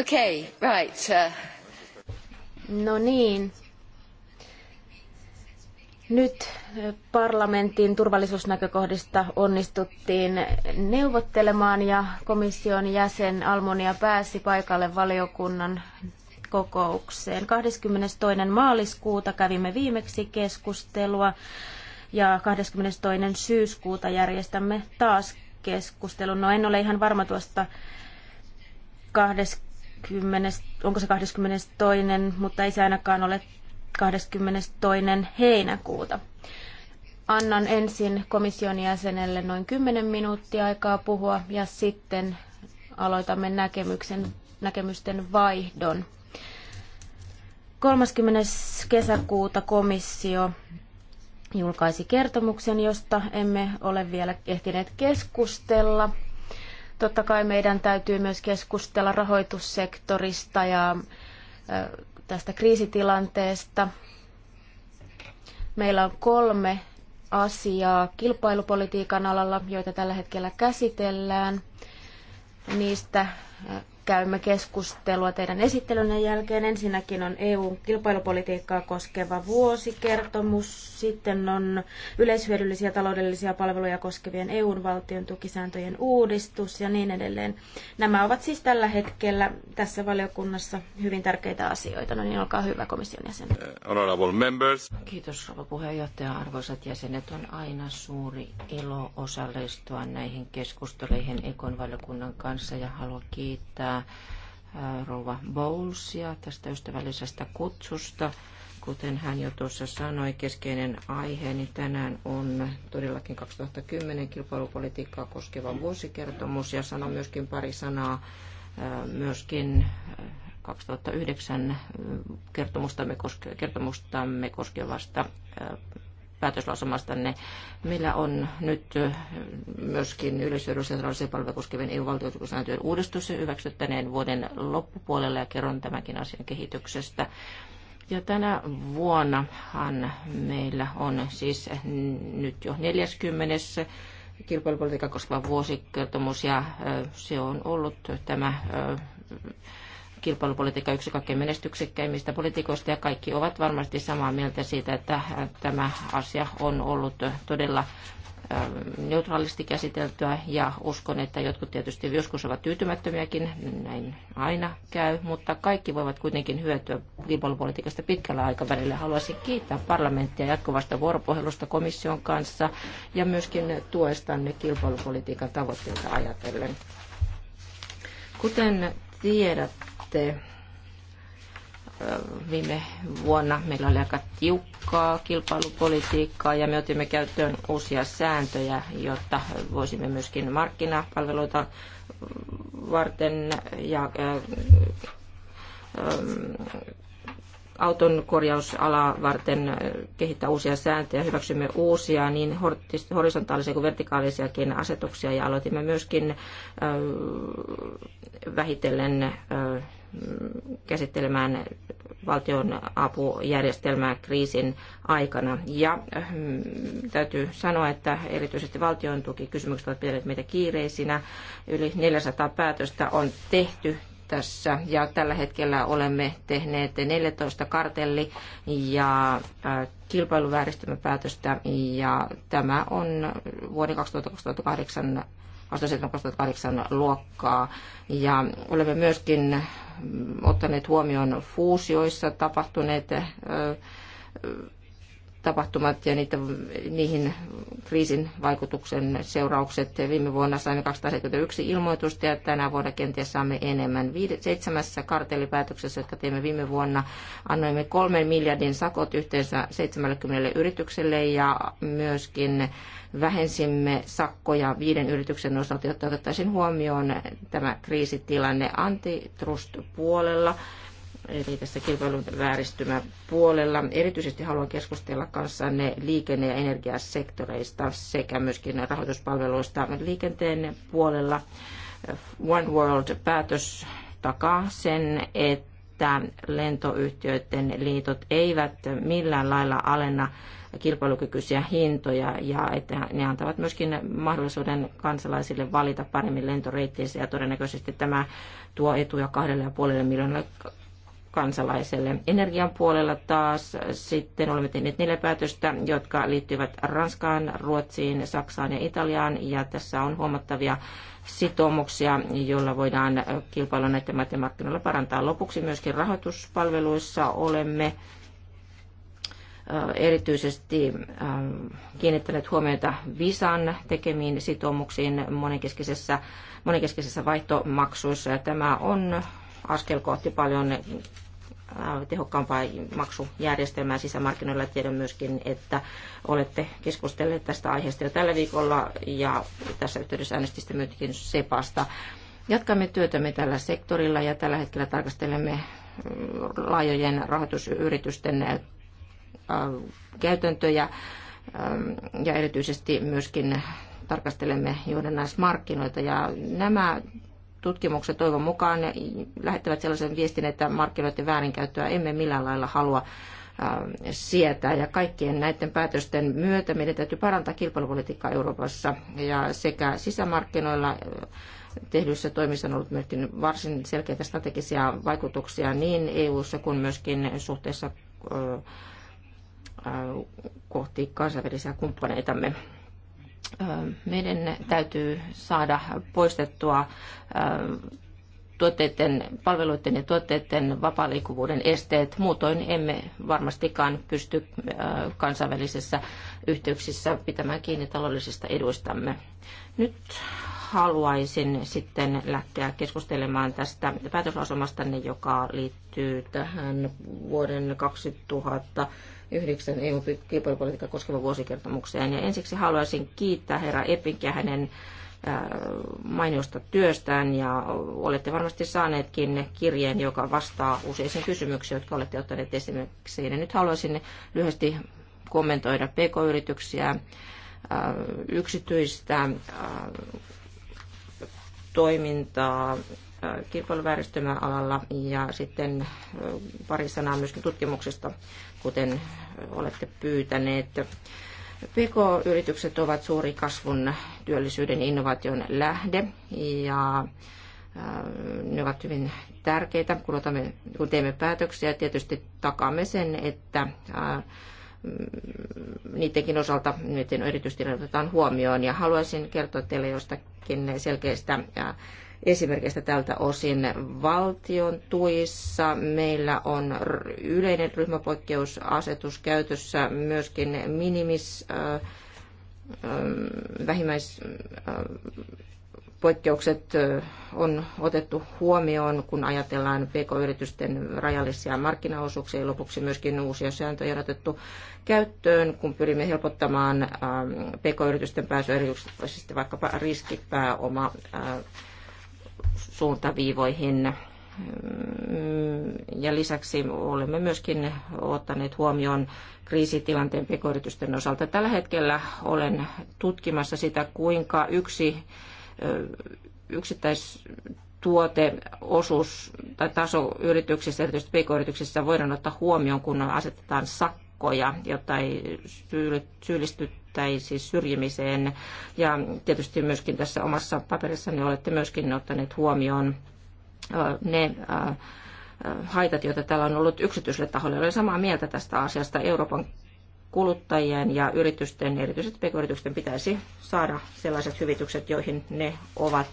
Okay, right. Uh, no niin. Nyt parlamentin turvallisuusnäkökohdista onnistuttiin neuvottelemaan ja komission jäsen Almonia pääsi paikalle valiokunnan kokoukseen. 22. maaliskuuta kävimme viimeksi keskustelua ja 22. syyskuuta järjestämme taas keskustelun. No en ole ihan varma tuosta 20 20, onko se 22, mutta ei se ainakaan ole 22. heinäkuuta. Annan ensin komission jäsenelle noin 10 minuuttia aikaa puhua ja sitten aloitamme näkemyksen, näkemysten vaihdon. 30. kesäkuuta komissio julkaisi kertomuksen, josta emme ole vielä ehtineet keskustella – Totta kai meidän täytyy myös keskustella rahoitussektorista ja tästä kriisitilanteesta. Meillä on kolme asiaa kilpailupolitiikan alalla, joita tällä hetkellä käsitellään. Niistä käymme keskustelua teidän esittelynne jälkeen. Ensinnäkin on EUn kilpailupolitiikkaa koskeva vuosikertomus, sitten on yleishyödyllisiä taloudellisia palveluja koskevien EUn valtion tukisääntöjen uudistus ja niin edelleen. Nämä ovat siis tällä hetkellä tässä valiokunnassa hyvin tärkeitä asioita. No niin, olkaa hyvä komission jäsen. Uh, honorable members. Kiitos rouva puheenjohtaja. Arvoisat jäsenet, on aina suuri ilo osallistua näihin keskusteluihin Ekon valiokunnan kanssa ja haluan kiittää kiittää rouva Bowlesia tästä ystävällisestä kutsusta. Kuten hän jo tuossa sanoi, keskeinen aihe, niin tänään on todellakin 2010 kilpailupolitiikkaa koskeva vuosikertomus ja sanon myöskin pari sanaa myöskin 2009 kertomustamme, koske, kertomustamme koskevasta päätöslausumastanne. millä on nyt myöskin yleishyödyllisiä taloudellisia palvelun koskevien EU-valtuutussääntöjen uudistus hyväksyttäneen vuoden loppupuolella ja kerron tämänkin asian kehityksestä. Ja tänä vuonnahan meillä on siis nyt jo 40 kilpailupolitiikan koskeva vuosikertomus ja se on ollut tämä kilpailupolitiikka yksi kaikkein menestyksekkäimmistä politiikoista ja kaikki ovat varmasti samaa mieltä siitä, että äh, tämä asia on ollut todella äh, neutraalisti käsiteltyä ja uskon, että jotkut tietysti joskus ovat tyytymättömiäkin, näin aina käy, mutta kaikki voivat kuitenkin hyötyä kilpailupolitiikasta pitkällä aikavälillä. Haluaisin kiittää parlamenttia jatkuvasta vuoropuhelusta komission kanssa ja myöskin tuestanne kilpailupolitiikan tavoitteita ajatellen. Kuten tiedätte, sitten Viime vuonna meillä oli aika tiukkaa kilpailupolitiikkaa ja me otimme käyttöön uusia sääntöjä, jotta voisimme myöskin markkinapalveluita varten ja auton korjausalaa varten kehittää uusia sääntöjä, hyväksymme uusia niin horisontaalisia kuin vertikaalisiakin asetuksia ja aloitimme myöskin vähitellen käsittelemään valtion apujärjestelmää kriisin aikana. Ja mm, täytyy sanoa, että erityisesti valtion tukikysymykset ovat pitäneet meitä kiireisinä. Yli 400 päätöstä on tehty tässä ja tällä hetkellä olemme tehneet 14 kartelli- ja kilpailuvääristymäpäätöstä ja tämä on vuoden 2008 2007-2008 luokkaa. Ja olemme myöskin ottaneet huomioon fuusioissa tapahtuneet tapahtumat ja niitä, niihin kriisin vaikutuksen seuraukset. Viime vuonna saimme 271 ilmoitusta ja tänä vuonna kenties saamme enemmän. Seitsemässä kartellipäätöksessä, jotka teimme viime vuonna, annoimme kolmen miljardin sakot yhteensä 70 yritykselle ja myöskin vähensimme sakkoja viiden yrityksen osalta, jotta otettaisiin huomioon tämä kriisitilanne antitrust-puolella eli tässä kilpailun vääristymä puolella. Erityisesti haluan keskustella kanssanne liikenne- ja energiasektoreista sekä myöskin rahoituspalveluista liikenteen puolella. One World-päätös takaa sen, että lentoyhtiöiden liitot eivät millään lailla alenna kilpailukykyisiä hintoja ja että ne antavat myöskin mahdollisuuden kansalaisille valita paremmin lentoreittinsä ja todennäköisesti tämä tuo etuja kahdelle ja puolelle miljoonalle kansalaiselle. Energian puolella taas sitten olemme tehneet neljä päätöstä, jotka liittyvät Ranskaan, Ruotsiin, Saksaan ja Italiaan. Ja tässä on huomattavia sitoumuksia, joilla voidaan kilpailua näiden maiden markkinoilla parantaa. Lopuksi myöskin rahoituspalveluissa olemme erityisesti kiinnittäneet huomiota Visan tekemiin sitoumuksiin monenkeskisessä, monenkeskisessä vaihtomaksuissa. Tämä on askel kohti paljon tehokkaampaa maksujärjestelmää sisämarkkinoilla. Tiedän myöskin, että olette keskustelleet tästä aiheesta jo tällä viikolla ja tässä yhteydessä äänestistä myöskin SEPasta. Jatkamme työtämme tällä sektorilla ja tällä hetkellä tarkastelemme laajojen rahoitusyritysten käytäntöjä ja erityisesti myöskin tarkastelemme johdannaismarkkinoita ja nämä tutkimukset toivon mukaan lähettävät sellaisen viestin, että markkinoiden väärinkäyttöä emme millään lailla halua sietää. Ja kaikkien näiden päätösten myötä meidän täytyy parantaa kilpailupolitiikkaa Euroopassa ja sekä sisämarkkinoilla tehdyissä toimissa on ollut myöskin varsin selkeitä strategisia vaikutuksia niin EU-ssa kuin myöskin suhteessa kohti kansainvälisiä kumppaneitamme. Meidän täytyy saada poistettua tuotteiden, palveluiden ja tuotteiden vapaaliikkuvuuden esteet. Muutoin emme varmastikaan pysty kansainvälisessä yhteyksissä pitämään kiinni taloudellisista eduistamme. Nyt haluaisin sitten lähteä keskustelemaan tästä päätöslausumastanne, joka liittyy tähän vuoden 2000 Yhdeksän EU-kilpailupolitiikkaa koskevan vuosikertomukseen. Ja ensiksi haluaisin kiittää herra Epinkiä hänen mainiosta työstään ja olette varmasti saaneetkin kirjeen, joka vastaa useisiin kysymyksiin, jotka olette ottaneet esimerkiksi. Ja nyt haluaisin lyhyesti kommentoida pk-yrityksiä, yksityistä toimintaa, kilpailuvääristymä-alalla ja sitten pari sanaa myöskin tutkimuksesta, kuten olette pyytäneet. PK-yritykset ovat suuri kasvun, työllisyyden, innovaation lähde ja ne ovat hyvin tärkeitä, kun, otamme, kun teemme päätöksiä. Tietysti takaamme sen, että niidenkin osalta niiden erityisesti otetaan huomioon. Ja haluaisin kertoa teille jostakin selkeistä esimerkistä tältä osin. Valtion tuissa meillä on yleinen ryhmäpoikkeusasetus käytössä myöskin minimis vähimmäispoikkeukset on otettu huomioon, kun ajatellaan pk-yritysten rajallisia markkinaosuuksia ja lopuksi myöskin uusia sääntöjä on otettu käyttöön, kun pyrimme helpottamaan pk-yritysten pääsyä erityisesti vaikkapa riskipääoma suuntaviivoihin. Mm, ja lisäksi olemme myöskin ottaneet huomioon kriisitilanteen pk osalta. Tällä hetkellä olen tutkimassa sitä, kuinka yksi yksittäistuoteosuus tai taso yrityksissä, erityisesti pk-yrityksissä, voidaan ottaa huomioon, kun asetetaan sakkoja, jotta ei syyllistytä siis syrjimiseen. Ja tietysti myöskin tässä omassa paperissanne olette myöskin ottaneet huomioon ne haitat, joita täällä on ollut yksityiselle taholle. Olen samaa mieltä tästä asiasta. Euroopan kuluttajien ja yritysten, erityisesti pk-yritysten, pitäisi saada sellaiset hyvitykset, joihin ne ovat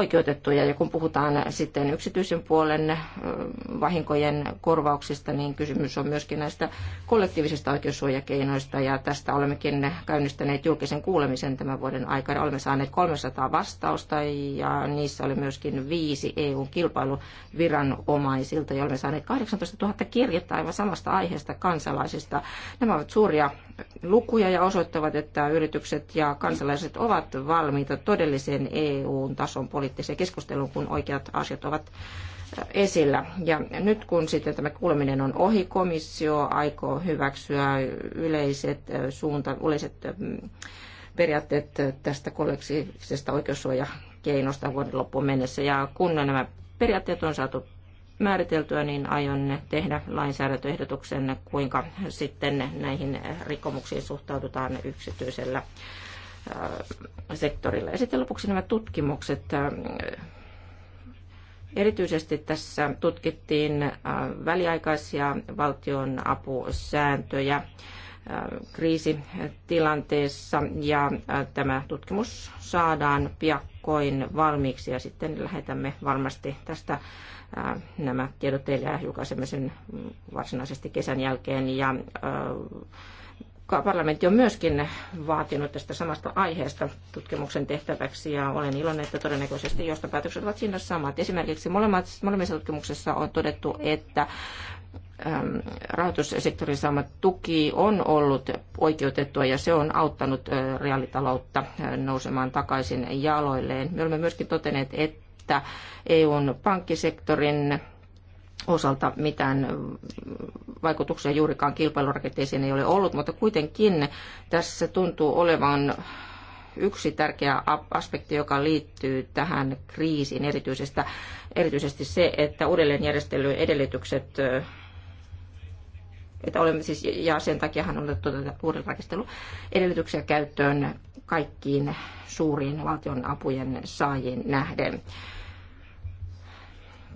oikeutettuja. Ja kun puhutaan sitten yksityisen puolen vahinkojen korvauksista, niin kysymys on myöskin näistä kollektiivisista oikeussuojakeinoista. Ja tästä olemmekin käynnistäneet julkisen kuulemisen tämän vuoden aikana. Olemme saaneet 300 vastausta ja niissä oli myöskin viisi EU-kilpailuviranomaisilta. Ja olemme saaneet 18 000 kirjettä aivan samasta aiheesta kansalaisista. Nämä ovat suuria lukuja ja osoittavat, että yritykset ja kansalaiset ovat valmiita todelliseen EU-tason poliittiseen keskusteluun, kun oikeat asiat ovat äh, esillä. Ja nyt kun sitten tämä kuuleminen on ohi, komissio aikoo hyväksyä yleiset äh, suunta, yleiset ähm, periaatteet äh, tästä kollektiivisesta oikeussuojakeinosta vuoden loppuun mennessä. Ja kun nämä periaatteet on saatu määriteltyä, niin aion tehdä lainsäädäntöehdotuksen, kuinka sitten näihin rikkomuksiin suhtaudutaan yksityisellä äh, sektorilla. Ja sitten lopuksi nämä tutkimukset. Erityisesti tässä tutkittiin äh, väliaikaisia valtion apusääntöjä äh, kriisitilanteessa ja tämä tutkimus saadaan piakkoin valmiiksi ja sitten lähetämme varmasti tästä nämä tiedot teille ja julkaisemme sen varsinaisesti kesän jälkeen. Ja, parlamentti on myöskin vaatinut tästä samasta aiheesta tutkimuksen tehtäväksi ja olen iloinen, että todennäköisesti johtopäätökset ovat siinä samat. Esimerkiksi molemmat, molemmissa tutkimuksissa on todettu, että rahoitussektorin saama tuki on ollut oikeutettua ja se on auttanut reaalitaloutta nousemaan takaisin jaloilleen. Me olemme myöskin toteneet, että että EUn pankkisektorin osalta mitään vaikutuksia juurikaan kilpailurakenteisiin ei ole ollut, mutta kuitenkin tässä tuntuu olevan yksi tärkeä aspekti, joka liittyy tähän kriisiin, erityisesti, erityisesti se, että uudelleenjärjestelyjen edellytykset että olemme siis, ja sen takiahan on otettu tätä edellytyksiä käyttöön kaikkiin suuriin valtion apujen saajiin nähden.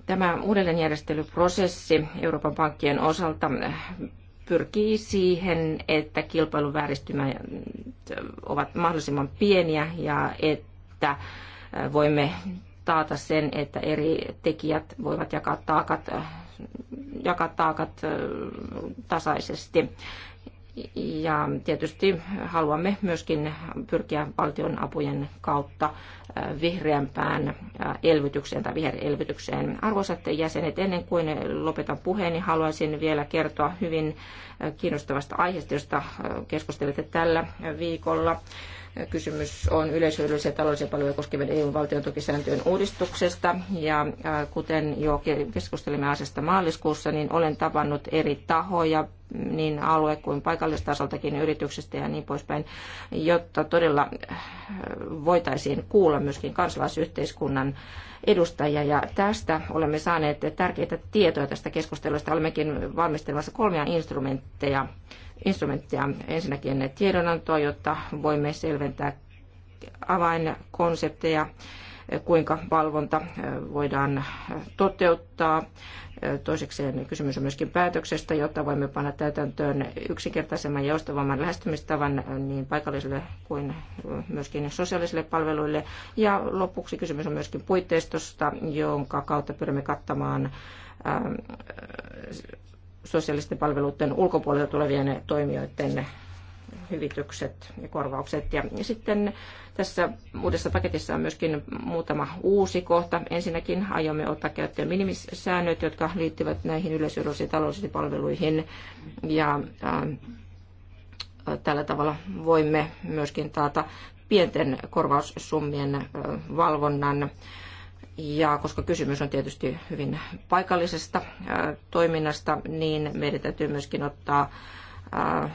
Tämä uudelleenjärjestelyprosessi Euroopan pankkien osalta pyrkii siihen, että kilpailuvääristymät ovat mahdollisimman pieniä ja että voimme taata sen, että eri tekijät voivat jakaa taakat, jakaa taakat tasaisesti. Ja tietysti haluamme myöskin pyrkiä valtion apujen kautta vihreämpään elvytykseen tai viherelvytykseen. Arvoisat jäsenet, ennen kuin lopetan puheen, niin haluaisin vielä kertoa hyvin kiinnostavasta aiheesta, josta keskustelette tällä viikolla. Kysymys on yleishyödyllisiä taloudellisia palveluja koskevien EUn valtiontukisääntöjen uudistuksesta. Ja kuten jo keskustelimme asiasta maaliskuussa, niin olen tavannut eri tahoja, niin alue- kuin paikallistasoltakin yrityksistä ja niin poispäin, jotta todella voitaisiin kuulla myöskin kansalaisyhteiskunnan edustajia. Ja tästä olemme saaneet tärkeitä tietoja tästä keskustelusta. Olemmekin valmistelemassa kolmea instrumentteja instrumenttia. Ensinnäkin tiedonantoa, jotta voimme selventää avainkonsepteja, kuinka valvonta voidaan toteuttaa. Toisekseen kysymys on myöskin päätöksestä, jotta voimme panna täytäntöön yksinkertaisemman ja joustavamman lähestymistavan niin paikallisille kuin myöskin sosiaalisille palveluille. Ja lopuksi kysymys on myöskin puitteistosta, jonka kautta pyrimme kattamaan sosiaalisten palveluiden ulkopuolelta tulevien toimijoiden hyvitykset ja korvaukset. Ja sitten tässä uudessa paketissa on myöskin muutama uusi kohta. Ensinnäkin aiomme ottaa käyttöön minimisäännöt, jotka liittyvät näihin yleishyödyllisiin taloudellisiin palveluihin. Ja äh, tällä tavalla voimme myöskin taata pienten korvaussummien äh, valvonnan ja koska kysymys on tietysti hyvin paikallisesta äh, toiminnasta, niin meidän täytyy myöskin ottaa äh,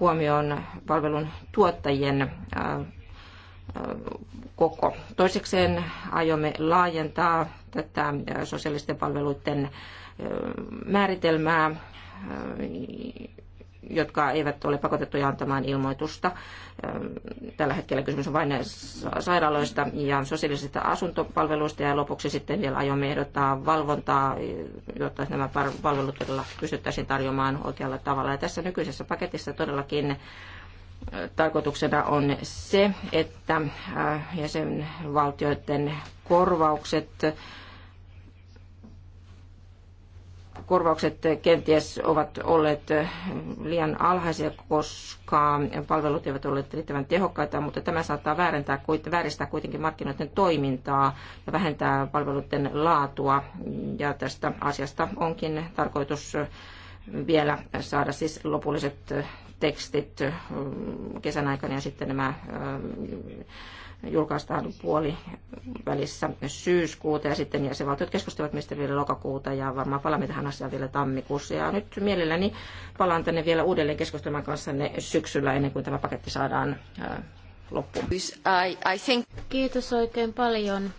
huomioon palvelun tuottajien äh, koko. Toisekseen aiomme laajentaa tätä sosiaalisten palveluiden määritelmää jotka eivät ole pakotettuja antamaan ilmoitusta. Tällä hetkellä kysymys on vain sairaaloista ja sosiaalisista asuntopalveluista ja lopuksi sitten vielä aiomme ehdottaa valvontaa, jotta nämä palvelut todella pystyttäisiin tarjoamaan oikealla tavalla. Ja tässä nykyisessä paketissa todellakin tarkoituksena on se, että jäsenvaltioiden korvaukset korvaukset kenties ovat olleet eh, liian alhaisia, koska palvelut eivät olleet riittävän tehokkaita, mutta tämä saattaa väärentää, vääristää kuitenkin markkinoiden toimintaa ja vähentää palveluiden laatua. Ja tästä asiasta onkin tarkoitus eh, vielä saada siis lopulliset eh, tekstit kesän aikana ja sitten nämä julkaistaan puoli välissä syyskuuta ja sitten jäsenvaltiot keskustelevat meistä vielä lokakuuta ja varmaan palaamme tähän asiaan vielä tammikuussa. Ja nyt mielelläni palaan tänne vielä uudelleen keskustelemaan kanssanne syksyllä ennen kuin tämä paketti saadaan äh, loppuun. Kiitos oikein paljon.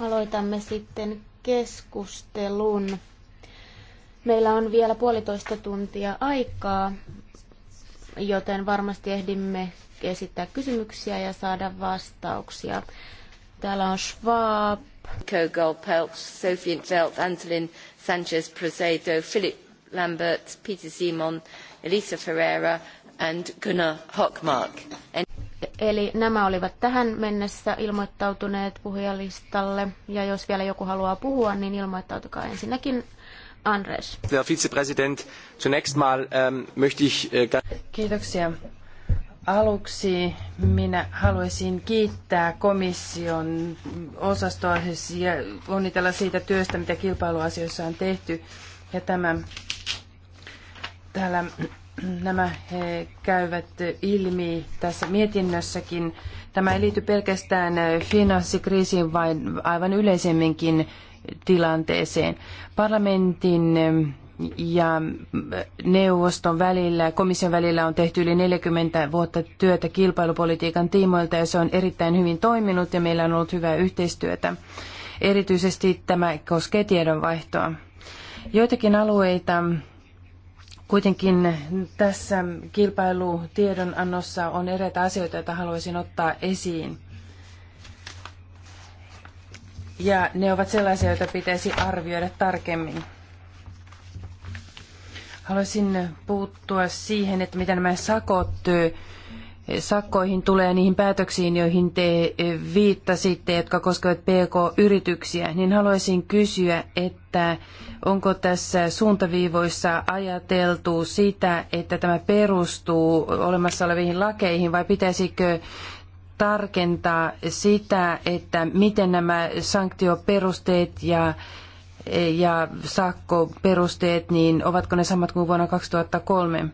Aloitamme sitten keskustelun. Meillä on vielä puolitoista tuntia aikaa, joten varmasti ehdimme esittää kysymyksiä ja saada vastauksia. Täällä on Schwab. Kogol, Pelch, Sophie Intveld, Antolin, Sanchez, Prosedo, Philip Lambert, Peter Simon, Elisa Ferreira and Gunnar Hockmark. And Eli nämä olivat tähän mennessä ilmoittautuneet puhujalistalle. Ja jos vielä joku haluaa puhua, niin ilmoittautukaa ensinnäkin Andres. Herr Vizepräsident, zunächst mal ähm, möchte ich... Äh, Kiitoksia Aluksi minä haluaisin kiittää komission osastoa siis ja onnitella siitä työstä, mitä kilpailuasioissa on tehty. Ja tämä, täällä nämä käyvät ilmi tässä mietinnössäkin. Tämä ei liity pelkästään finanssikriisiin, vaan aivan yleisemminkin tilanteeseen. Parlamentin ja neuvoston välillä, komission välillä on tehty yli 40 vuotta työtä kilpailupolitiikan tiimoilta ja se on erittäin hyvin toiminut ja meillä on ollut hyvää yhteistyötä. Erityisesti tämä koskee tiedonvaihtoa. Joitakin alueita kuitenkin tässä kilpailutiedonannossa on eräitä asioita, joita haluaisin ottaa esiin. Ja ne ovat sellaisia, joita pitäisi arvioida tarkemmin. Haluaisin puuttua siihen, että mitä nämä sakot, sakkoihin tulee niihin päätöksiin, joihin te viittasitte, jotka koskevat PK-yrityksiä, niin haluaisin kysyä, että onko tässä suuntaviivoissa ajateltu sitä, että tämä perustuu olemassa oleviin lakeihin vai pitäisikö tarkentaa sitä, että miten nämä sanktioperusteet ja ja sakkoperusteet, niin ovatko ne samat kuin vuonna 2003?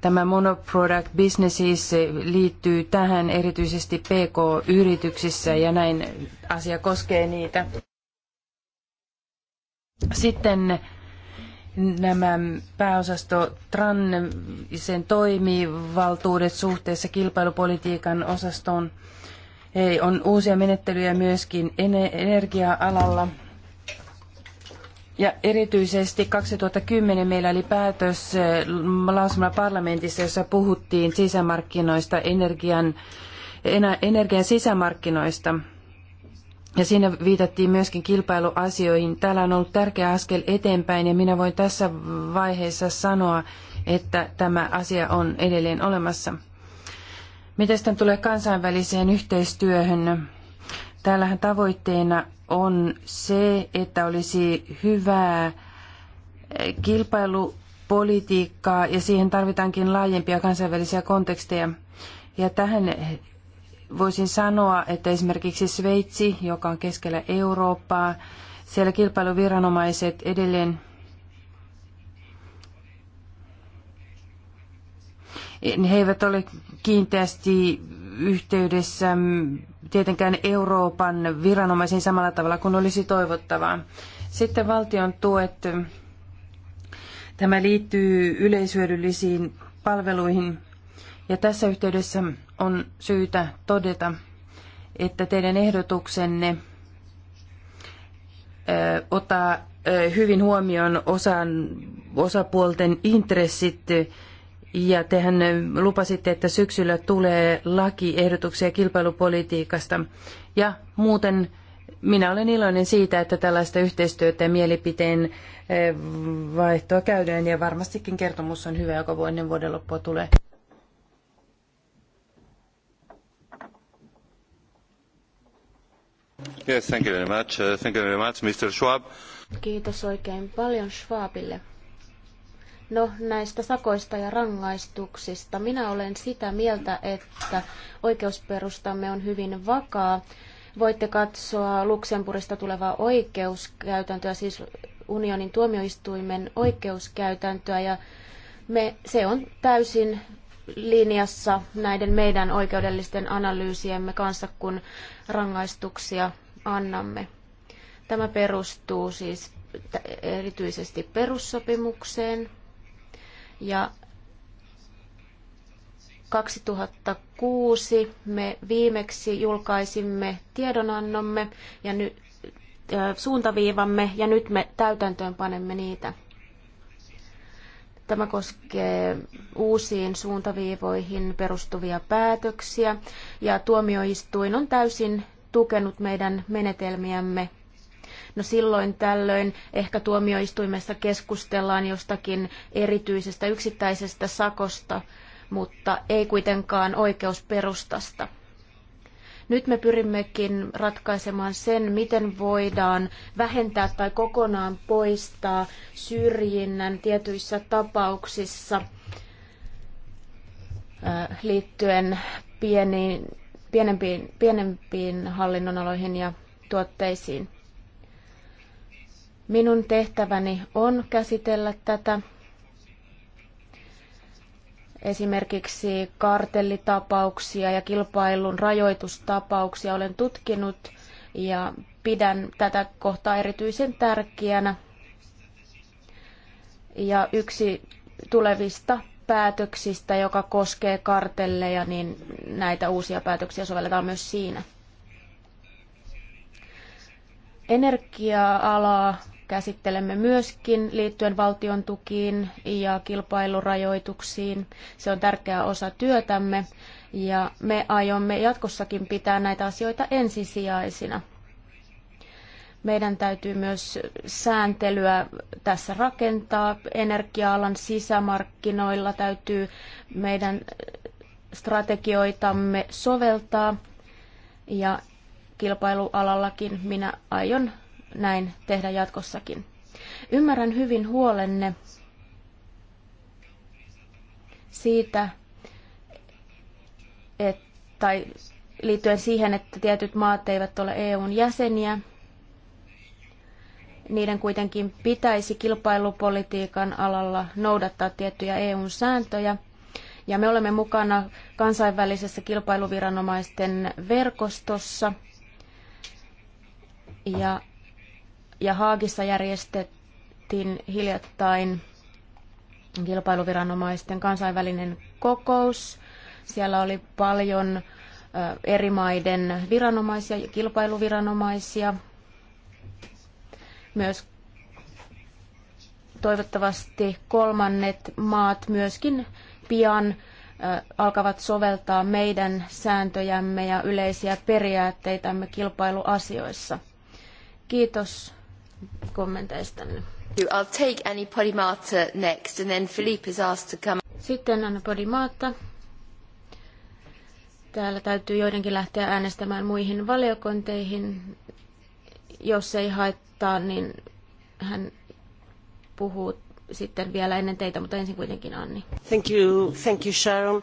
Tämä monoproduct businesses liittyy tähän erityisesti PK-yrityksissä ja näin asia koskee niitä. Sitten nämä pääosasto TRAN, sen toimivaltuudet suhteessa kilpailupolitiikan osastoon. On uusia menettelyjä myöskin energia-alalla ja erityisesti 2010 meillä oli päätös eh, lausumalla parlamentissa, jossa puhuttiin sisämarkkinoista, energian, energian sisämarkkinoista. Ja siinä viitattiin myöskin kilpailuasioihin. Täällä on ollut tärkeä askel eteenpäin ja minä voin tässä vaiheessa sanoa, että tämä asia on edelleen olemassa. Mitä sitten tulee kansainväliseen yhteistyöhön? Täällähän tavoitteena on se, että olisi hyvää eh, kilpailupolitiikkaa ja siihen tarvitaankin laajempia kansainvälisiä konteksteja. Ja tähän voisin sanoa, että esimerkiksi Sveitsi, joka on keskellä Eurooppaa, siellä kilpailuviranomaiset edelleen eh, he eivät ole kiinteästi yhteydessä tietenkään Euroopan viranomaisiin samalla tavalla kuin olisi toivottavaa. Sitten valtion tuet. Tämä liittyy yleisyödyllisiin palveluihin. Ja tässä yhteydessä on syytä todeta, että teidän ehdotuksenne ottaa hyvin huomioon osan, osapuolten intressit ja tehän lupasitte, että syksyllä tulee lakiehdotuksia kilpailupolitiikasta. Ja muuten minä olen iloinen siitä, että tällaista yhteistyötä ja mielipiteen eh, vaihtoa käydään ja varmastikin kertomus on hyvä, joka voi ennen vuoden loppua tulee. Yes, thank you very much. Uh, thank you very much, Mr. Schwab. Kiitos oikein paljon Schwabille. No näistä sakoista ja rangaistuksista. Minä olen sitä mieltä, että oikeusperustamme on hyvin vakaa. Voitte katsoa Luxemburgista tulevaa oikeuskäytäntöä, siis unionin tuomioistuimen oikeuskäytäntöä, ja me, se on täysin linjassa näiden meidän oikeudellisten analyysiemme kanssa, kun rangaistuksia annamme. Tämä perustuu siis erityisesti perussopimukseen, ja 2006 me viimeksi julkaisimme tiedonannomme ja ny, äh, suuntaviivamme ja nyt me täytäntöön panemme niitä. Tämä koskee uusiin suuntaviivoihin perustuvia päätöksiä ja tuomioistuin on täysin tukenut meidän menetelmiämme No silloin tällöin ehkä tuomioistuimessa keskustellaan jostakin erityisestä yksittäisestä sakosta, mutta ei kuitenkaan oikeusperustasta. Nyt me pyrimmekin ratkaisemaan sen, miten voidaan vähentää tai kokonaan poistaa syrjinnän tietyissä tapauksissa äh, liittyen pieniin, pienempiin, pienempiin hallinnonaloihin ja tuotteisiin. Minun tehtäväni on käsitellä tätä esimerkiksi kartellitapauksia ja kilpailun rajoitustapauksia olen tutkinut ja pidän tätä kohtaa erityisen tärkeänä. Ja yksi tulevista päätöksistä, joka koskee kartelleja, niin näitä uusia päätöksiä sovelletaan myös siinä. Energia-alaa käsittelemme myöskin liittyen valtion tukiin ja kilpailurajoituksiin. Se on tärkeä osa työtämme ja me aiomme jatkossakin pitää näitä asioita ensisijaisina. Meidän täytyy myös sääntelyä tässä rakentaa. energiaalan sisämarkkinoilla täytyy meidän strategioitamme soveltaa ja kilpailualallakin minä aion näin tehdä jatkossakin. Ymmärrän hyvin huolenne siitä, et, tai liittyen siihen, että tietyt maat eivät ole EUn jäseniä, niiden kuitenkin pitäisi kilpailupolitiikan alalla noudattaa tiettyjä EUn sääntöjä. Ja me olemme mukana kansainvälisessä kilpailuviranomaisten verkostossa. Ja ja Haagissa järjestettiin hiljattain kilpailuviranomaisten kansainvälinen kokous. Siellä oli paljon eri maiden viranomaisia ja kilpailuviranomaisia. Myös toivottavasti kolmannet maat myöskin pian alkavat soveltaa meidän sääntöjämme ja yleisiä periaatteitamme kilpailuasioissa. Kiitos kommenteistanne. I'll take Annie Podimata next and then Philippe is asked to come. Sitten Anna Podimata. Täällä täytyy joidenkin lähteä äänestämään muihin valiokonteihin, Jos ei haittaa, niin hän puhuu sitten vielä ennen teitä, mutta ensin kuitenkin Anni. Thank you, thank you Sharon.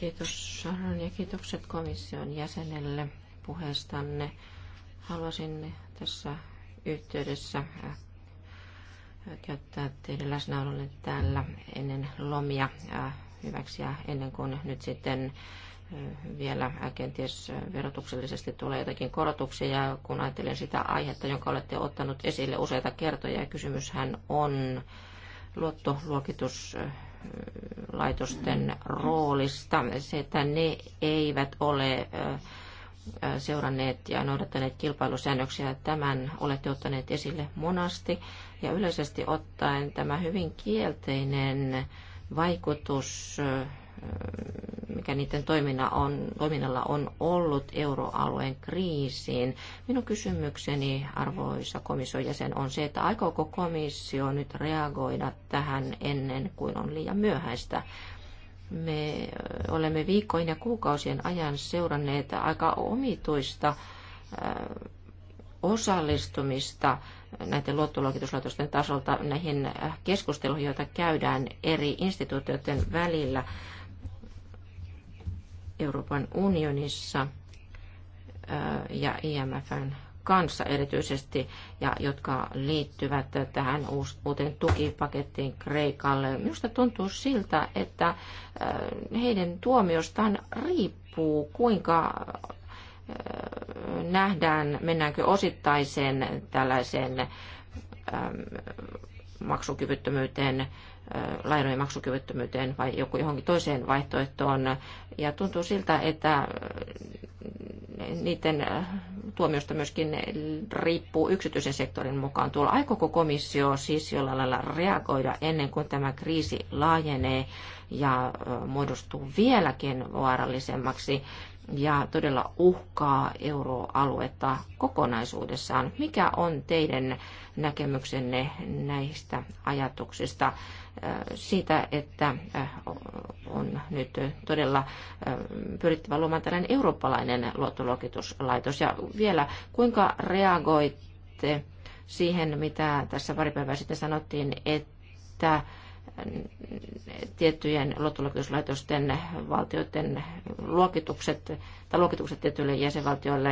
Kiitos Sharon ja kiitokset komission jäsenelle puheestanne. Haluaisin tässä yhteydessä käyttää teidän läsnäolonne täällä ennen lomia hyväksi ja ennen kuin nyt sitten vielä kenties verotuksellisesti tulee jotakin korotuksia, kun ajattelen sitä aihetta, jonka olette ottanut esille useita kertoja. ja Kysymyshän on luottoluokituslaitosten roolista, se, että ne eivät ole äh, seuranneet ja noudattaneet kilpailusäännöksiä. Tämän olette ottaneet esille monasti ja yleisesti ottaen tämä hyvin kielteinen vaikutus, mikä niiden on, toiminnalla on ollut euroalueen kriisiin. Minun kysymykseni, arvoisa komission jäsen, on se, että aikooko komissio nyt reagoida tähän ennen kuin on liian myöhäistä me olemme viikkojen ja kuukausien ajan seuranneet aika omituista osallistumista näiden luottoluokituslaitosten tasolta näihin keskusteluihin, joita käydään eri instituutioiden välillä Euroopan unionissa ja IMFn kanssa erityisesti ja jotka liittyvät tähän uuteen tukipakettiin Kreikalle. Minusta tuntuu siltä, että äh, heidän tuomiostaan riippuu, kuinka äh, nähdään, mennäänkö osittaiseen tällaiseen ähm, maksukyvyttömyyteen lainojen maksukyvyttömyyteen vai joku johonkin toiseen vaihtoehtoon. Ja tuntuu siltä, että niiden tuomiosta myöskin riippuu yksityisen sektorin mukaan tuolla. Aikooko komissio siis jollain lailla reagoida ennen kuin tämä kriisi laajenee ja muodostuu vieläkin vaarallisemmaksi ja todella uhkaa euroaluetta kokonaisuudessaan. Mikä on teidän näkemyksenne näistä ajatuksista äh, siitä, että äh, on nyt todella äh, pyrittävä luomaan tällainen eurooppalainen luottoluokituslaitos? Ja vielä, kuinka reagoitte siihen, mitä tässä pari päivää sitten sanottiin, että että tiettyjen luottoluokituslaitosten valtioiden luokitukset tai luokitukset tietyille jäsenvaltioille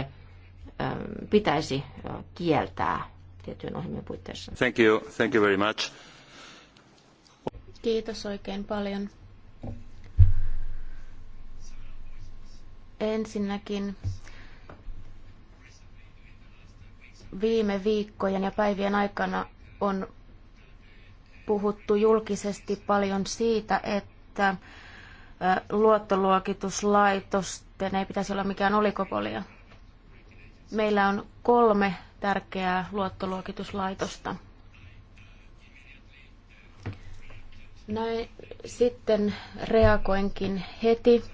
ähm, pitäisi kieltää tiettyjen ohjelmien puitteissa. Thank you. Thank you very much. Kiitos oikein paljon. Ensinnäkin viime viikkojen ja päivien aikana on puhuttu julkisesti paljon siitä, että luottoluokituslaitosten ei pitäisi olla mikään olikopolia. Meillä on kolme tärkeää luottoluokituslaitosta. Näin sitten reagoinkin heti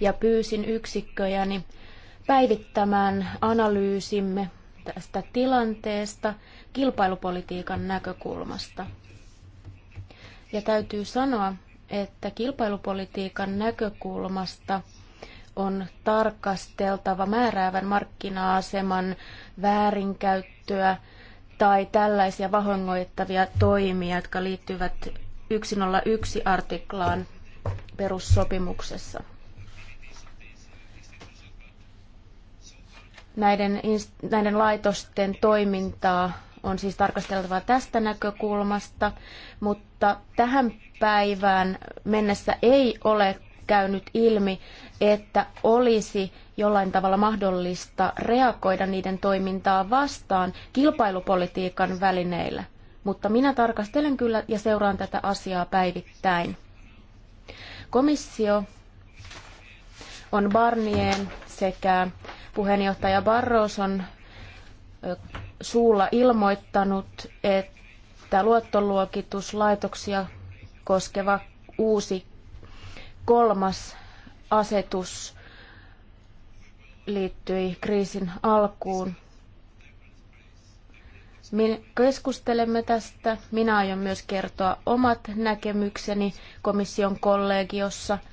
ja pyysin yksikköjäni päivittämään analyysimme tästä tilanteesta kilpailupolitiikan näkökulmasta – ja täytyy sanoa, että kilpailupolitiikan näkökulmasta on tarkasteltava määräävän markkina-aseman väärinkäyttöä tai tällaisia vahingoittavia toimia, jotka liittyvät 101 artiklaan perussopimuksessa. Näiden, näiden laitosten toimintaa on siis tarkasteltava tästä näkökulmasta, mutta tähän päivään mennessä ei ole käynyt ilmi, että olisi jollain tavalla mahdollista reagoida niiden toimintaa vastaan kilpailupolitiikan välineillä. Mutta minä tarkastelen kyllä ja seuraan tätä asiaa päivittäin. Komissio on Barnien sekä puheenjohtaja Barroson suulla ilmoittanut, että luottoluokituslaitoksia koskeva uusi kolmas asetus liittyi kriisin alkuun. Me keskustelemme tästä. Minä aion myös kertoa omat näkemykseni komission kollegiossa –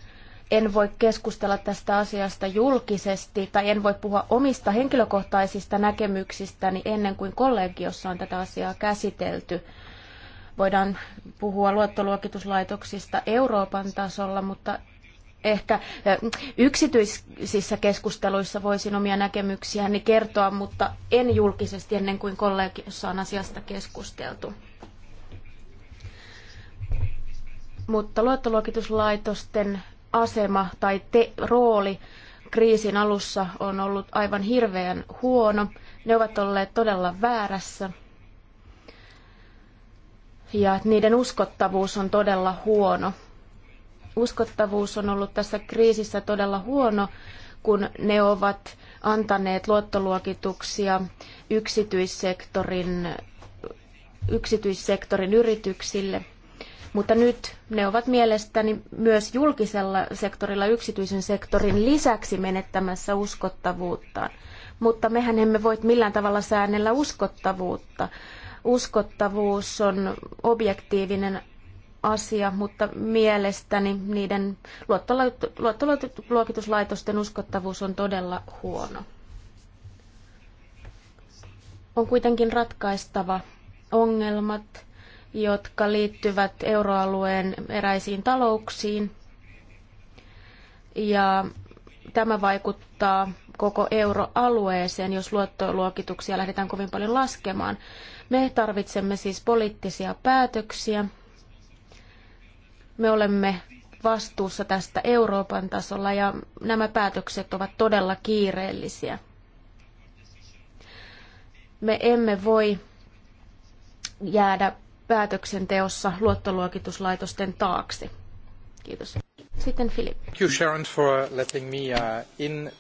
en voi keskustella tästä asiasta julkisesti tai en voi puhua omista henkilökohtaisista näkemyksistäni ennen kuin kollegiossa on tätä asiaa käsitelty. Voidaan puhua luottoluokituslaitoksista Euroopan tasolla, mutta ehkä eh, yksityisissä keskusteluissa voisin omia näkemyksiäni kertoa, mutta en julkisesti ennen kuin kollegiossa on asiasta keskusteltu. Mutta luottoluokituslaitosten asema tai te, rooli kriisin alussa on ollut aivan hirveän huono. Ne ovat olleet todella väärässä. Ja niiden uskottavuus on todella huono. Uskottavuus on ollut tässä kriisissä todella huono, kun ne ovat antaneet luottoluokituksia yksityissektorin, yksityissektorin yrityksille. Mutta nyt ne ovat mielestäni myös julkisella sektorilla yksityisen sektorin lisäksi menettämässä uskottavuuttaan. Mutta mehän emme voi millään tavalla säännellä uskottavuutta. Uskottavuus on objektiivinen asia, mutta mielestäni niiden luottoluokituslaitosten uskottavuus on todella huono. On kuitenkin ratkaistava ongelmat jotka liittyvät euroalueen eräisiin talouksiin. Ja tämä vaikuttaa koko euroalueeseen, jos luottoluokituksia lähdetään kovin paljon laskemaan. Me tarvitsemme siis poliittisia päätöksiä. Me olemme vastuussa tästä Euroopan tasolla ja nämä päätökset ovat todella kiireellisiä. Me emme voi jäädä päätöksenteossa luottoluokituslaitosten taakse. Kiitos. Sitten Philip. Thank you Sharon for letting me uh, in.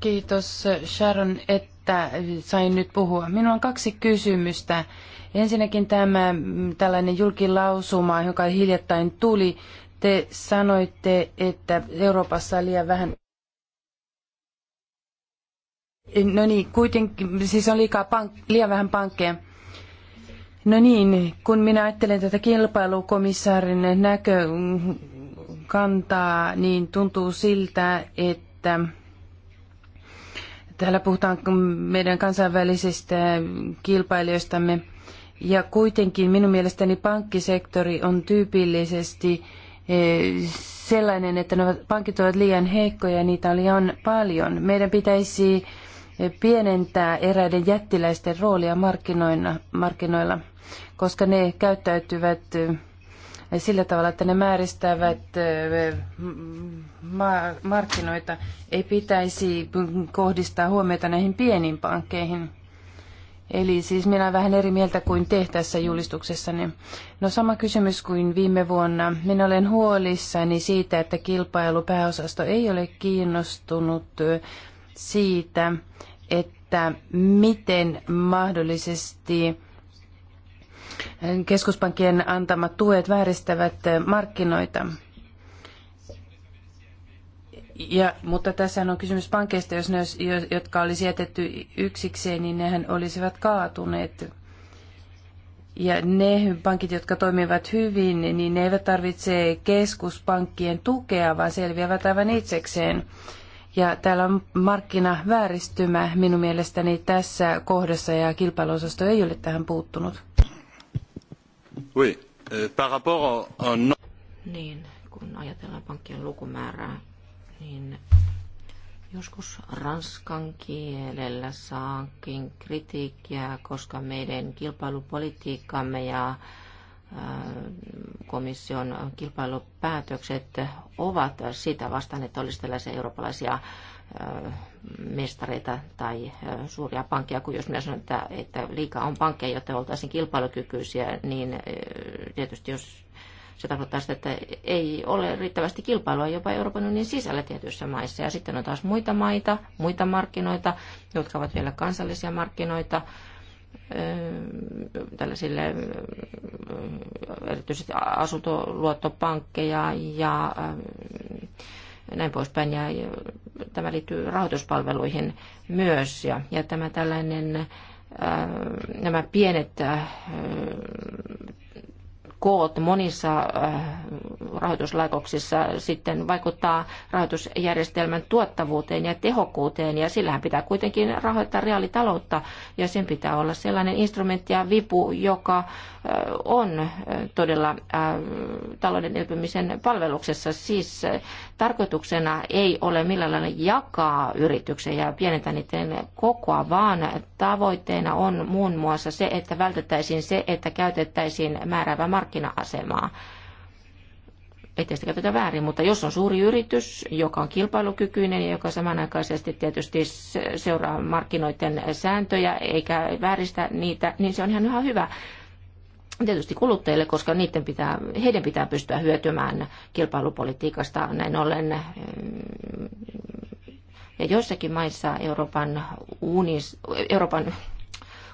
Kiitos Sharon, että sain nyt puhua. Minulla on kaksi kysymystä. Ensinnäkin tämä mm, tällainen julkilausuma, joka hiljattain tuli. Te sanoitte, että Euroopassa on liian vähän No niin, kuitenkin, siis on liikaa pank- liian vähän pankkeja. No niin, kun minä ajattelen tätä kilpailukomissaarin näkökantaa, niin tuntuu siltä, että täällä puhutaan meidän kansainvälisistä kilpailijoistamme. Ja kuitenkin minun mielestäni pankkisektori on tyypillisesti eh, sellainen, että ne pankit ovat liian heikkoja ja niitä on liian paljon. Meidän pitäisi eh, pienentää eräiden jättiläisten roolia markkinoilla koska ne käyttäytyvät sillä tavalla, että ne määristävät markkinoita, ei pitäisi kohdistaa huomiota näihin pieniin pankkeihin. Eli siis minä olen vähän eri mieltä kuin te tässä julistuksessani. No sama kysymys kuin viime vuonna. Minä olen huolissani siitä, että kilpailupääosasto ei ole kiinnostunut siitä, että miten mahdollisesti keskuspankkien antamat tuet vääristävät markkinoita. Ja, mutta tässä on kysymys pankeista, jos ne, jotka olisi jätetty yksikseen, niin nehän olisivat kaatuneet. Ja ne pankit, jotka toimivat hyvin, niin ne eivät tarvitse keskuspankkien tukea, vaan selviävät aivan itsekseen. Ja täällä on markkinavääristymä minun mielestäni tässä kohdassa ja kilpailuosasto ei ole tähän puuttunut. Oui. Euh, par rapport Niin, kun ajatellaan pankkien lukumäärää, niin joskus ranskan kielellä saankin kritiikkiä, koska meidän kilpailupolitiikkamme ja komission kilpailupäätökset ovat sitä vastaan, että olisi tällaisia eurooppalaisia mestareita tai suuria pankkeja, kun jos minä sanon, että, että liikaa on pankkeja, jotta oltaisiin kilpailukykyisiä, niin tietysti jos se tarkoittaa sitä, että ei ole riittävästi kilpailua jopa Euroopan unionin sisällä tietyissä maissa. Ja sitten on taas muita maita, muita markkinoita, jotka ovat vielä kansallisia markkinoita, tällaisille erityisesti asuntoluottopankkeja ja näin poispäin. Ja tämä liittyy rahoituspalveluihin myös. Ja, ja tämä tällainen, äh, nämä pienet äh, koot monissa äh, rahoituslaitoksissa sitten vaikuttaa rahoitusjärjestelmän tuottavuuteen ja tehokkuuteen. Ja sillähän pitää kuitenkin rahoittaa reaalitaloutta ja sen pitää olla sellainen instrumentti ja vipu, joka äh, on äh, todella talouden elpymisen palveluksessa. Siis tarkoituksena ei ole millään lailla jakaa yrityksiä ja pienentää niiden kokoa, vaan tavoitteena on muun muassa se, että vältettäisiin se, että käytettäisiin määräävää markkinointia markkina-asemaa. Ettei sitä käytetä väärin, mutta jos on suuri yritys, joka on kilpailukykyinen ja joka samanaikaisesti tietysti seuraa markkinoiden sääntöjä eikä vääristä niitä, niin se on ihan, ihan hyvä tietysti kuluttajille, koska niiden pitää, heidän pitää pystyä hyötymään kilpailupolitiikasta näin ollen. Ja joissakin maissa Euroopan, unis, Euroopan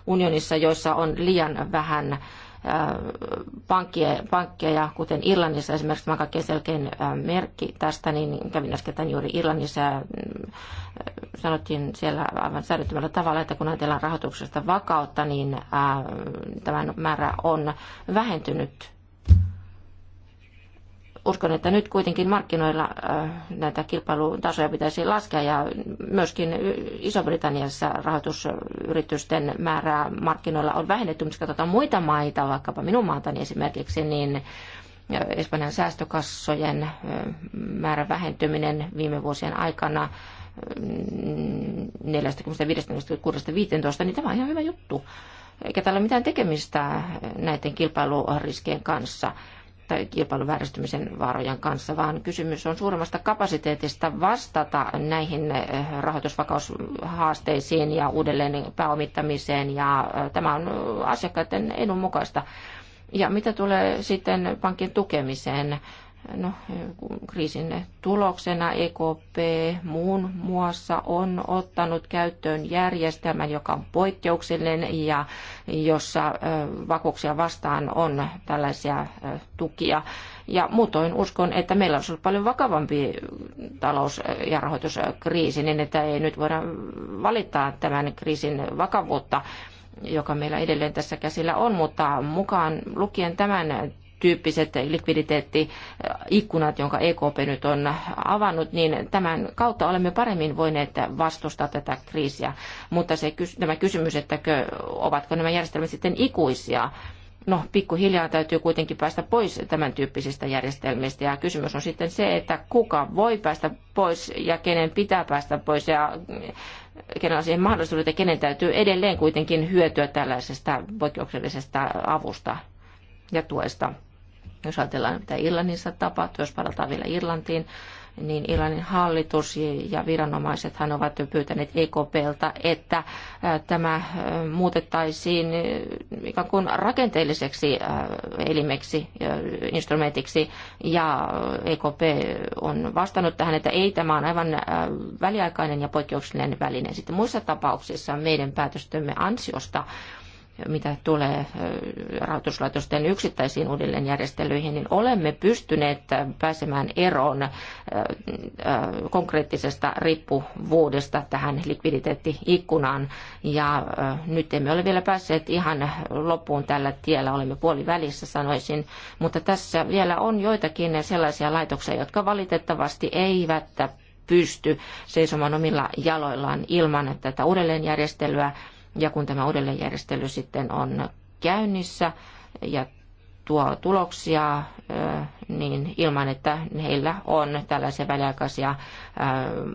unionissa, joissa on liian vähän pankkeja, pankkeja, kuten Irlannissa esimerkiksi, tämä kaikkein selkein merkki tästä, niin kävin äsken juuri Irlannissa ja sanottiin siellä aivan säädettömällä tavalla, että kun ajatellaan rahoituksesta vakautta, niin tämän määrä on vähentynyt uskon, että nyt kuitenkin markkinoilla äh, näitä kilpailutasoja pitäisi laskea ja myöskin Iso-Britanniassa rahoitusyritysten määrää markkinoilla on vähennetty, mutta katsotaan muita maita, vaikkapa minun maatani esimerkiksi, niin äh, Espanjan säästökassojen äh, määrän vähentyminen viime vuosien aikana 45-15, niin tämä on ihan hyvä juttu. Eikä tällä ole mitään tekemistä näiden kilpailuriskien kanssa tai kilpailun vääristymisen vaarojen kanssa, vaan kysymys on suuremmasta kapasiteetista vastata näihin eh, rahoitusvakaushaasteisiin ja uudelleen pääomittamiseen, ja eh, tämä on asiakkaiden edun mukaista. Ja mitä tulee sitten pankin tukemiseen, No, kriisin tuloksena EKP muun muassa on ottanut käyttöön järjestelmän, joka on poikkeuksellinen ja jossa vakuuksia vastaan on tällaisia tukia. Ja muutoin uskon, että meillä olisi ollut paljon vakavampi talous- ja rahoituskriisi, niin että ei nyt voida valittaa tämän kriisin vakavuutta joka meillä edelleen tässä käsillä on, mutta mukaan lukien tämän tyyppiset ikkunat, jonka EKP nyt on avannut, niin tämän kautta olemme paremmin voineet vastustaa tätä kriisiä. Mutta se, tämä kysymys, että ovatko nämä järjestelmät sitten ikuisia, no pikkuhiljaa täytyy kuitenkin päästä pois tämän tyyppisistä järjestelmistä ja kysymys on sitten se, että kuka voi päästä pois ja kenen pitää päästä pois ja kenellä on siihen mahdollisuudet ja kenen täytyy edelleen kuitenkin hyötyä tällaisesta poikkeuksellisesta avusta ja tuesta. Jos ajatellaan, mitä Irlannissa tapahtui, jos palataan vielä Irlantiin, niin Irlannin hallitus ja viranomaisethan ovat pyytäneet EKPltä, että tämä muutettaisiin ikään kuin rakenteelliseksi elimeksi, instrumentiksi, ja EKP on vastannut tähän, että ei, tämä on aivan väliaikainen ja poikkeuksellinen väline. Sitten muissa tapauksissa meidän päätöstömme ansiosta mitä tulee rahoituslaitosten yksittäisiin uudelleenjärjestelyihin, niin olemme pystyneet pääsemään eroon konkreettisesta riippuvuudesta tähän likviditeettiikkunaan. Ja nyt emme ole vielä päässeet ihan loppuun tällä tiellä, olemme puolivälissä sanoisin, mutta tässä vielä on joitakin sellaisia laitoksia, jotka valitettavasti eivät pysty seisomaan omilla jaloillaan ilman tätä uudelleenjärjestelyä ja kun tämä uudelleenjärjestely sitten on käynnissä ja tuo tuloksia, niin ilman, että heillä on tällaisia väliaikaisia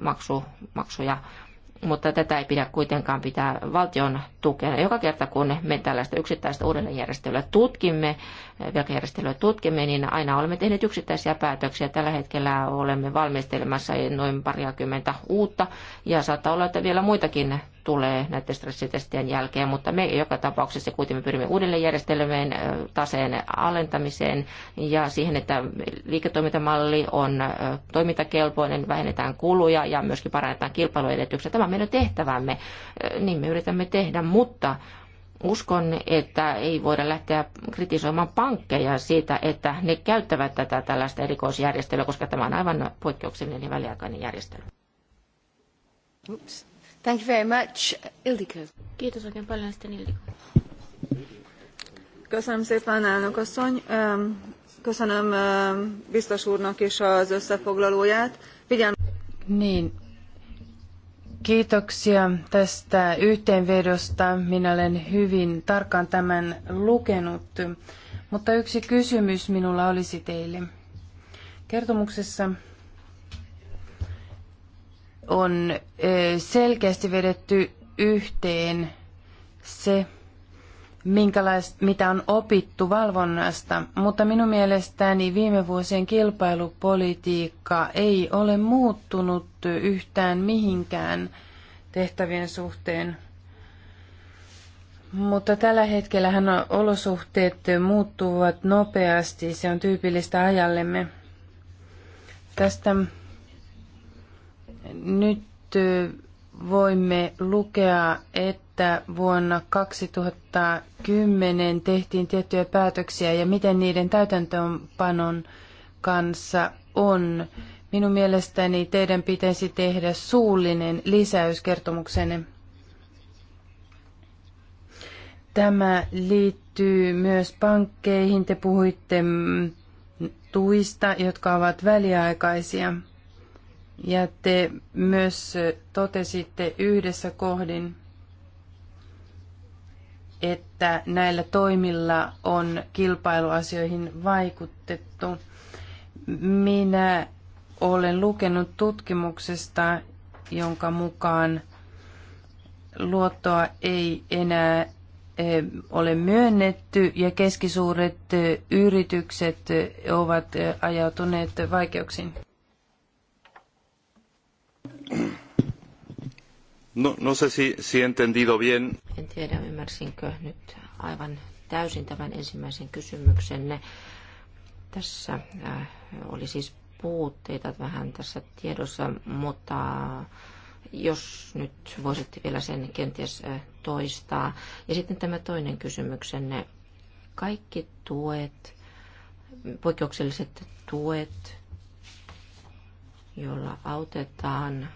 maksu, maksuja, mutta tätä ei pidä kuitenkaan pitää valtion tukena. Joka kerta kun me tällaista yksittäistä uudelleenjärjestelyä tutkimme, velkajärjestelyä tutkimme, niin aina olemme tehneet yksittäisiä päätöksiä. Tällä hetkellä olemme valmistelemassa noin pariakymmentä uutta ja saattaa olla, että vielä muitakin tulee näiden stressitestien jälkeen, mutta me joka tapauksessa kuitenkin pyrimme uudelleen järjestelmään taseen alentamiseen ja siihen, että liiketoimintamalli on toimintakelpoinen, vähennetään kuluja ja myöskin parannetaan kilpailuedellytyksiä. Tämä on meidän tehtävämme, niin me yritämme tehdä, mutta uskon, että ei voida lähteä kritisoimaan pankkeja siitä, että ne käyttävät tätä tällaista erikoisjärjestelyä, koska tämä on aivan poikkeuksellinen ja väliaikainen järjestely. Oops. Thank you very much, Ildikö. Kiitos oikein paljon sitten niin, Ildikö. Köszönöm szépen, elnök asszony. Köszönöm biztos úrnak is az összefoglalóját. Figyelm... Niin, Kiitoksia tästä yhteenvedosta. Minä olen hyvin tarkkaan tämän lukenut. Mutta yksi kysymys minulla olisi teille. Kertomuksessa on selkeästi vedetty yhteen se, minkälaista, mitä on opittu valvonnasta, mutta minun mielestäni viime vuosien kilpailupolitiikka ei ole muuttunut yhtään mihinkään tehtävien suhteen. Mutta tällä hetkellähän olosuhteet muuttuvat nopeasti, se on tyypillistä ajallemme. Tästä nyt voimme lukea, että vuonna 2010 tehtiin tiettyjä päätöksiä ja miten niiden täytäntöönpanon kanssa on. Minun mielestäni teidän pitäisi tehdä suullinen lisäys kertomuksenne. Tämä liittyy myös pankkeihin. Te puhuitte tuista, jotka ovat väliaikaisia. Ja te myös totesitte yhdessä kohdin, että näillä toimilla on kilpailuasioihin vaikutettu. Minä olen lukenut tutkimuksesta, jonka mukaan luottoa ei enää eh, ole myönnetty ja keskisuuret yritykset ovat eh, ajautuneet vaikeuksiin. No, no sé si, si entendido bien. En tiedä, ymmärsinkö nyt aivan täysin tämän ensimmäisen kysymyksenne. Tässä äh, oli siis puutteita vähän tässä tiedossa, mutta jos nyt voisit vielä sen kenties äh, toistaa. Ja sitten tämä toinen kysymyksenne. Kaikki tuet, poikkeukselliset tuet, joilla autetaan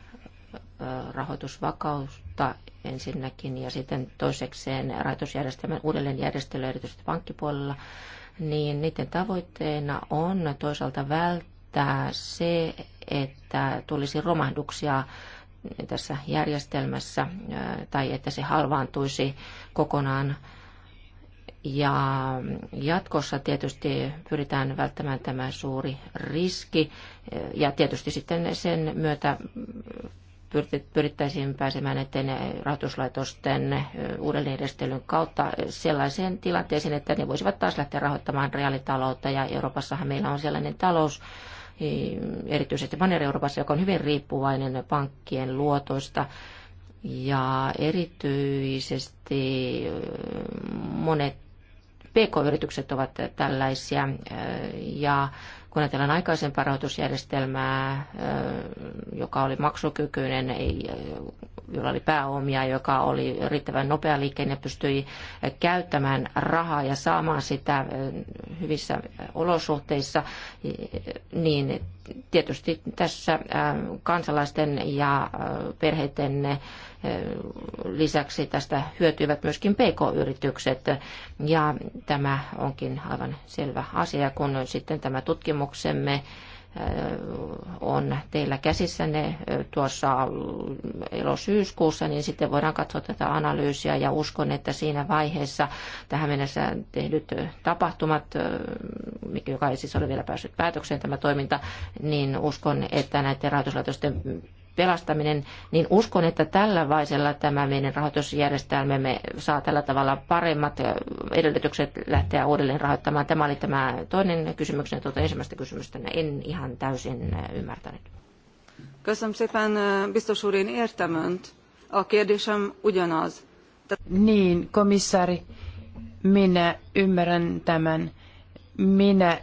rahoitusvakautta ensinnäkin ja sitten toisekseen rahoitusjärjestelmän uudelleenjärjestelyä erityisesti pankkipuolella, niin niiden tavoitteena on toisaalta välttää se, että tulisi romahduksia tässä järjestelmässä tai että se halvaantuisi kokonaan. Ja jatkossa tietysti pyritään välttämään tämä suuri riski ja tietysti sitten sen myötä pyrittäisiin pääsemään näiden rahoituslaitosten uudelleenjärjestelyn kautta sellaiseen tilanteeseen, että ne voisivat taas lähteä rahoittamaan reaalitaloutta. Ja Euroopassahan meillä on sellainen talous, erityisesti Manner-Euroopassa, joka on hyvin riippuvainen pankkien luotoista. Ja erityisesti monet PK-yritykset ovat tällaisia ja kun ajatellaan aikaisempaa rahoitusjärjestelmää, joka oli maksukykyinen, jolla oli pääomia, joka oli riittävän nopea liikenne, pystyi käyttämään rahaa ja saamaan sitä hyvissä olosuhteissa, niin tietysti tässä kansalaisten ja perheiden Lisäksi tästä hyötyivät myöskin PK-yritykset ja tämä onkin aivan selvä asia, kun sitten tämä tutkimuksemme äh, on teillä käsissänne äh, tuossa elosyyskuussa, niin sitten voidaan katsoa tätä analyysiä ja uskon, että siinä vaiheessa tähän mennessä tehdyt äh, tapahtumat, joka ei siis ole vielä päässyt päätökseen tämä toiminta, niin uskon, että näiden rahoituslaitosten pelastaminen, niin uskon, että tällä vaisella tämä meidän rahoitusjärjestelmämme saa tällä tavalla paremmat edellytykset lähteä uudelleen rahoittamaan. Tämä oli tämä toinen kysymyksen, tuota ensimmäistä kysymystä en ihan täysin ymmärtänyt. Niin, komissaari, minä ymmärrän tämän. Minä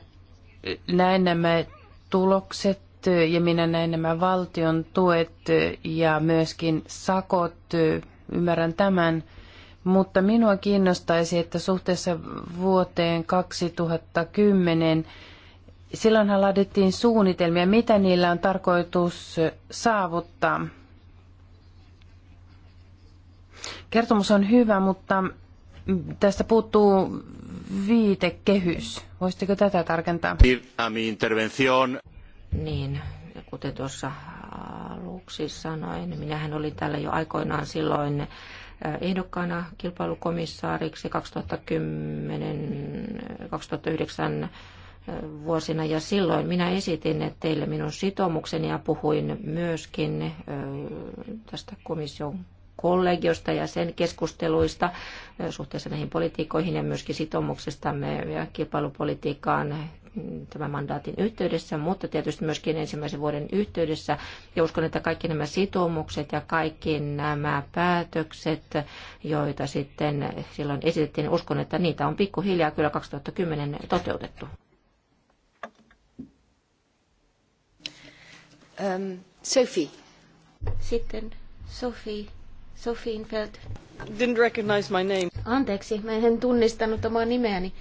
näen nämä tulokset ja minä näin nämä valtion tuet ja myöskin sakot, ymmärrän tämän, mutta minua kiinnostaisi, että suhteessa vuoteen 2010 silloinhan laadittiin suunnitelmia, mitä niillä on tarkoitus saavuttaa. Kertomus on hyvä, mutta tästä puuttuu viitekehys. Voisitteko tätä tarkentaa? A mi intervención niin, kuten tuossa aluksi sanoin, minähän olin täällä jo aikoinaan silloin äh, ehdokkaana kilpailukomissaariksi 2010-2009 äh, vuosina ja silloin minä esitin teille minun sitoumukseni ja puhuin myöskin äh, tästä komission kollegiosta ja sen keskusteluista suhteessa näihin politiikoihin ja myöskin sitoumuksestamme ja kilpailupolitiikkaan tämän mandaatin yhteydessä, mutta tietysti myöskin ensimmäisen vuoden yhteydessä. Ja uskon, että kaikki nämä sitoumukset ja kaikki nämä päätökset, joita sitten silloin esitettiin, uskon, että niitä on pikkuhiljaa kyllä 2010 toteutettu. Um, Sophie. Sitten Sophie Sophie Infeld. Didn't recognize my name. Anteeksi, mä en tunnistanut omaa nimeäni.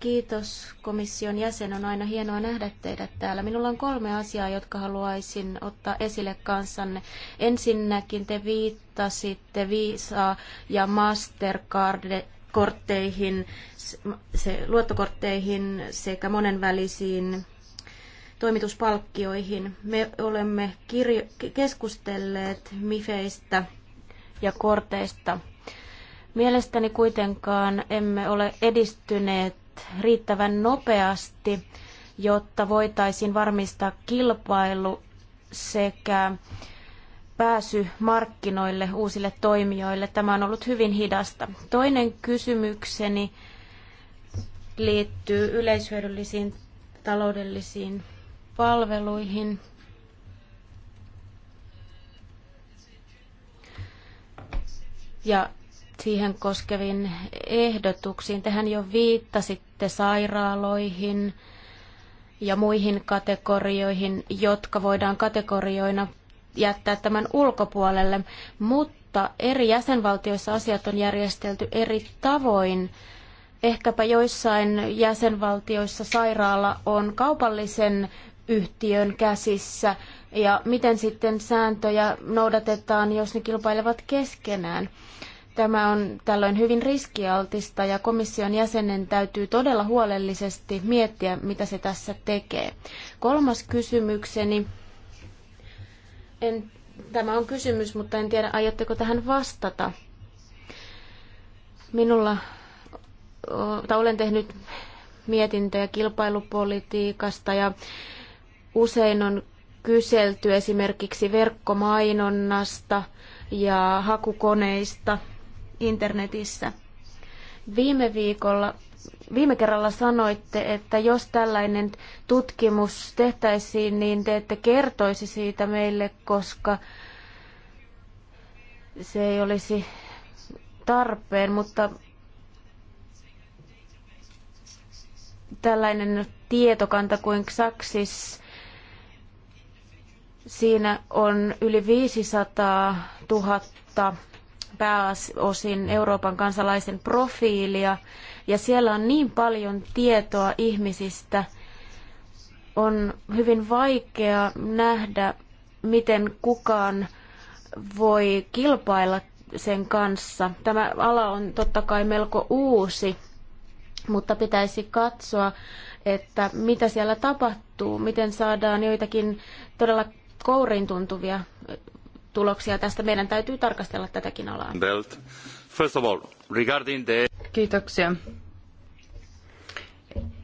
Kiitos komission jäsen. On aina hienoa nähdä teidät täällä. Minulla on kolme asiaa, jotka haluaisin ottaa esille kanssanne. Ensinnäkin te viittasitte Visa ja Mastercard-kortteihin, se, luottokortteihin sekä monenvälisiin toimituspalkkioihin. Me olemme kirjo- keskustelleet MIFEistä ja korteista. Mielestäni kuitenkaan emme ole edistyneet riittävän nopeasti, jotta voitaisiin varmistaa kilpailu sekä pääsy markkinoille uusille toimijoille. Tämä on ollut hyvin hidasta. Toinen kysymykseni liittyy yleishyödyllisiin taloudellisiin palveluihin. Ja siihen koskeviin ehdotuksiin. Tähän jo viittasitte sairaaloihin ja muihin kategorioihin, jotka voidaan kategorioina jättää tämän ulkopuolelle, mutta eri jäsenvaltioissa asiat on järjestelty eri tavoin. Ehkäpä joissain jäsenvaltioissa sairaala on kaupallisen yhtiön käsissä ja miten sitten sääntöjä noudatetaan, jos ne kilpailevat keskenään. Tämä on tällöin hyvin riskialtista ja komission jäsenen täytyy todella huolellisesti miettiä, mitä se tässä tekee. Kolmas kysymykseni, en, tämä on kysymys, mutta en tiedä, aiotteko tähän vastata. Minulla, tai olen tehnyt mietintöjä kilpailupolitiikasta ja Usein on kyselty esimerkiksi verkkomainonnasta ja hakukoneista internetissä. Viime viikolla viime kerralla sanoitte, että jos tällainen tutkimus tehtäisiin, niin te ette kertoisi siitä meille, koska se ei olisi tarpeen, mutta tällainen tietokanta kuin Xaxis Siinä on yli 500 000 pääosin Euroopan kansalaisen profiilia ja siellä on niin paljon tietoa ihmisistä, on hyvin vaikea nähdä, miten kukaan voi kilpailla sen kanssa. Tämä ala on totta kai melko uusi, mutta pitäisi katsoa, että mitä siellä tapahtuu, miten saadaan joitakin todella kouriin tuntuvia tuloksia tästä. Meidän täytyy tarkastella tätäkin alaa. Belt. First of all, regarding the... Kiitoksia.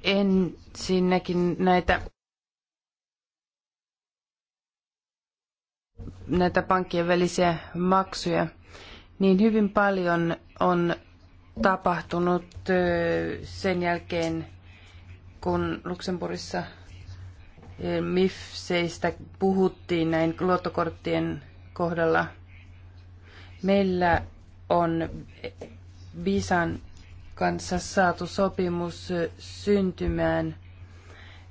Ensinnäkin näitä näitä pankkien välisiä maksuja, niin hyvin paljon on tapahtunut sen jälkeen, kun Luxemburgissa MIFSeistä puhuttiin näin luottokorttien kohdalla. Meillä on Bisan kanssa saatu sopimus syntymään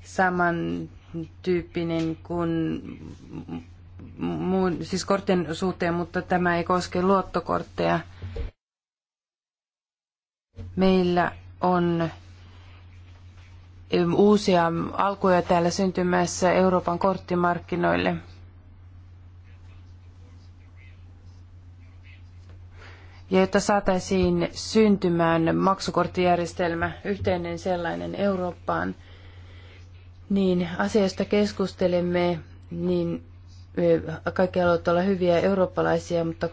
samantyyppinen kuin muun, siis korttien suhteen, mutta tämä ei koske luottokortteja. Meillä on uusia alkuja täällä syntymässä Euroopan korttimarkkinoille. Ja jotta saataisiin syntymään maksukorttijärjestelmä, yhteinen sellainen Eurooppaan, niin asiasta keskustelemme, niin kaikki haluavat olla hyviä eurooppalaisia, mutta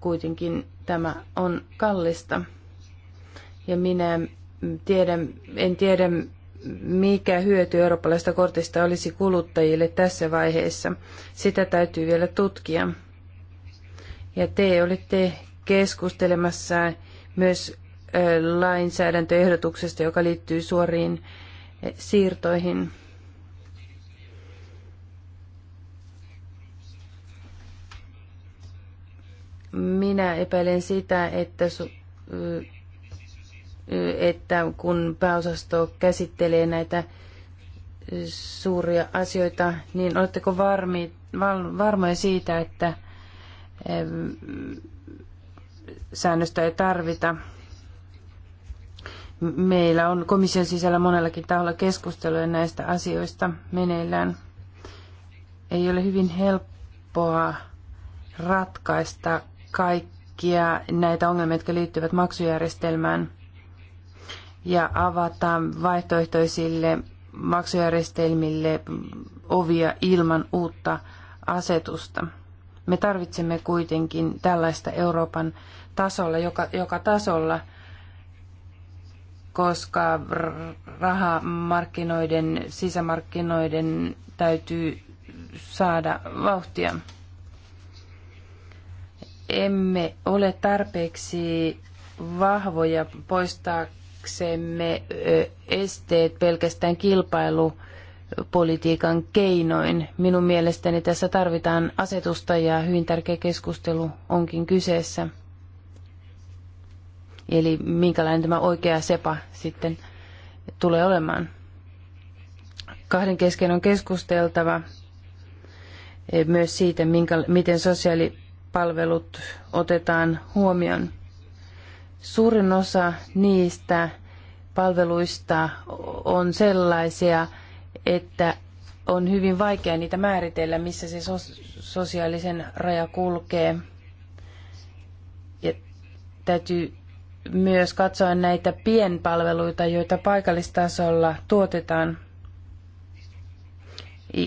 kuitenkin tämä on kallista. Ja minä tiedän, en tiedä, mikä hyöty eurooppalaista kortista olisi kuluttajille tässä vaiheessa. Sitä täytyy vielä tutkia. Ja te olitte keskustelemassa myös lainsäädäntöehdotuksesta, joka liittyy suoriin siirtoihin. Minä epäilen sitä, että su- että kun pääosasto käsittelee näitä suuria asioita, niin oletteko varmi, varmoja siitä, että säännöstä ei tarvita? Meillä on komission sisällä monellakin taholla keskusteluja näistä asioista meneillään. Ei ole hyvin helppoa ratkaista kaikkia näitä ongelmia, jotka liittyvät maksujärjestelmään – ja avata vaihtoehtoisille maksujärjestelmille ovia ilman uutta asetusta. Me tarvitsemme kuitenkin tällaista Euroopan tasolla, joka, joka tasolla, koska rahamarkkinoiden, sisämarkkinoiden täytyy saada vauhtia. Emme ole tarpeeksi vahvoja poistaa poistaaksemme esteet pelkästään kilpailupolitiikan keinoin. Minun mielestäni tässä tarvitaan asetusta ja hyvin tärkeä keskustelu onkin kyseessä. Eli minkälainen tämä oikea sepa sitten tulee olemaan. Kahden kesken on keskusteltava e, myös siitä, minkä, miten sosiaalipalvelut otetaan huomioon. Suurin osa niistä palveluista on sellaisia, että on hyvin vaikea niitä määritellä, missä se sosiaalisen raja kulkee. Ja täytyy myös katsoa näitä pienpalveluita, joita paikallistasolla tuotetaan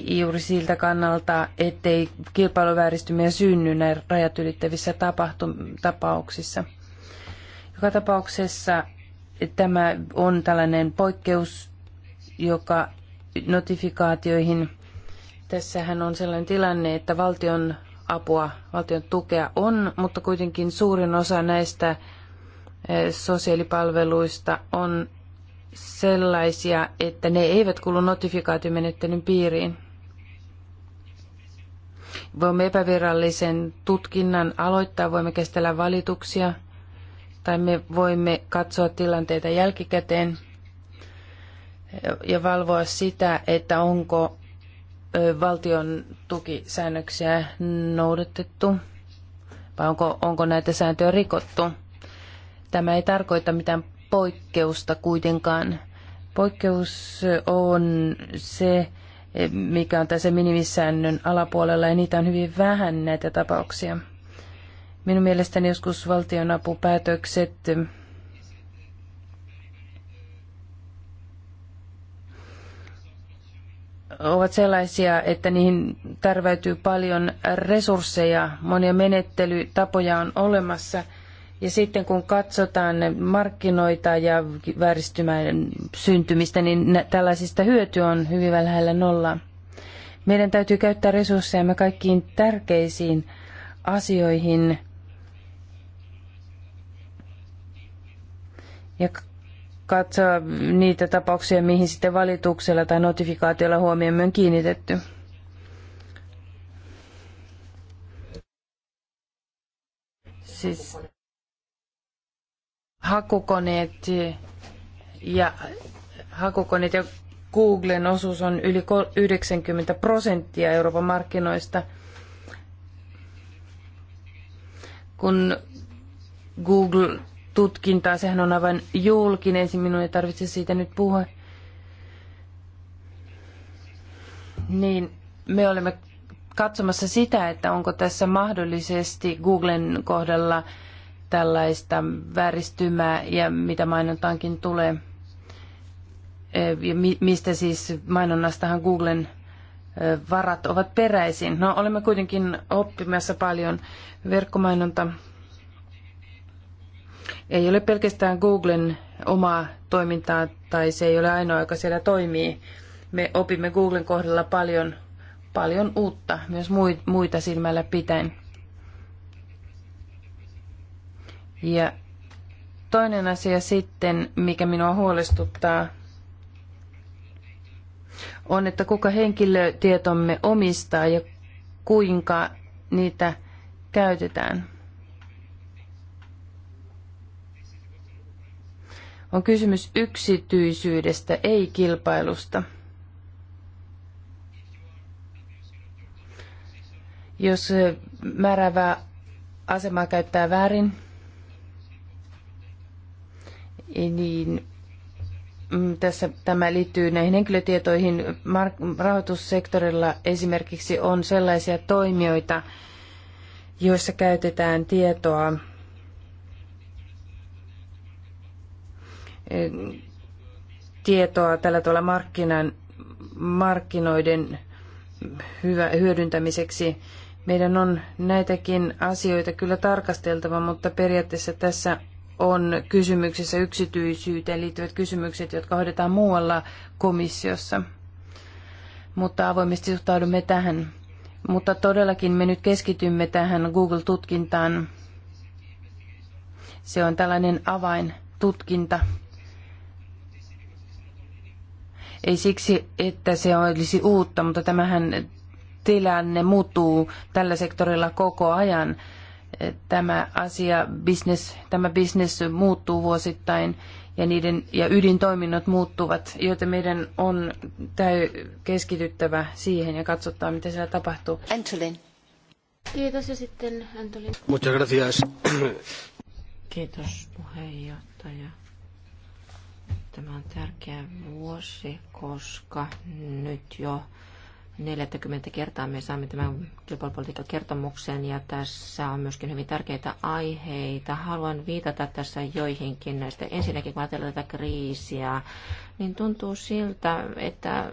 juuri siltä kannalta, ettei kilpailuvääristymiä synny näin rajat ylittävissä tapauksissa. Joka tapauksessa tämä on tällainen poikkeus, joka notifikaatioihin, tässähän on sellainen tilanne, että valtion apua, valtion tukea on, mutta kuitenkin suurin osa näistä eh, sosiaalipalveluista on sellaisia, että ne eivät kuulu notifikaatiomenettelyn piiriin. Voimme epävirallisen tutkinnan aloittaa, voimme kestellä valituksia – tai me voimme katsoa tilanteita jälkikäteen ja valvoa sitä, että onko valtion tukisäännöksiä noudatettu vai onko, onko näitä sääntöjä rikottu. Tämä ei tarkoita mitään poikkeusta kuitenkaan. Poikkeus on se, mikä on tässä minimisäännön alapuolella, ja niitä on hyvin vähän näitä tapauksia. Minun mielestäni joskus valtionapupäätökset ovat sellaisia, että niihin tarvitsee paljon resursseja, monia menettelytapoja on olemassa. Ja sitten kun katsotaan markkinoita ja vääristymän syntymistä, niin tällaisista hyöty on hyvin vähällä nolla. Meidän täytyy käyttää me kaikkiin tärkeisiin asioihin, ja katsoa niitä tapauksia, mihin sitten valituksella tai notifikaatiolla huomioon on kiinnitetty. Siis hakukoneet ja hakukoneet ja Googlen osuus on yli 90 prosenttia Euroopan markkinoista. Kun Google tutkintaa. Sehän on aivan julkinen, minun ei tarvitse siitä nyt puhua. Niin me olemme katsomassa sitä, että onko tässä mahdollisesti Googlen kohdalla tällaista vääristymää ja mitä mainontaankin tulee. Ja mistä siis mainonnastahan Googlen varat ovat peräisin. No olemme kuitenkin oppimassa paljon verkkomainonta ei ole pelkästään Googlen omaa toimintaa tai se ei ole ainoa, joka siellä toimii. Me opimme Googlen kohdalla paljon, paljon uutta, myös muita silmällä pitäen. Ja toinen asia sitten, mikä minua huolestuttaa, on, että kuka henkilötietomme omistaa ja kuinka niitä käytetään. on kysymys yksityisyydestä, ei kilpailusta. Jos määräävää asemaa käyttää väärin, niin mm, tässä tämä liittyy näihin henkilötietoihin. Rahoitussektorilla esimerkiksi on sellaisia toimijoita, joissa käytetään tietoa tietoa tällä tavalla markkinan, markkinoiden hyvä, hyödyntämiseksi. Meidän on näitäkin asioita kyllä tarkasteltava, mutta periaatteessa tässä on kysymyksessä yksityisyyteen liittyvät kysymykset, jotka hoidetaan muualla komissiossa. Mutta avoimesti suhtaudumme tähän. Mutta todellakin me nyt keskitymme tähän Google-tutkintaan. Se on tällainen avaintutkinta. tutkinta ei siksi, että se olisi uutta, mutta tämähän tilanne muuttuu tällä sektorilla koko ajan. Tämä asia, business, tämä business muuttuu vuosittain ja, niiden, ja ydintoiminnot muuttuvat, joten meidän on täy keskityttävä siihen ja katsottaa, mitä siellä tapahtuu. Antolin. Kiitos ja sitten Antolin. Muchas gracias. Kiitos puheenjohtaja. Tämä on tärkeä vuosi, koska nyt jo 40 kertaa me saamme tämän kilpailupolitiikan kertomuksen ja tässä on myöskin hyvin tärkeitä aiheita. Haluan viitata tässä joihinkin näistä. Ensinnäkin kun ajatellaan tätä kriisiä, niin tuntuu siltä, että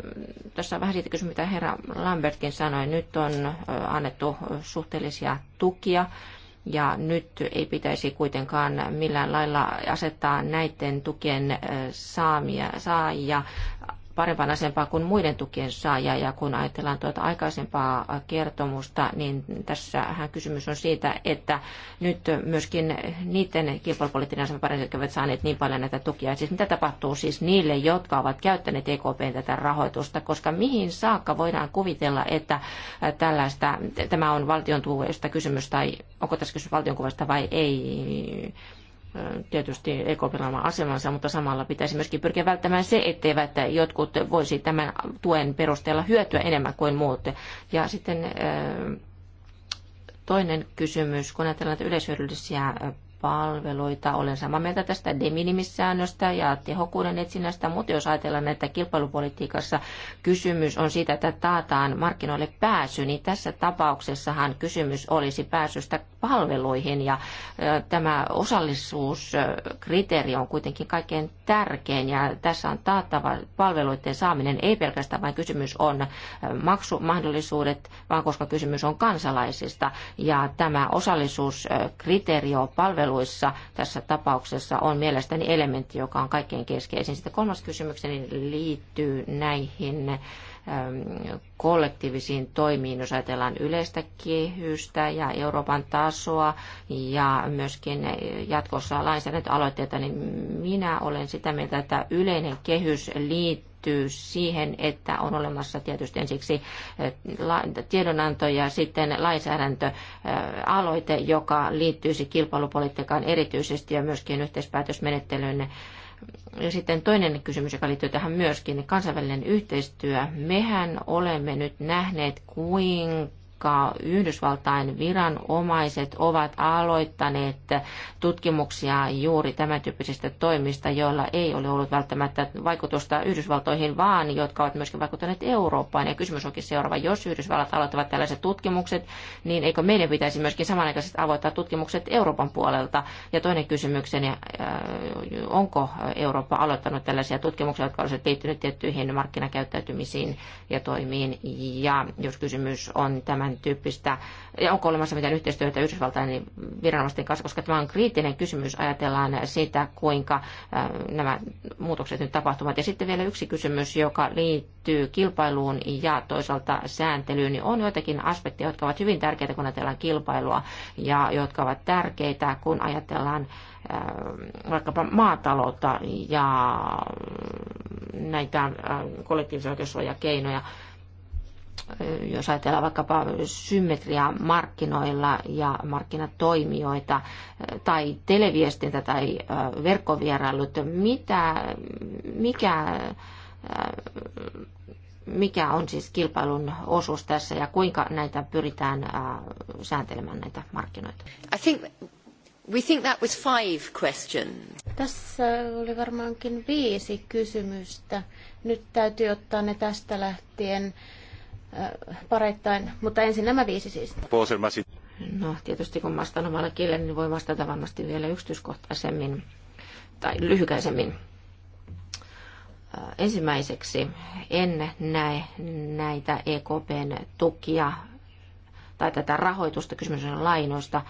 tässä on vähän siitä kysymys, mitä herra Lambertkin sanoi. Nyt on annettu suhteellisia tukia ja nyt ei pitäisi kuitenkaan millään lailla asettaa näiden tukien saamia, saajia parempaan asempaan kuin muiden tukien saaja. Ja kun ajatellaan tuota aikaisempaa kertomusta, niin tässähän kysymys on siitä, että nyt myöskin niiden kilpailupoliittinen asema parempi, jotka ovat saaneet niin paljon näitä tukia. Siis mitä tapahtuu siis niille, jotka ovat käyttäneet EKP tätä rahoitusta, koska mihin saakka voidaan kuvitella, että tällaista, tämä on valtion tuesta kysymys tai onko tässä kysymys valtion kuvasta vai ei, tietysti EKPilla asemansa, mutta samalla pitäisi myöskin pyrkiä välttämään se, etteivät jotkut voisi tämän tuen perusteella hyötyä enemmän kuin muut. Ja sitten toinen kysymys, kun ajatellaan näitä yleishyödyllisiä palveluita. Olen samaa mieltä tästä de minimissäännöstä ja tehokkuuden etsinnästä, mutta jos ajatellaan, että kilpailupolitiikassa kysymys on siitä, että taataan markkinoille pääsy, niin tässä tapauksessahan kysymys olisi pääsystä palveluihin ja tämä osallisuuskriteeri on kuitenkin kaikkein tärkein ja tässä on taattava palveluiden saaminen, ei pelkästään vain kysymys on maksumahdollisuudet, vaan koska kysymys on kansalaisista ja tämä osallisuuskriteeri on palvelu neuvotteluissa tässä tapauksessa on mielestäni elementti, joka on kaikkein keskeisin. Sitten kolmas kysymykseni liittyy näihin ähm, kollektiivisiin toimiin, jos ajatellaan yleistä kehystä ja Euroopan tasoa ja myöskin jatkossa lainsäädäntöaloitteita, niin minä olen sitä mieltä, että yleinen kehys liittyy liittyy siihen, että on olemassa tietysti ensiksi eh, tiedonanto ja sitten lainsäädäntöaloite, joka liittyisi kilpailupolitiikkaan erityisesti ja myöskin yhteispäätösmenettelyyn ja sitten toinen kysymys, joka liittyy tähän myöskin, kansainvälinen yhteistyö. Mehän olemme nyt nähneet, kuinka koska Yhdysvaltain viranomaiset ovat aloittaneet tutkimuksia juuri tämän tyyppisistä toimista, joilla ei ole ollut välttämättä vaikutusta Yhdysvaltoihin, vaan jotka ovat myöskin vaikuttaneet Eurooppaan. Ja kysymys onkin seuraava, jos Yhdysvallat aloittavat tällaiset tutkimukset, niin eikö meidän pitäisi myöskin samanaikaisesti avoittaa tutkimukset Euroopan puolelta? Ja toinen kysymykseni, äh, onko Eurooppa aloittanut tällaisia tutkimuksia, jotka olisivat liittyneet tiettyihin markkinakäyttäytymisiin ja toimiin? Ja jos kysymys on tämän tämän tyyppistä, ja onko olemassa mitään yhteistyötä Yhdysvaltain niin viranomaisten kanssa, koska tämä on kriittinen kysymys, ajatellaan siitä, kuinka äh, nämä muutokset nyt tapahtuvat. Ja sitten vielä yksi kysymys, joka liittyy kilpailuun ja toisaalta sääntelyyn, niin on joitakin aspekteja, jotka ovat hyvin tärkeitä, kun ajatellaan kilpailua, ja jotka ovat tärkeitä, kun ajatellaan äh, vaikkapa maataloutta ja näitä äh, kollektiivisia oikeussuojakeinoja. keinoja jos ajatellaan vaikkapa symmetriaa markkinoilla ja markkinatoimijoita tai televiestintä tai verkkovierailut, mitä, mikä, mikä on siis kilpailun osuus tässä ja kuinka näitä pyritään sääntelemään näitä markkinoita? I think We think that was five questions. Tässä oli varmaankin viisi kysymystä. Nyt täytyy ottaa ne tästä lähtien pareittain, mutta ensin nämä viisi siis. No tietysti kun vastaan omalle kielen, niin voi vastata varmasti vielä yksityiskohtaisemmin tai lyhykäisemmin. Ensimmäiseksi en näe näitä EKPn tukia tai tätä rahoitusta, kysymys on lainoista,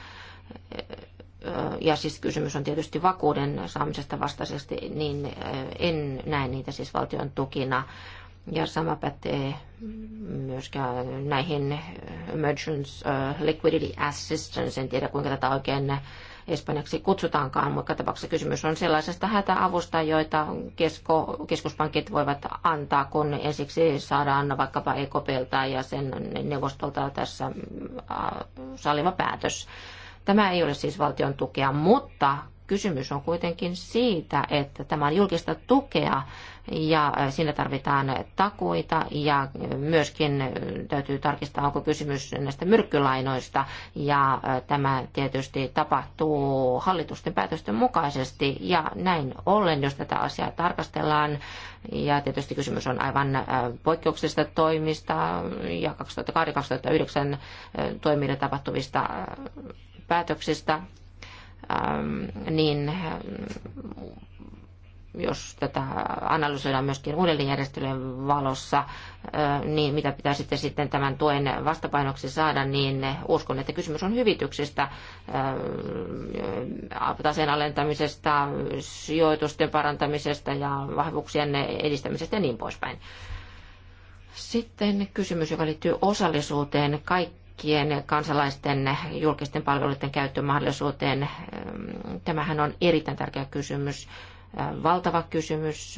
ja siis kysymys on tietysti vakuuden saamisesta vastaisesti, niin en näe niitä siis valtion tukina ja sama pätee myöskään näihin Emergence äh, Liquidity Assistance. En tiedä, kuinka tätä oikein espanjaksi kutsutaankaan, mutta tapauksessa kysymys on sellaisesta hätäavusta, joita kesko, keskuspankit voivat antaa, kun ensiksi saadaan vaikkapa EKPltä ja sen neuvostolta tässä äh, saliva päätös. Tämä ei ole siis valtion tukea, mutta kysymys on kuitenkin siitä, että tämä on julkista tukea ja äh, siinä tarvitaan takuita ja myöskin äh, täytyy tarkistaa, onko kysymys näistä myrkkylainoista ja äh, tämä tietysti tapahtuu hallitusten päätösten mukaisesti ja näin ollen, jos tätä asiaa tarkastellaan ja tietysti kysymys on aivan poikkeuksista toimista ja 2008-2009 toimille tapahtuvista päätöksistä, ähm, niin jos tätä analysoidaan myöskin uudelleenjärjestelyjen valossa, niin mitä pitää sitten, sitten tämän tuen vastapainoksi saada, niin uskon, että kysymys on hyvityksestä, taseen alentamisesta, sijoitusten parantamisesta ja vahvuuksien edistämisestä ja niin poispäin. Sitten kysymys, joka liittyy osallisuuteen. Kaikki kaikkien kansalaisten julkisten palveluiden käyttömahdollisuuteen. Tämähän on erittäin tärkeä kysymys valtava kysymys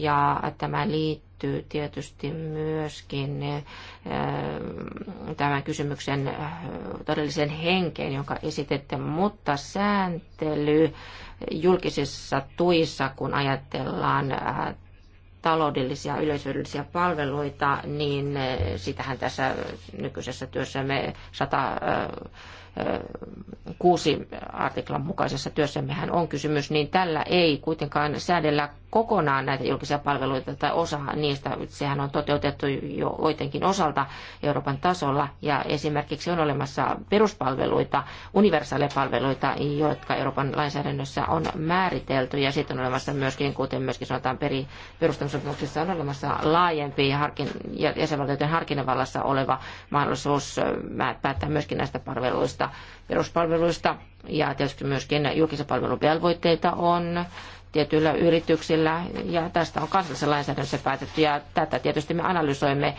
ja tämä liittyy tietysti myöskin eh, tämän kysymyksen eh, todellisen henkeen, jonka esitette, mutta sääntely julkisissa tuissa, kun ajatellaan eh, taloudellisia yleisöllisiä palveluita, niin sitähän tässä nykyisessä työssämme sata kuusi artiklan mukaisessa työssämmehän on kysymys, niin tällä ei kuitenkaan säädellä kokonaan näitä julkisia palveluita tai osa niistä. Sehän on toteutettu jo oitenkin osalta Euroopan tasolla ja esimerkiksi on olemassa peruspalveluita, universaaleja palveluita, jotka Euroopan lainsäädännössä on määritelty ja sitten on olemassa myöskin, kuten myöskin sanotaan peri, perustamisopimuksessa on olemassa laajempi harkin, jäsenvaltioiden harkinnanvallassa oleva mahdollisuus äh, päättää myöskin näistä palveluista peruspalveluista. Ja tietysti myöskin julkisen palvelun velvoitteita on tietyillä yrityksillä, ja tästä on kansallisessa lainsäädännössä päätetty, ja tätä tietysti me analysoimme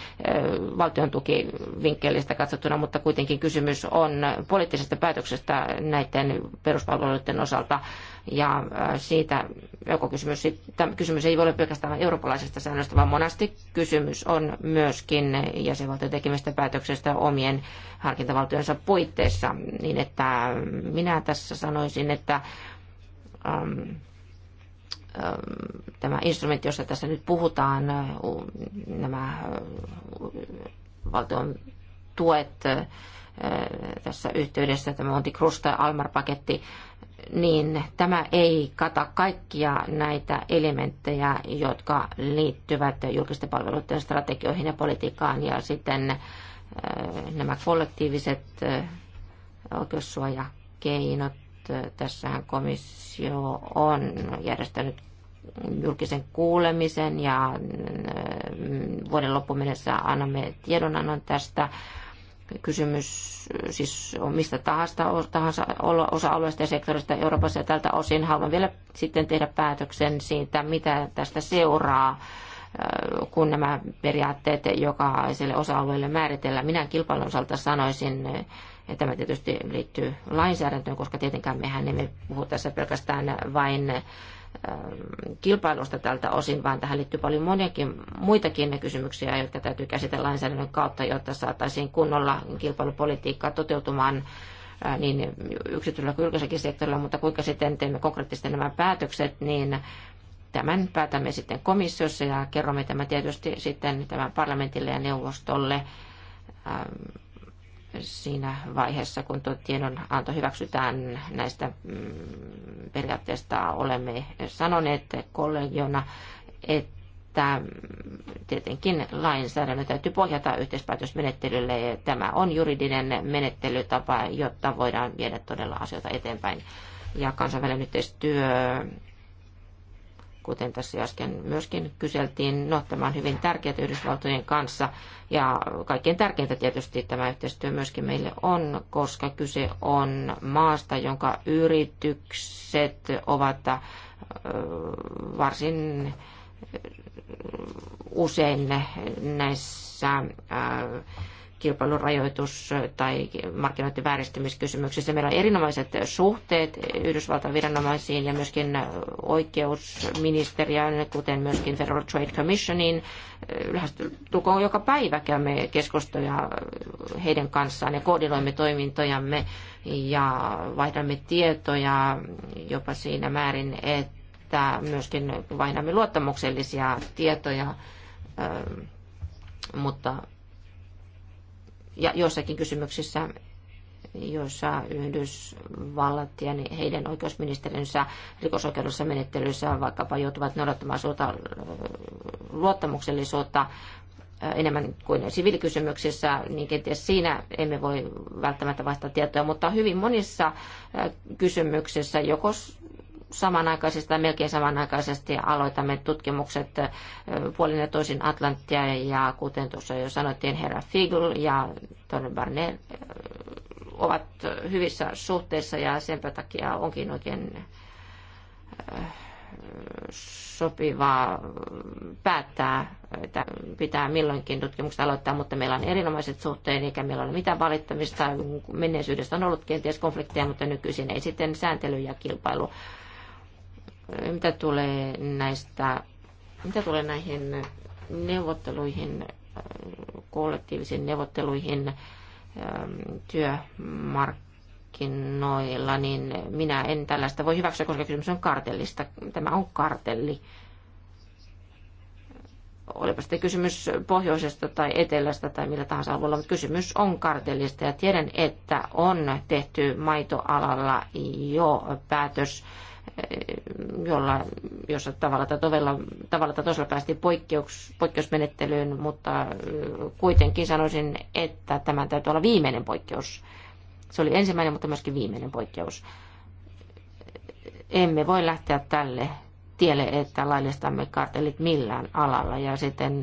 valtion tukivinkkelistä katsottuna, mutta kuitenkin kysymys on poliittisesta päätöksestä näiden peruspalveluiden osalta ja siitä joko kysymys, kysymys ei voi olla pelkästään eurooppalaisesta säännöstä, vaan monasti kysymys on myöskin jäsenvaltion tekemistä päätöksestä omien harkintavaltionsa puitteissa. Niin että minä tässä sanoisin, että ähm, tämä instrumentti, josta tässä nyt puhutaan, nämä valtion tuet tässä yhteydessä, tämä Monti Krusta Almar-paketti, niin tämä ei kata kaikkia näitä elementtejä, jotka liittyvät julkisten palveluiden strategioihin ja politiikkaan ja sitten äh, nämä kollektiiviset äh, oikeussuojakeinot. Äh, tässähän komissio on järjestänyt julkisen kuulemisen ja vuoden loppuun mennessä annamme tiedonannon tästä Kysymys äh, siis on mistä tahansa, tahansa osa-alueesta ja sektorista Euroopassa ja tältä osin haluan vielä sitten tehdä päätöksen siitä, mitä tästä seuraa äh, kun nämä periaatteet jokaiselle osa-alueelle määritellään. Minä kilpailun osalta sanoisin, että äh, tämä tietysti liittyy lainsäädäntöön, koska tietenkään mehän emme puhu tässä pelkästään vain Ähm, kilpailusta tältä osin, vaan tähän liittyy paljon moniakin muitakin kysymyksiä, jotka täytyy käsitellä lainsäädännön kautta, jotta saataisiin kunnolla kilpailupolitiikkaa toteutumaan äh, niin yksityisellä kuin julkisellakin sektorilla, mutta kuinka sitten teemme konkreettisesti nämä päätökset, niin tämän päätämme sitten komissiossa ja kerromme tämän tietysti sitten tämän parlamentille ja neuvostolle ähm, siinä vaiheessa, kun tuo tiedonanto hyväksytään näistä mm, periaatteista, olemme sanoneet kollegiona, että että mm, tietenkin lainsäädännön täytyy pohjata yhteispäätösmenettelylle. Ja tämä on juridinen menettelytapa, jotta voidaan viedä todella asioita eteenpäin. Ja kansainvälinen yhteistyö kuten tässä äsken myöskin kyseltiin. No, tämä on hyvin tärkeää Yhdysvaltojen kanssa ja kaikkein tärkeintä tietysti tämä yhteistyö myöskin meille on, koska kyse on maasta, jonka yritykset ovat äh, varsin äh, usein näissä äh, kilpailun rajoitus- tai markkinoiden vääristymiskysymyksissä. Meillä on erinomaiset suhteet Yhdysvaltain viranomaisiin ja myöskin oikeusministeriön, kuten myöskin Federal Trade Commissionin. Tulkoon joka päivä käymme keskustoja heidän kanssaan ja koordinoimme toimintojamme ja vaihdamme tietoja jopa siinä määrin, että myöskin vaihdamme luottamuksellisia tietoja, mutta ja joissakin kysymyksissä joissa Yhdysvallat ja heidän oikeusministerinsä rikosoikeudessa menettelyissä vaikkapa joutuvat noudattamaan suurta luottamuksellisuutta enemmän kuin siviilikysymyksissä, niin kenties siinä emme voi välttämättä vaihtaa tietoa, mutta hyvin monissa kysymyksissä joko samanaikaisesti tai melkein samanaikaisesti aloitamme tutkimukset puolin ja toisin Atlanttia ja kuten tuossa jo sanottiin, herra Figl ja Tony Barnett ovat hyvissä suhteissa ja sen takia onkin oikein sopivaa päättää, että pitää milloinkin tutkimukset aloittaa, mutta meillä on erinomaiset suhteet, eikä meillä ole mitään valittamista. Menneisyydestä on ollut kenties konflikteja, mutta nykyisin ei sitten sääntely ja kilpailu mitä tulee näistä, mitä tulee näihin neuvotteluihin, kollektiivisiin neuvotteluihin ähm, työmarkkinoilla, niin minä en tällaista voi hyväksyä, koska kysymys on kartellista. Tämä on kartelli. Olipa sitten kysymys pohjoisesta tai etelästä tai millä tahansa alueella, mutta kysymys on kartellista ja tiedän, että on tehty maitoalalla jo päätös jolla, jossa tavalla tai, tovella, tavalla tai toisella päästiin poikkeus, poikkeusmenettelyyn, mutta kuitenkin sanoisin, että tämä täytyy olla viimeinen poikkeus. Se oli ensimmäinen, mutta myöskin viimeinen poikkeus. Emme voi lähteä tälle tielle, että laillistamme kartellit millään alalla ja sitten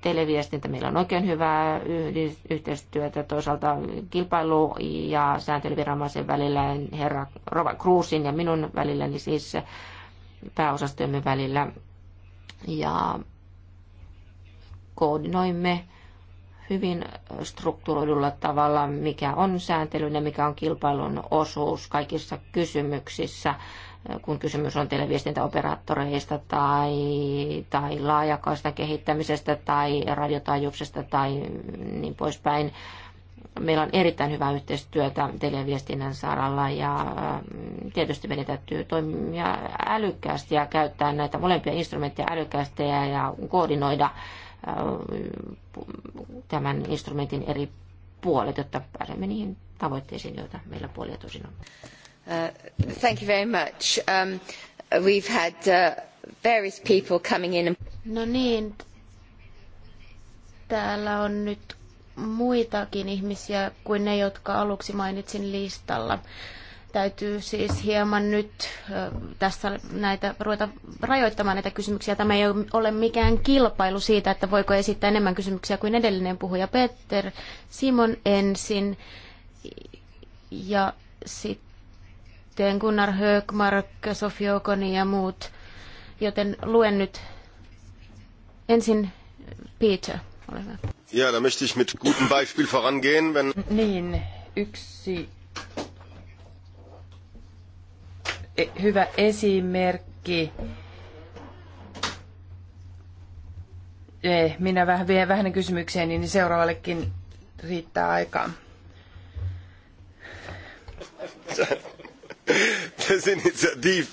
televiestintä, meillä on oikein hyvää yhteistyötä toisaalta kilpailu- ja sääntelyviranomaisen välillä, herra Rova Kruusin ja minun välilläni siis pääosastojemme välillä. Ja koordinoimme hyvin strukturoidulla tavalla, mikä on sääntelyn ja mikä on kilpailun osuus kaikissa kysymyksissä kun kysymys on televiestintäoperaattoreista tai, tai laajakaista kehittämisestä tai radiotaajuuksesta tai niin poispäin. Meillä on erittäin hyvää yhteistyötä televiestinnän saralla ja mm, tietysti meidän täytyy toimia älykkäästi ja käyttää näitä molempia instrumentteja älykkäästi ja koordinoida mm, tämän instrumentin eri puolet, jotta pääsemme niihin tavoitteisiin, joita meillä puolia tosin on. Uh, um, had uh, various people coming in. No niin, täällä on nyt muitakin ihmisiä kuin ne, jotka aluksi mainitsin listalla. Täytyy siis hieman nyt tässä näitä, ruveta rajoittamaan näitä kysymyksiä. Tämä ei ole mikään kilpailu siitä, että voiko esittää enemmän kysymyksiä kuin edellinen puhuja. Peter Simon ensin ja sitten suhteen, Gunnar Högmark, Sofi Okoni ja muut. Joten luen nyt ensin Peter, ole hyvä. Ja, da möchte ich mit gutem Beispiel vorangehen, wenn... Niin, yksi e, hyvä esimerkki. E, minä vähän vien vähän kysymykseen, niin seuraavallekin riittää aikaa des, Initiativ,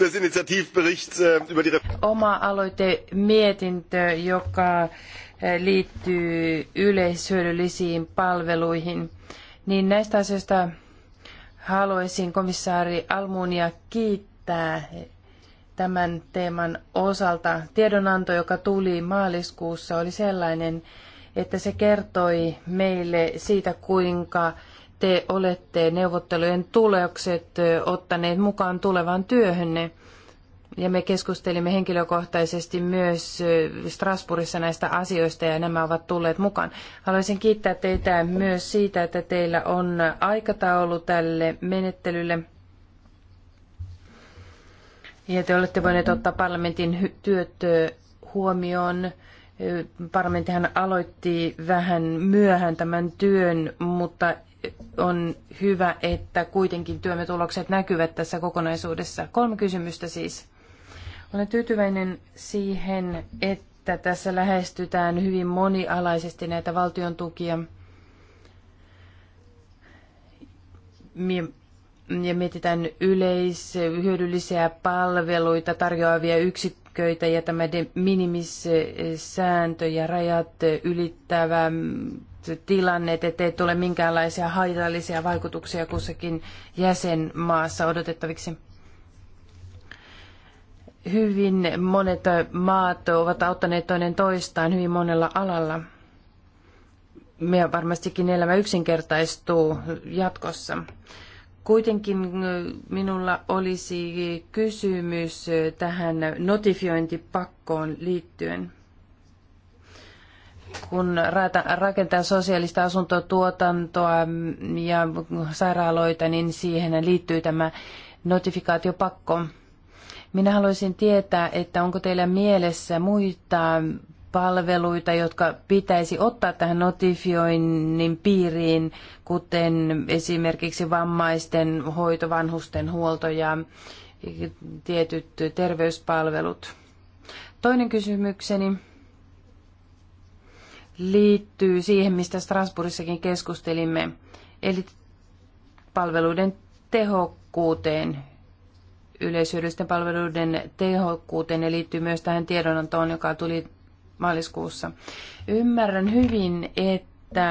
des Initiativberichts äh, über die... Oma aloite mietintö, joka äh, liittyy yleishyödyllisiin palveluihin, niin näistä asioista haluaisin komissaari Almunia kiittää tämän teeman osalta. Tiedonanto, joka tuli maaliskuussa, oli sellainen, että se kertoi meille siitä, kuinka te olette neuvottelujen tulokset ottaneet mukaan tulevaan työhönne. Ja me keskustelimme henkilökohtaisesti myös Strasbourgissa näistä asioista ja nämä ovat tulleet mukaan. Haluaisin kiittää teitä myös siitä, että teillä on aikataulu tälle menettelylle. Ja te olette voineet ottaa parlamentin työt huomioon. Parlamenttihan aloitti vähän myöhään tämän työn, mutta on hyvä, että kuitenkin työmme tulokset näkyvät tässä kokonaisuudessa. Kolme kysymystä siis. Olen tyytyväinen siihen, että tässä lähestytään hyvin monialaisesti näitä valtion tukia. Ja mietitään yleishyödyllisiä palveluita tarjoavia yksiköitä ja tämä de minimis sääntö ja rajat ylittävä tilanneet, ettei tule minkäänlaisia haitallisia vaikutuksia kussakin jäsenmaassa odotettaviksi. Hyvin monet maat ovat auttaneet toinen toistaan hyvin monella alalla. Me varmastikin elämä yksinkertaistuu jatkossa. Kuitenkin minulla olisi kysymys tähän notifiointipakkoon liittyen kun rakentaa sosiaalista asuntotuotantoa ja sairaaloita, niin siihen liittyy tämä notifikaatiopakko. Minä haluaisin tietää, että onko teillä mielessä muita palveluita, jotka pitäisi ottaa tähän notifioinnin piiriin, kuten esimerkiksi vammaisten hoito, vanhusten huolto ja tietyt terveyspalvelut. Toinen kysymykseni liittyy siihen, mistä Strasbourgissakin keskustelimme, eli palveluiden tehokkuuteen, yleisyydellisten palveluiden tehokkuuteen ja liittyy myös tähän tiedonantoon, joka tuli maaliskuussa. Ymmärrän hyvin, että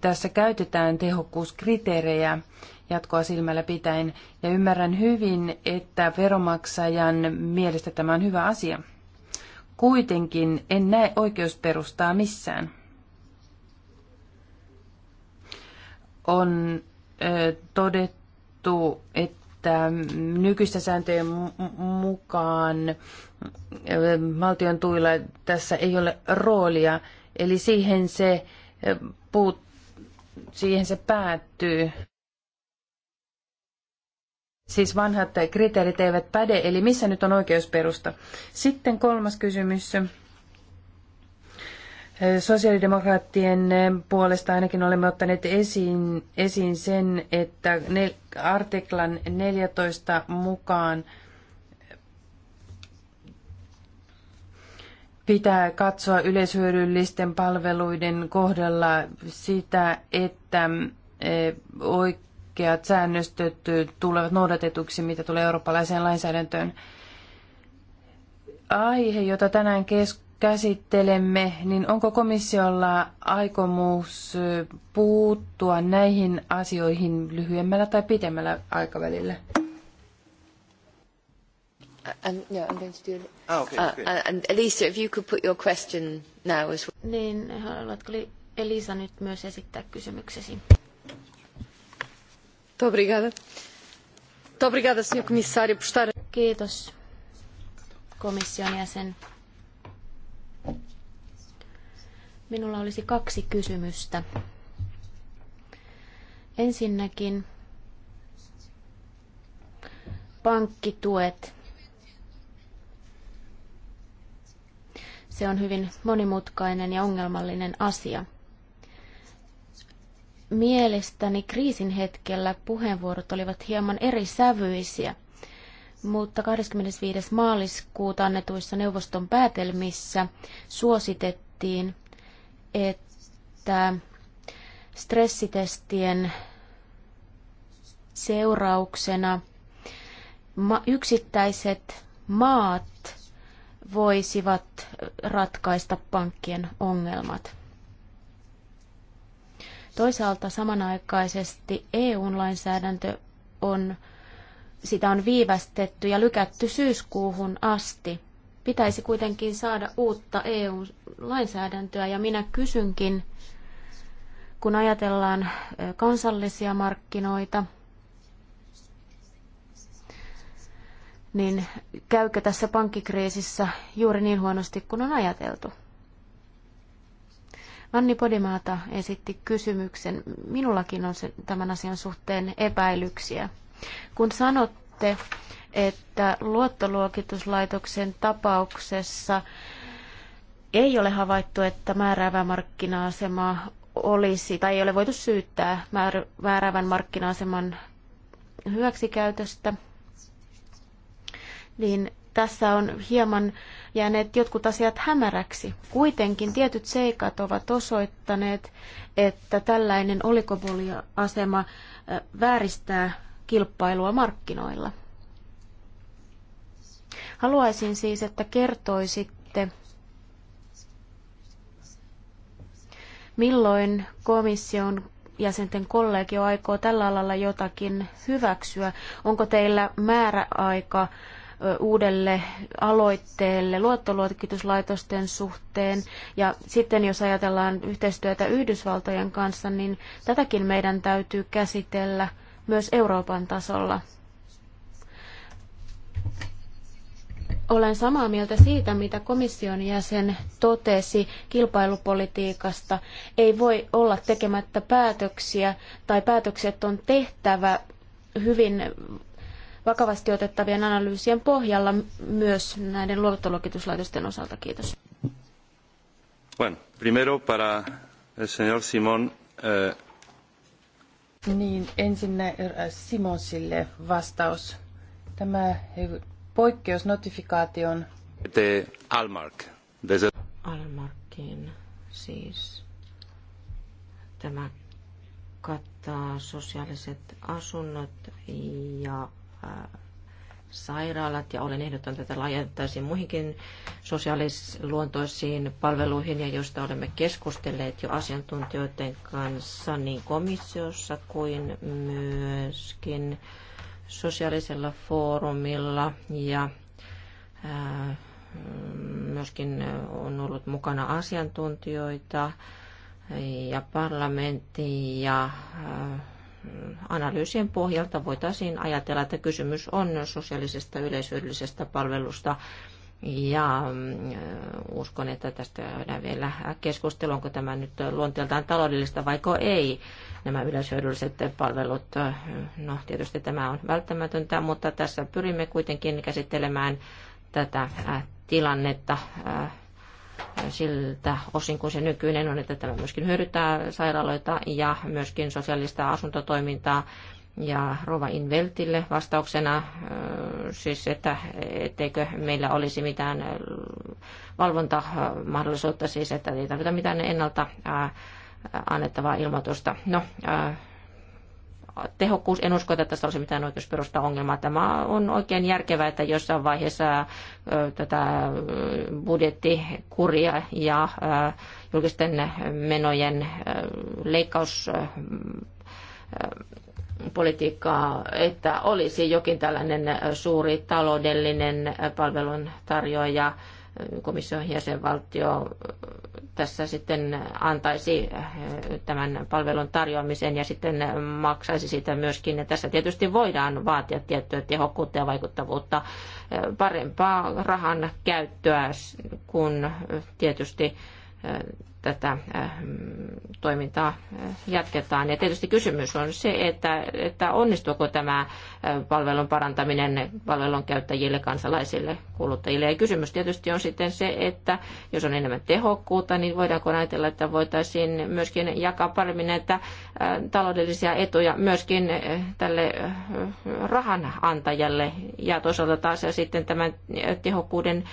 tässä käytetään tehokkuuskriteerejä jatkoa silmällä pitäen ja ymmärrän hyvin, että veromaksajan mielestä tämä on hyvä asia. Kuitenkin en näe oikeusperustaa missään. On ö, todettu, että nykyistä sääntöjen mukaan valtion tuilla tässä ei ole roolia, eli siihen se, puut, siihen se päättyy. Siis vanhat kriteerit eivät päde, eli missä nyt on oikeusperusta. Sitten kolmas kysymys. Sosiaalidemokraattien puolesta ainakin olemme ottaneet esiin, esiin sen, että artiklan 14 mukaan pitää katsoa yleishyödyllisten palveluiden kohdalla sitä, että eh, oikeat säännöstöt tulevat noudatetuksi, mitä tulee eurooppalaiseen lainsäädäntöön. Aihe, jota tänään käsittelemme, niin onko komissiolla aikomus puuttua näihin asioihin lyhyemmällä tai pitemmällä aikavälillä? Oh, Elisa, if you could put your question now as well. Niin, haluatko Elisa nyt myös esittää kysymyksesi? Kiitos komission Minulla olisi kaksi kysymystä. Ensinnäkin pankkituet. Se on hyvin monimutkainen ja ongelmallinen asia. Mielestäni kriisin hetkellä puheenvuorot olivat hieman eri sävyisiä, mutta 25. maaliskuuta annetuissa neuvoston päätelmissä suositettiin, että stressitestien seurauksena yksittäiset maat voisivat ratkaista pankkien ongelmat. Toisaalta samanaikaisesti EU-lainsäädäntö on, sitä on viivästetty ja lykätty syyskuuhun asti. Pitäisi kuitenkin saada uutta EU-lainsäädäntöä ja minä kysynkin, kun ajatellaan kansallisia markkinoita, niin käykö tässä pankkikriisissä juuri niin huonosti kuin on ajateltu? Anni Podimaata esitti kysymyksen. Minullakin on se, tämän asian suhteen epäilyksiä. Kun sanotte, että luottoluokituslaitoksen tapauksessa ei ole havaittu, että määräävä markkina asema olisi tai ei ole voitu syyttää määräävän markkina-aseman hyväksikäytöstä, niin tässä on hieman jääneet jotkut asiat hämäräksi. Kuitenkin tietyt seikat ovat osoittaneet, että tällainen oligopoliasema vääristää kilpailua markkinoilla. Haluaisin siis, että kertoisitte, milloin komission jäsenten kollegio aikoo tällä alalla jotakin hyväksyä. Onko teillä määräaika aika uudelle aloitteelle luottoluokituslaitosten suhteen. Ja sitten jos ajatellaan yhteistyötä Yhdysvaltojen kanssa, niin tätäkin meidän täytyy käsitellä myös Euroopan tasolla. Olen samaa mieltä siitä, mitä komission jäsen totesi kilpailupolitiikasta. Ei voi olla tekemättä päätöksiä tai päätökset on tehtävä hyvin vakavasti otettavien analyysien pohjalla myös näiden luottoluokituslaitosten osalta. Kiitos. Bueno, primero para el señor Simón. Eh... Niin, ensin äh, Simonsille vastaus. Tämä eh, poikkeusnotifikaation... De Almark. Desde... Almarkin siis. Tämä kattaa sosiaaliset asunnot ja Äh, sairaalat ja olen ehdottanut tätä laajentaisiin muihinkin sosiaalisluontoisiin palveluihin ja joista olemme keskustelleet jo asiantuntijoiden kanssa niin komissiossa kuin myöskin sosiaalisella foorumilla ja äh, myöskin on ollut mukana asiantuntijoita ja parlamentti ja äh, analyysien pohjalta voitaisiin ajatella, että kysymys on sosiaalisesta yleishyödyllisestä palvelusta. Ja mm, uskon, että tästä käydään vielä keskustelua, onko tämä nyt luonteeltaan taloudellista vai ei, nämä yleishyödylliset palvelut. No tietysti tämä on välttämätöntä, mutta tässä pyrimme kuitenkin käsittelemään tätä äh, tilannetta äh, siltä osin kuin se nykyinen on, että tämä myöskin hyödyttää sairaaloita ja myöskin sosiaalista asuntotoimintaa. Ja Rova Inveltille vastauksena siis, että etteikö meillä olisi mitään valvontamahdollisuutta, siis että ei tarvita mitään ennalta annettavaa ilmoitusta. No, tehokkuus, en usko, että tässä olisi mitään oikeusperusta ongelmaa. Tämä on oikein järkevää, että jossain vaiheessa tätä budjettikuria ja julkisten menojen leikkaus politiikkaa, että olisi jokin tällainen suuri taloudellinen palveluntarjoaja, tarjoaja komission jäsenvaltio tässä sitten antaisi eh, tämän palvelun tarjoamisen ja sitten maksaisi sitä myöskin. Ja tässä tietysti voidaan vaatia tiettyä tehokkuutta ja vaikuttavuutta, eh, parempaa rahan käyttöä, kun tietysti eh, tätä äh, toimintaa äh, jatketaan. Ja tietysti kysymys on se, että, että onnistuuko tämä äh, palvelun parantaminen palvelun käyttäjille, kansalaisille, kuluttajille. Ja kysymys tietysti on sitten se, että jos on enemmän tehokkuutta, niin voidaanko ajatella, että voitaisiin myöskin jakaa paremmin näitä taloudellisia etuja myöskin tälle rahan antajalle ja toisaalta taas ja sitten tämän tehokkuuden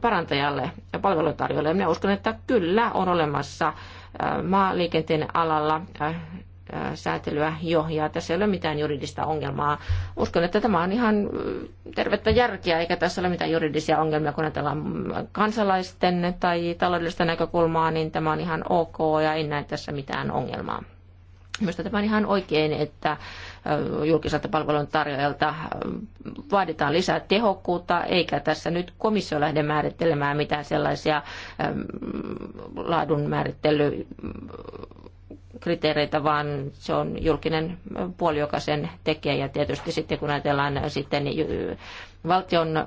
parantajalle ja palveluntarjoajalle. Minä uskon, että kyllä on olemassa olemassa äh, maaliikenteen alalla äh, äh, säätelyä jo, ja tässä ei ole mitään juridista ongelmaa. Uskon, että tämä on ihan tervettä järkeä, eikä tässä ole mitään juridisia ongelmia, kun ajatellaan kansalaisten tai taloudellista näkökulmaa, niin tämä on ihan ok, ja en näe tässä mitään ongelmaa. Minusta tämä on ihan oikein, että julkiselta palvelun tarjoajalta vaaditaan lisää tehokkuutta, eikä tässä nyt komissio lähde määrittelemään mitään sellaisia laadun määrittely kriteereitä, vaan se on julkinen puoli, joka sen tekee. Ja tietysti sitten kun ajatellaan sitten äh, valtion ähm,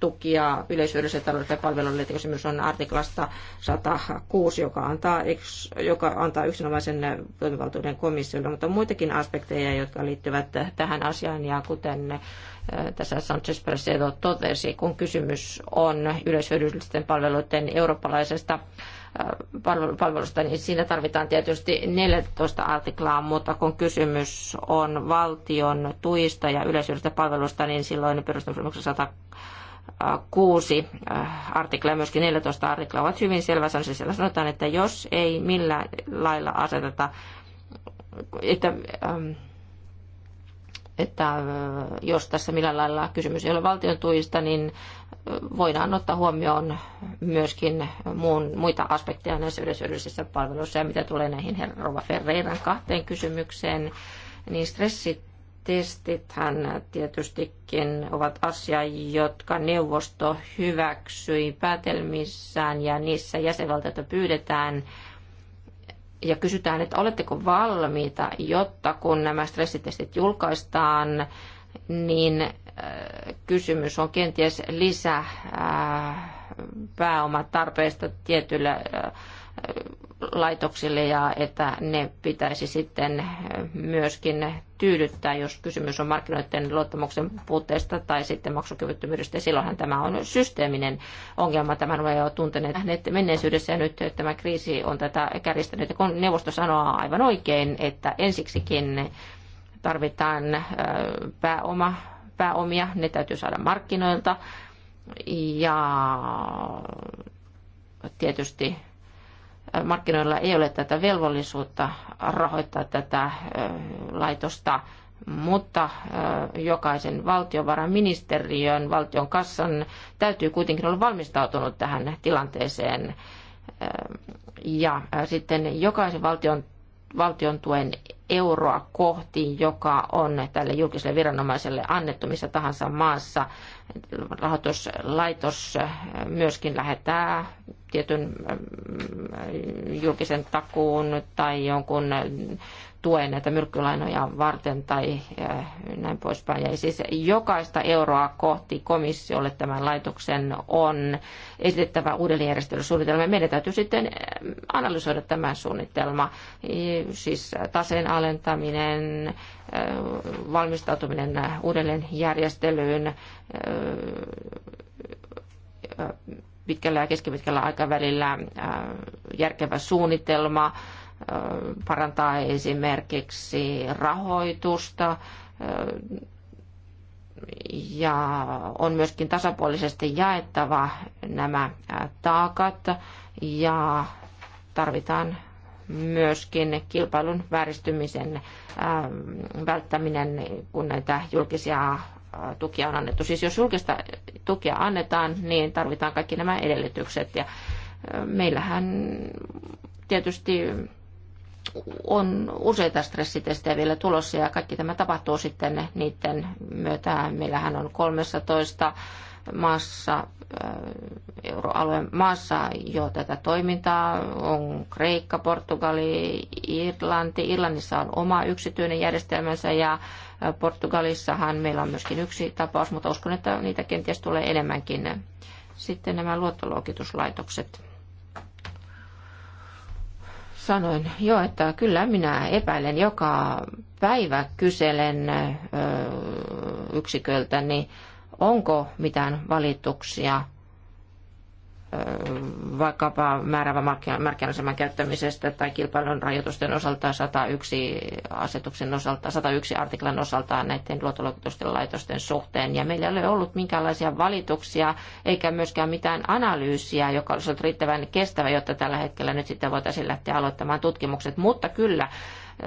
tukia yleisyydessä taloudellisille palveluille, kysymys on artiklasta 106, joka antaa, joka antaa yksinomaisen äh, toimivaltuuden komissiolle, mutta on muitakin aspekteja, jotka liittyvät tähän asiaan, ja kuten äh, tässä Sanchez Presedo totesi, kun kysymys on yleishyödyllisten palveluiden eurooppalaisesta palvelusta, niin siinä tarvitaan tietysti 14 artiklaa, mutta kun kysymys on valtion tuista ja yleisyydestä palvelusta, niin silloin perustamisen 106 äh, artikla ja myöskin 14 artikla ovat hyvin selvä. Siellä sanotaan, että jos ei millään lailla aseteta, että ähm, että äh, jos tässä millään lailla kysymys ei ole valtion tuista, niin voidaan ottaa huomioon myöskin muun, muita aspekteja näissä yleishyödyllisissä palveluissa. Ja mitä tulee näihin Rova Ferreiran kahteen kysymykseen, niin stressitestithän tietystikin ovat asia, jotka neuvosto hyväksyi päätelmissään ja niissä jäsenvaltioita pyydetään ja kysytään, että oletteko valmiita, jotta kun nämä stressitestit julkaistaan, niin kysymys on kenties lisä äh, pääomatarpeesta tietyillä äh, laitoksille ja että ne pitäisi sitten äh, myöskin tyydyttää, jos kysymys on markkinoiden luottamuksen puutteesta tai sitten maksukyvyttömyydestä. Silloinhan tämä on systeeminen ongelma. Tämän on jo tunteneet menneisyydessä ja nyt tämä kriisi on tätä kärjistänyt. Ja kun neuvosto sanoo aivan oikein, että ensiksikin tarvitaan pääoma pääomia, ne täytyy saada markkinoilta. Ja tietysti markkinoilla ei ole tätä velvollisuutta rahoittaa tätä laitosta, mutta jokaisen valtiovarainministeriön, valtion kassan täytyy kuitenkin olla valmistautunut tähän tilanteeseen. Ja sitten jokaisen valtion valtion tuen euroa kohti, joka on tälle julkiselle viranomaiselle annettu missä tahansa maassa. Rahoituslaitos äh, myöskin lähettää tietyn mm, julkisen takuun tai jonkun äh, tuen näitä myrkkylainoja varten tai eh, näin poispäin. Ja siis jokaista euroa kohti komissiolle tämän laitoksen on esitettävä uudelleenjärjestelysuunnitelma. Meidän täytyy sitten eh, analysoida tämä suunnitelma, siis taseen alentaminen, eh, valmistautuminen uudelleenjärjestelyyn, pitkällä ja keskipitkällä aikavälillä järkevä suunnitelma, parantaa esimerkiksi rahoitusta ja on myöskin tasapuolisesti jaettava nämä taakat ja tarvitaan myöskin kilpailun vääristymisen välttäminen, kun näitä julkisia tukia on annettu. Siis jos julkista tukia annetaan, niin tarvitaan kaikki nämä edellytykset. Ja meillähän tietysti on useita stressitestejä vielä tulossa ja kaikki tämä tapahtuu sitten niiden myötä. Meillähän on 13 maassa, äh, euroalueen maassa jo tätä toimintaa. On Kreikka, Portugali, Irlanti. Irlannissa on oma yksityinen järjestelmänsä ja äh, Portugalissahan meillä on myöskin yksi tapaus, mutta uskon, että niitä kenties tulee enemmänkin. Sitten nämä luottoluokituslaitokset sanoin jo, että kyllä minä epäilen joka päivä kyselen yksiköltäni, onko mitään valituksia vaikkapa määrävä markkinoiseman käyttämisestä tai kilpailun rajoitusten osalta 101 asetuksen osalta, 101 artiklan osalta näiden luottoluokitusten laitosten suhteen. Ja meillä ei ole ollut minkäänlaisia valituksia eikä myöskään mitään analyysiä, joka olisi ollut riittävän kestävä, jotta tällä hetkellä nyt sitten voitaisiin lähteä aloittamaan tutkimukset. Mutta kyllä,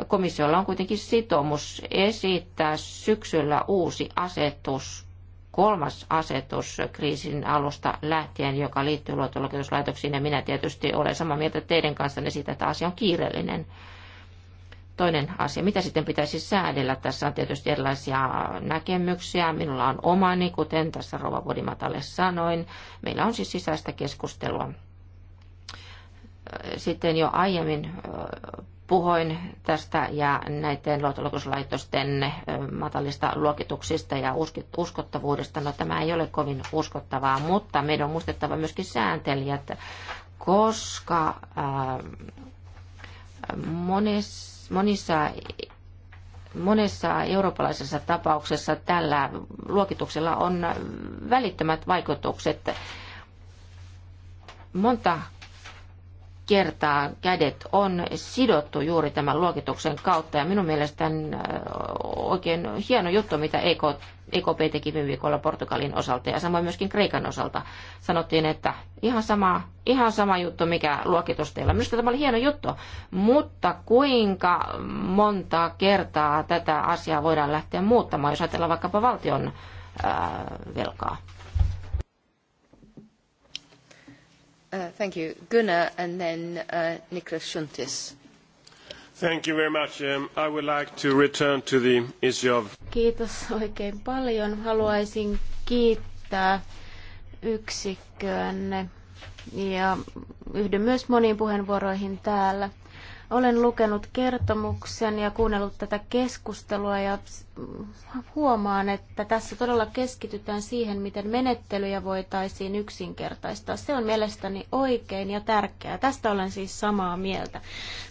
komissiolla on kuitenkin sitoumus esittää syksyllä uusi asetus kolmas asetus kriisin alusta lähtien, joka liittyy luottoluokituslaitoksiin, ja minä tietysti olen samaa mieltä teidän kanssa, kanssanne siitä, että asia on kiireellinen. Toinen asia, mitä sitten pitäisi säädellä? Tässä on tietysti erilaisia näkemyksiä. Minulla on omani, kuten tässä Rova Bodimatalle sanoin. Meillä on siis sisäistä keskustelua. Sitten jo aiemmin puhuin tästä ja näiden luottoluokituslaitosten matalista luokituksista ja uskottavuudesta. No tämä ei ole kovin uskottavaa, mutta meidän on muistettava myöskin sääntelijät, koska monissa, monissa monissa eurooppalaisessa tapauksessa tällä luokituksella on välittömät vaikutukset. Monta kertaa kädet on sidottu juuri tämän luokituksen kautta. Ja minun mielestäni äh, oikein hieno juttu, mitä EKP e teki viime viikolla Portugalin osalta ja samoin myöskin Kreikan osalta. Sanottiin, että ihan sama, ihan sama juttu, mikä luokitus teillä. Minusta tämä oli hieno juttu, mutta kuinka monta kertaa tätä asiaa voidaan lähteä muuttamaan, jos ajatellaan vaikkapa valtion ää, äh, velkaa? Uh, thank you. Gunnar and then uh, Nicholas Thank you very much. Um, I would like to return to the issue of... Kiitos oikein paljon. Haluaisin kiittää yksikköönne ja yhdyn myös moniin puheenvuoroihin täällä. Olen lukenut kertomuksen ja kuunnellut tätä keskustelua ja huomaan, että tässä todella keskitytään siihen, miten menettelyjä voitaisiin yksinkertaistaa. Se on mielestäni oikein ja tärkeää. Tästä olen siis samaa mieltä.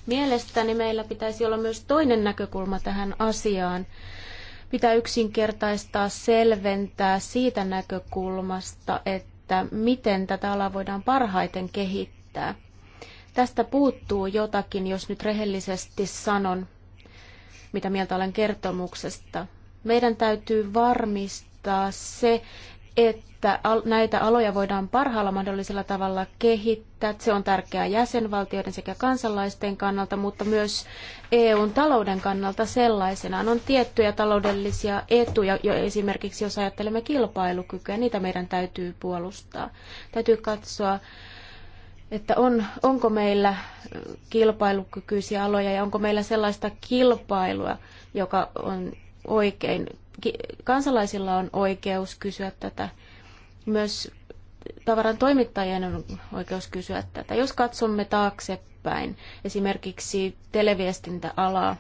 Mielestäni meillä pitäisi olla myös toinen näkökulma tähän asiaan. Pitää yksinkertaistaa, selventää siitä näkökulmasta, että miten tätä alaa voidaan parhaiten kehittää. Tästä puuttuu jotakin, jos nyt rehellisesti sanon, mitä mieltä olen kertomuksesta. Meidän täytyy varmistaa se, että näitä aloja voidaan parhaalla mahdollisella tavalla kehittää. Se on tärkeää jäsenvaltioiden sekä kansalaisten kannalta, mutta myös EUn talouden kannalta sellaisenaan. On tiettyjä taloudellisia etuja, jo esimerkiksi jos ajattelemme kilpailukykyä, niitä meidän täytyy puolustaa. Täytyy katsoa että on, onko meillä kilpailukykyisiä aloja ja onko meillä sellaista kilpailua, joka on oikein. Kansalaisilla on oikeus kysyä tätä. Myös tavaran toimittajien on oikeus kysyä tätä. Jos katsomme taaksepäin esimerkiksi televiestintäalaa,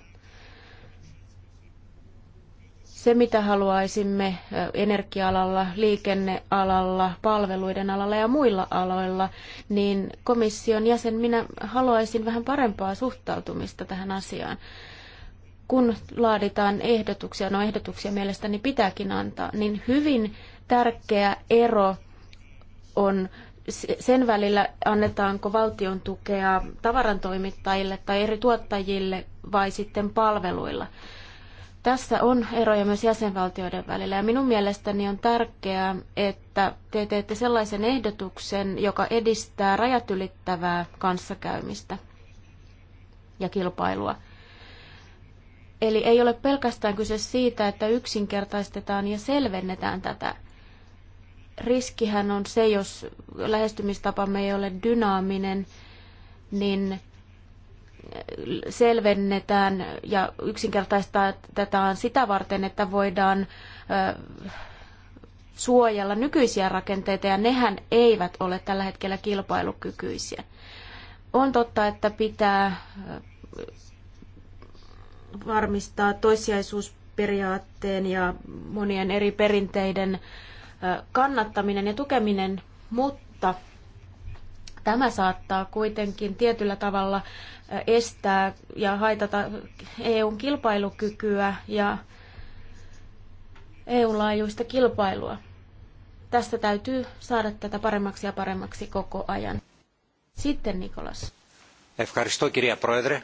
se, mitä haluaisimme energia-alalla, liikennealalla, palveluiden alalla ja muilla aloilla, niin komission jäsen, minä haluaisin vähän parempaa suhtautumista tähän asiaan kun laaditaan ehdotuksia, no ehdotuksia mielestäni pitääkin antaa, niin hyvin tärkeä ero on sen välillä, annetaanko valtion tukea tavarantoimittajille tai eri tuottajille vai sitten palveluilla. Tässä on eroja myös jäsenvaltioiden välillä ja minun mielestäni on tärkeää, että te teette sellaisen ehdotuksen, joka edistää rajat ylittävää kanssakäymistä ja kilpailua. Eli ei ole pelkästään kyse siitä, että yksinkertaistetaan ja selvennetään tätä. Riskihän on se, jos lähestymistapamme ei ole dynaaminen, niin selvennetään ja yksinkertaistaa tätä on sitä varten, että voidaan suojella nykyisiä rakenteita ja nehän eivät ole tällä hetkellä kilpailukykyisiä. On totta, että pitää varmistaa toissijaisuusperiaatteen ja monien eri perinteiden kannattaminen ja tukeminen, mutta Tämä saattaa kuitenkin tietyllä tavalla estää ja haitata EUn kilpailukykyä ja EU-laajuista kilpailua. Tästä täytyy saada tätä paremmaksi ja paremmaksi koko ajan. Sitten Nikolas. Ευχαριστώ κυρία Πρόεδρε.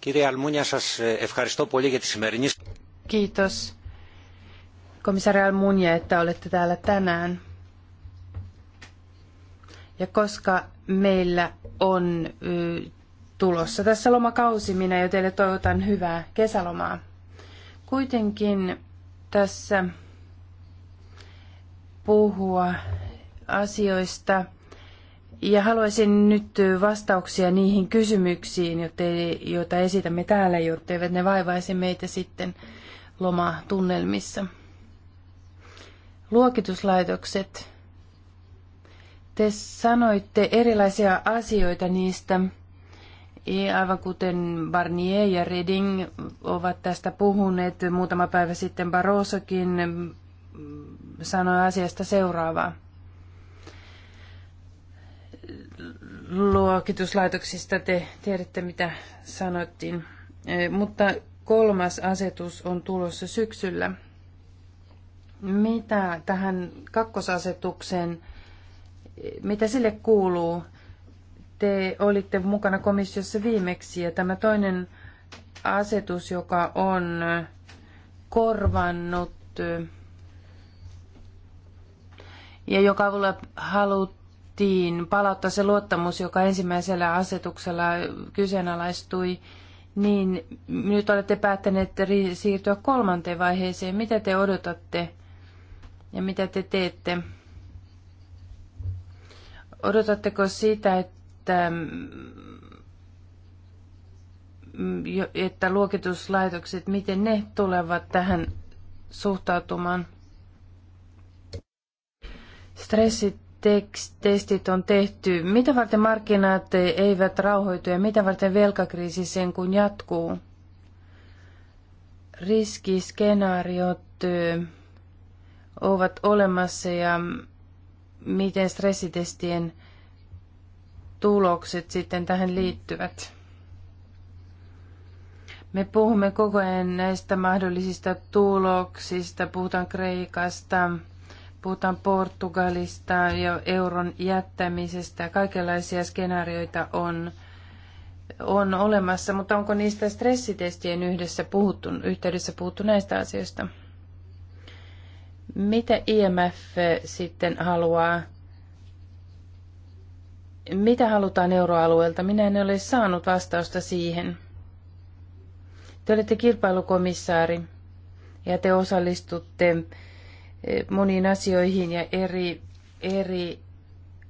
Κύριε Αλμούνια, σας ευχαριστώ πολύ για τη σημερινή... Kiitos. Komissaari Almunia, että olette täällä tänään. Ja koska meillä on tulossa tässä lomakausi, minä jo teille toivotan hyvää kesälomaa. Kuitenkin tässä puhua asioista ja haluaisin nyt vastauksia niihin kysymyksiin, joita esitämme täällä, jotta eivät ne vaivaisi meitä sitten lomatunnelmissa. Luokituslaitokset te sanoitte erilaisia asioita niistä, e, aivan kuten Barnier ja Reding ovat tästä puhuneet. Muutama päivä sitten Barrosokin sanoi asiasta seuraavaa. Luokituslaitoksista te tiedätte, mitä sanottiin. E, mutta kolmas asetus on tulossa syksyllä. Mitä tähän kakkosasetukseen mitä sille kuuluu? Te olitte mukana komissiossa viimeksi ja tämä toinen asetus, joka on korvannut ja joka avulla haluttiin palauttaa se luottamus, joka ensimmäisellä asetuksella kyseenalaistui, niin nyt olette päättäneet siirtyä kolmanteen vaiheeseen. Mitä te odotatte ja mitä te teette? Odotatteko sitä, että, mm, että luokituslaitokset, miten ne tulevat tähän suhtautumaan? Stressitestit on tehty. Mitä varten markkinat eivät rauhoitu ja mitä varten velkakriisi sen kun jatkuu? Riskiskenaariot ovat olemassa ja mm, miten stressitestien tulokset sitten tähän liittyvät. Me puhumme koko ajan näistä mahdollisista tuloksista, puhutaan Kreikasta, puhutaan Portugalista ja euron jättämisestä. Kaikenlaisia skenaarioita on, on olemassa, mutta onko niistä stressitestien yhdessä puhuttu, yhteydessä puhuttu näistä asioista? Mitä IMF sitten haluaa? Mitä halutaan euroalueelta? Minä en ole saanut vastausta siihen. Te olette kilpailukomissaari ja te osallistutte eh, moniin asioihin ja eri, eri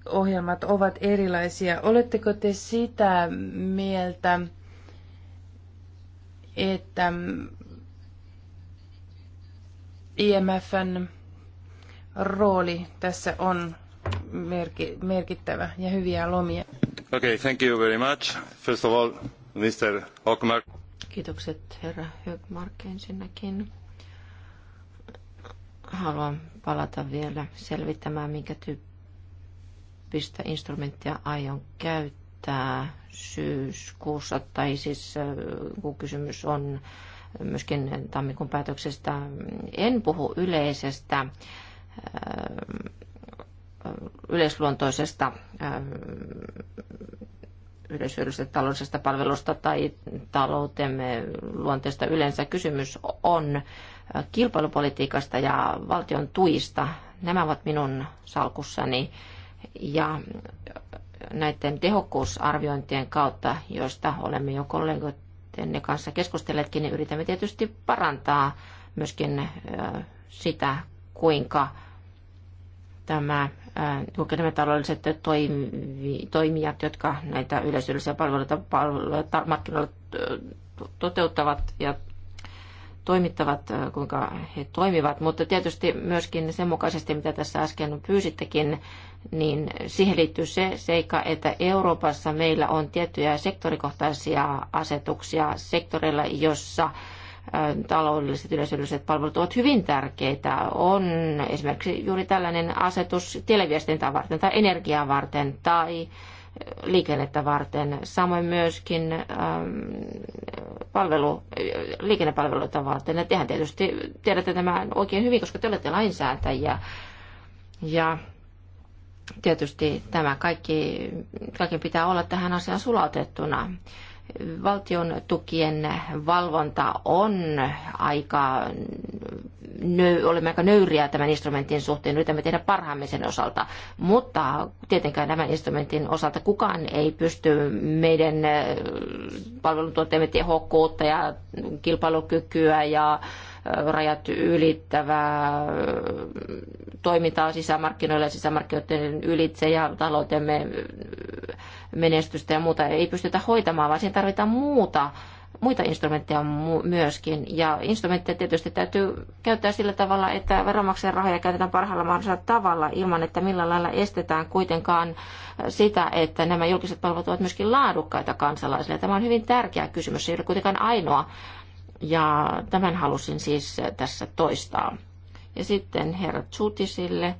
ohjelmat ovat erilaisia. Oletteko te sitä mieltä, että mm, IMFn rooli tässä on merkittävä ja hyviä lomia. Okay, thank you very much. First of all, Mr. Hockmark. Kiitokset herra Högmark ensinnäkin. Haluan palata vielä selvittämään, minkä tyyppistä instrumenttia aion käyttää syyskuussa, tai siis äh, kun kysymys on myöskin tammikuun päätöksestä. En puhu yleisestä yleisluontoisesta yleishyödyllisestä taloudellisesta palvelusta tai taloutemme luonteesta yleensä. Kysymys on kilpailupolitiikasta ja valtion tuista. Nämä ovat minun salkussani ja näiden tehokkuusarviointien kautta, joista olemme jo kollegot ne kanssa keskustelleetkin, niin yritämme tietysti parantaa myöskin sitä, kuinka tämä, kuinka nämä taloudelliset toimi, toimijat, jotka näitä yleisöllisiä palveluita, palveluita markkinoilla toteuttavat ja toimittavat, kuinka he toimivat, mutta tietysti myöskin sen mukaisesti, mitä tässä äsken pyysittekin, niin siihen liittyy se seikka, että Euroopassa meillä on tiettyjä sektorikohtaisia asetuksia sektoreilla, jossa taloudelliset yleisölliset palvelut ovat hyvin tärkeitä. On esimerkiksi juuri tällainen asetus televiestintää varten tai energiaa varten tai liikennettä varten, samoin myöskin äm, palvelu, liikennepalveluita varten. Ja tehän tietysti tiedätte tämän oikein hyvin, koska te olette lainsäätäjiä. Ja tietysti tämä kaikki, kaiken pitää olla tähän asiaan sulautettuna valtion tukien valvonta on aika, olemme aika nöyriä tämän instrumentin suhteen, yritämme tehdä parhaamme sen osalta, mutta tietenkään tämän instrumentin osalta kukaan ei pysty meidän äh, palveluntuotteemme tehokkuutta ja kilpailukykyä ja rajat ylittävää toimintaa sisämarkkinoilla ja sisämarkkinoiden ylitse ja taloutemme menestystä ja muuta ei pystytä hoitamaan, vaan siihen tarvitaan muuta muita instrumentteja myöskin. Ja instrumentteja tietysti täytyy käyttää sillä tavalla, että veronmaksajan rahoja käytetään parhaalla mahdollisella tavalla ilman, että millään lailla estetään kuitenkaan sitä, että nämä julkiset palvelut ovat myöskin laadukkaita kansalaisille. Tämä on hyvin tärkeä kysymys. Se ei ole kuitenkaan ainoa ja tämän halusin siis tässä toistaa. Ja sitten herra Tsutisille.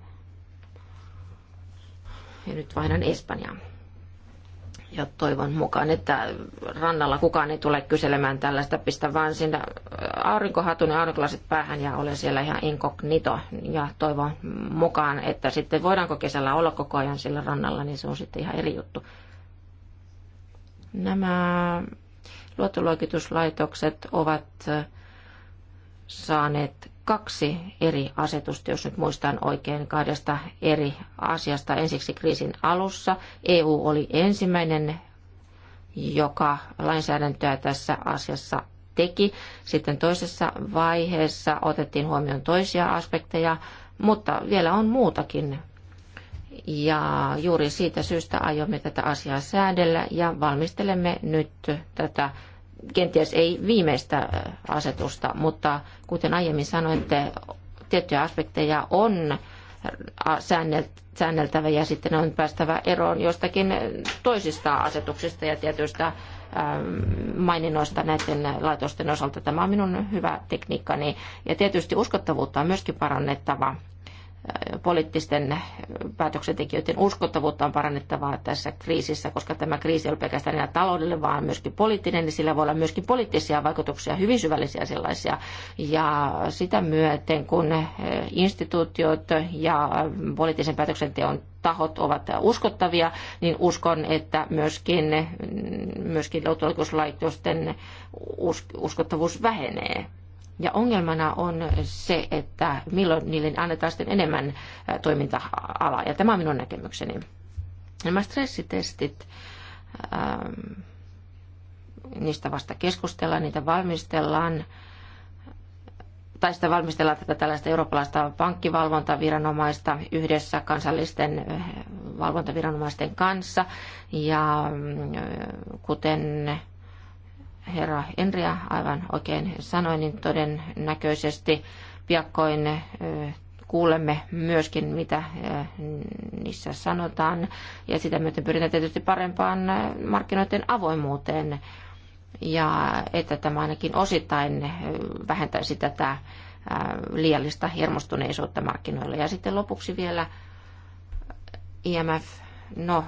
Ja nyt vaihdan Espanjaa. Ja toivon mukaan, että rannalla kukaan ei tule kyselemään tällaista, pistä vaan sinne aurinkohatun ja aurinkolasit päähän ja olen siellä ihan inkognito. Ja toivon mukaan, että sitten voidaanko kesällä olla koko ajan sillä rannalla, niin se on sitten ihan eri juttu. Nämä Luottoluokituslaitokset ovat saaneet kaksi eri asetusta, jos nyt muistan oikein, kahdesta eri asiasta. Ensiksi kriisin alussa EU oli ensimmäinen, joka lainsäädäntöä tässä asiassa teki. Sitten toisessa vaiheessa otettiin huomioon toisia aspekteja, mutta vielä on muutakin. Ja juuri siitä syystä aiomme tätä asiaa säädellä ja valmistelemme nyt tätä kenties ei viimeistä asetusta, mutta kuten aiemmin sanoin, että tiettyjä aspekteja on säänneltävä ja sitten on päästävä eroon jostakin toisista asetuksista ja tietyistä maininnoista näiden laitosten osalta. Tämä on minun hyvä tekniikkani ja tietysti uskottavuutta on myöskin parannettava poliittisten päätöksentekijöiden uskottavuutta on parannettavaa tässä kriisissä, koska tämä kriisi ei ole pelkästään enää taloudelle, vaan myöskin poliittinen, niin sillä voi olla myöskin poliittisia vaikutuksia, hyvin syvällisiä sellaisia. Ja sitä myöten, kun instituutiot ja poliittisen päätöksenteon tahot ovat uskottavia, niin uskon, että myöskin, myöskin uskottavuus vähenee ja ongelmana on se, että milloin niille annetaan sitten enemmän toiminta-alaa. Ja tämä on minun näkemykseni. Nämä stressitestit, niistä vasta keskustellaan, niitä valmistellaan tai sitä valmistellaan tätä tällaista eurooppalaista pankkivalvontaviranomaista yhdessä kansallisten valvontaviranomaisten kanssa. Ja kuten herra Enria aivan oikein sanoi, niin todennäköisesti piakkoin kuulemme myöskin, mitä niissä sanotaan. Ja sitä myöten pyritään tietysti parempaan markkinoiden avoimuuteen. Ja että tämä ainakin osittain vähentäisi tätä liiallista hermostuneisuutta markkinoilla. Ja sitten lopuksi vielä IMF, no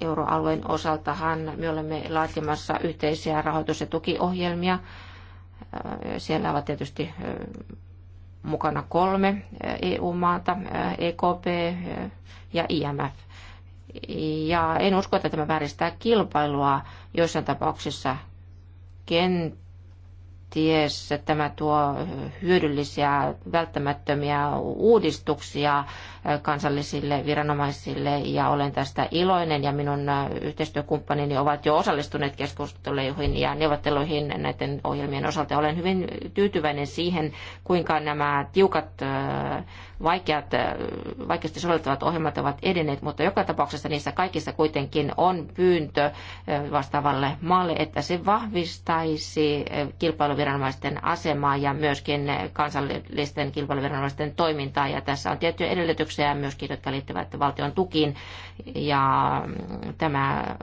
Euroalueen osaltahan me olemme laatimassa yhteisiä rahoitus- ja tukiohjelmia. Siellä ovat tietysti mukana kolme EU-maata, EKP ja IMF. Ja en usko, että tämä vääristää kilpailua joissain tapauksissa kent ties, tämä tuo hyödyllisiä, välttämättömiä uudistuksia äh, kansallisille viranomaisille ja olen tästä iloinen ja minun äh, yhteistyökumppanini ovat jo osallistuneet keskusteluihin ja neuvotteluihin näiden ohjelmien osalta. Olen hyvin tyytyväinen siihen, kuinka nämä tiukat, äh, vaikeat, vaikeasti soveltavat ohjelmat ovat edenneet, mutta joka tapauksessa niissä kaikissa kuitenkin on pyyntö vastaavalle maalle, että se vahvistaisi kilpailu kilpailuviranomaisten asemaa ja myöskin kansallisten kilpailuviranomaisten toimintaa. Ja tässä on tiettyjä edellytyksiä myöskin, jotka liittyvät valtion tukiin. Ja tämä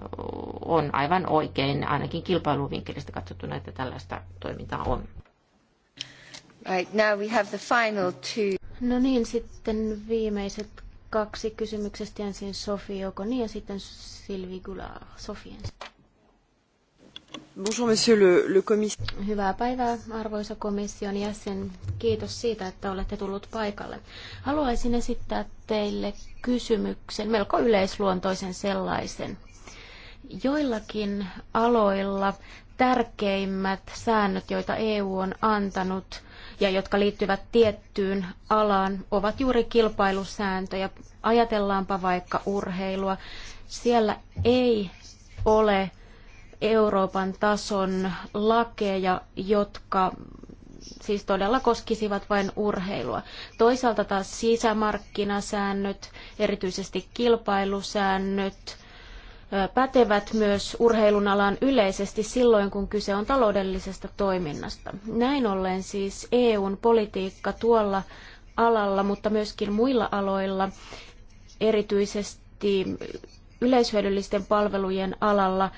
on aivan oikein, ainakin kilpailuvinkkelistä katsottuna, että tällaista toimintaa on. Right, now we have the final two. No niin, sitten viimeiset kaksi kysymyksestä ensin Sofi Jokoni ja sitten Silvi Gula Sofi ensin. Hyvää päivää, arvoisa komission jäsen. Kiitos siitä, että olette tullut paikalle. Haluaisin esittää teille kysymyksen, melko yleisluontoisen sellaisen. Joillakin aloilla tärkeimmät säännöt, joita EU on antanut ja jotka liittyvät tiettyyn alaan, ovat juuri kilpailusääntöjä. Ajatellaanpa vaikka urheilua. Siellä ei ole Euroopan tason lakeja, jotka siis todella koskisivat vain urheilua. Toisaalta taas sisämarkkinasäännöt, erityisesti kilpailusäännöt, pätevät myös urheilun alan yleisesti silloin, kun kyse on taloudellisesta toiminnasta. Näin ollen siis EUn politiikka tuolla alalla, mutta myöskin muilla aloilla, erityisesti yleishyödyllisten palvelujen alalla,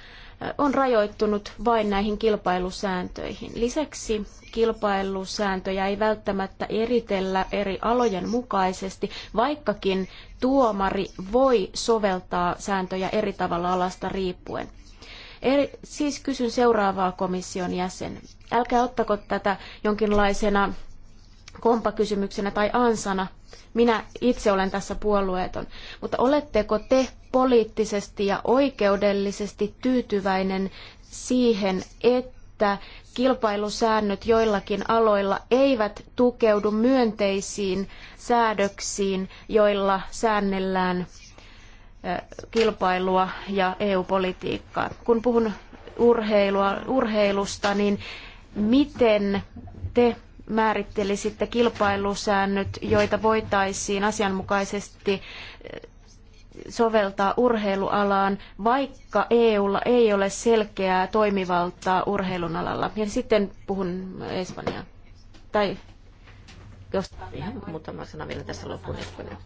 on rajoittunut vain näihin kilpailusääntöihin. Lisäksi kilpailusääntöjä ei välttämättä eritellä eri alojen mukaisesti, vaikkakin tuomari voi soveltaa sääntöjä eri tavalla alasta riippuen. Eri, siis kysyn seuraavaa komission jäsen. Älkää ottako tätä jonkinlaisena kompakysymyksenä tai ansana. Minä itse olen tässä puolueeton. Mutta oletteko te poliittisesti ja oikeudellisesti tyytyväinen siihen, että kilpailusäännöt joillakin aloilla eivät tukeudu myönteisiin säädöksiin, joilla säännellään kilpailua ja EU-politiikkaa. Kun puhun urheilua, urheilusta, niin miten te määrittelisitte kilpailusäännöt, joita voitaisiin asianmukaisesti eh, soveltaa urheilualaan, vaikka EUlla ei ole selkeää toimivaltaa urheilun alalla. Ja sitten puhun Espanjaa. Tai jos... Ihan muutama sana vielä tässä loppuun Espanjaa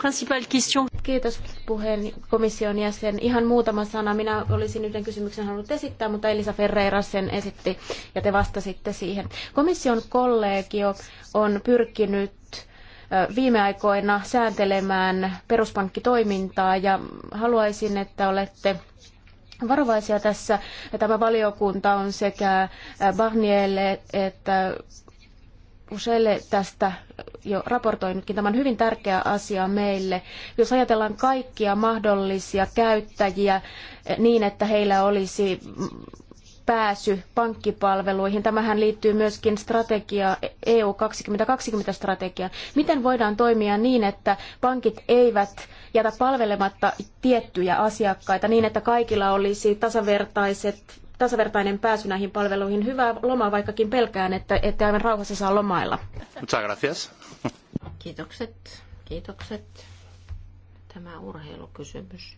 principale question. Kiitos puheen komission jäsen. Ihan muutama sana. Minä olisin yhden kysymyksen halunnut esittää, mutta Elisa Ferreira sen esitti ja te vastasitte siihen. Komission kollegio on pyrkinyt viime aikoina sääntelemään peruspankkitoimintaa ja haluaisin, että olette varovaisia tässä. Tämä valiokunta on sekä Barnierlle että Useille tästä jo raportoinutkin. Tämä on hyvin tärkeä asia meille. Jos ajatellaan kaikkia mahdollisia käyttäjiä eh, niin, että heillä olisi pääsy pankkipalveluihin. Tämähän liittyy myöskin strategia EU 2020 strategia Miten voidaan toimia niin, että pankit eivät jätä palvelematta tiettyjä asiakkaita niin, että kaikilla olisi tasavertaiset tasavertainen pääsy näihin palveluihin. Hyvää lomaa, vaikkakin pelkään, että ette aivan rauhassa saa lomailla. Muchas gracias. Kiitokset, kiitokset. Tämä urheilukysymys.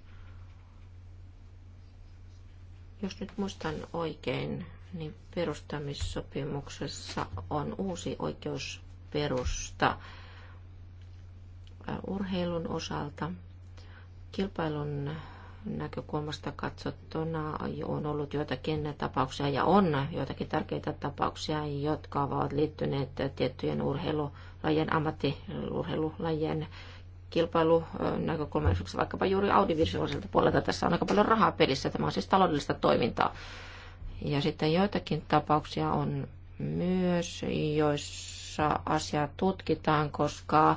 Jos nyt muistan oikein, niin perustamissopimuksessa on uusi oikeusperusta äh, urheilun osalta. Kilpailun näkökulmasta katsottuna on ollut joitakin tapauksia ja on joitakin tärkeitä tapauksia, jotka ovat liittyneet tiettyjen urheilulajien, ammattiurheilulajien kilpailunäkökulman, vaikkapa juuri audiovisuaaliselta puolelta. Tässä on aika paljon rahaa pelissä, tämä on siis taloudellista toimintaa. Ja sitten joitakin tapauksia on myös, joissa asiaa tutkitaan, koska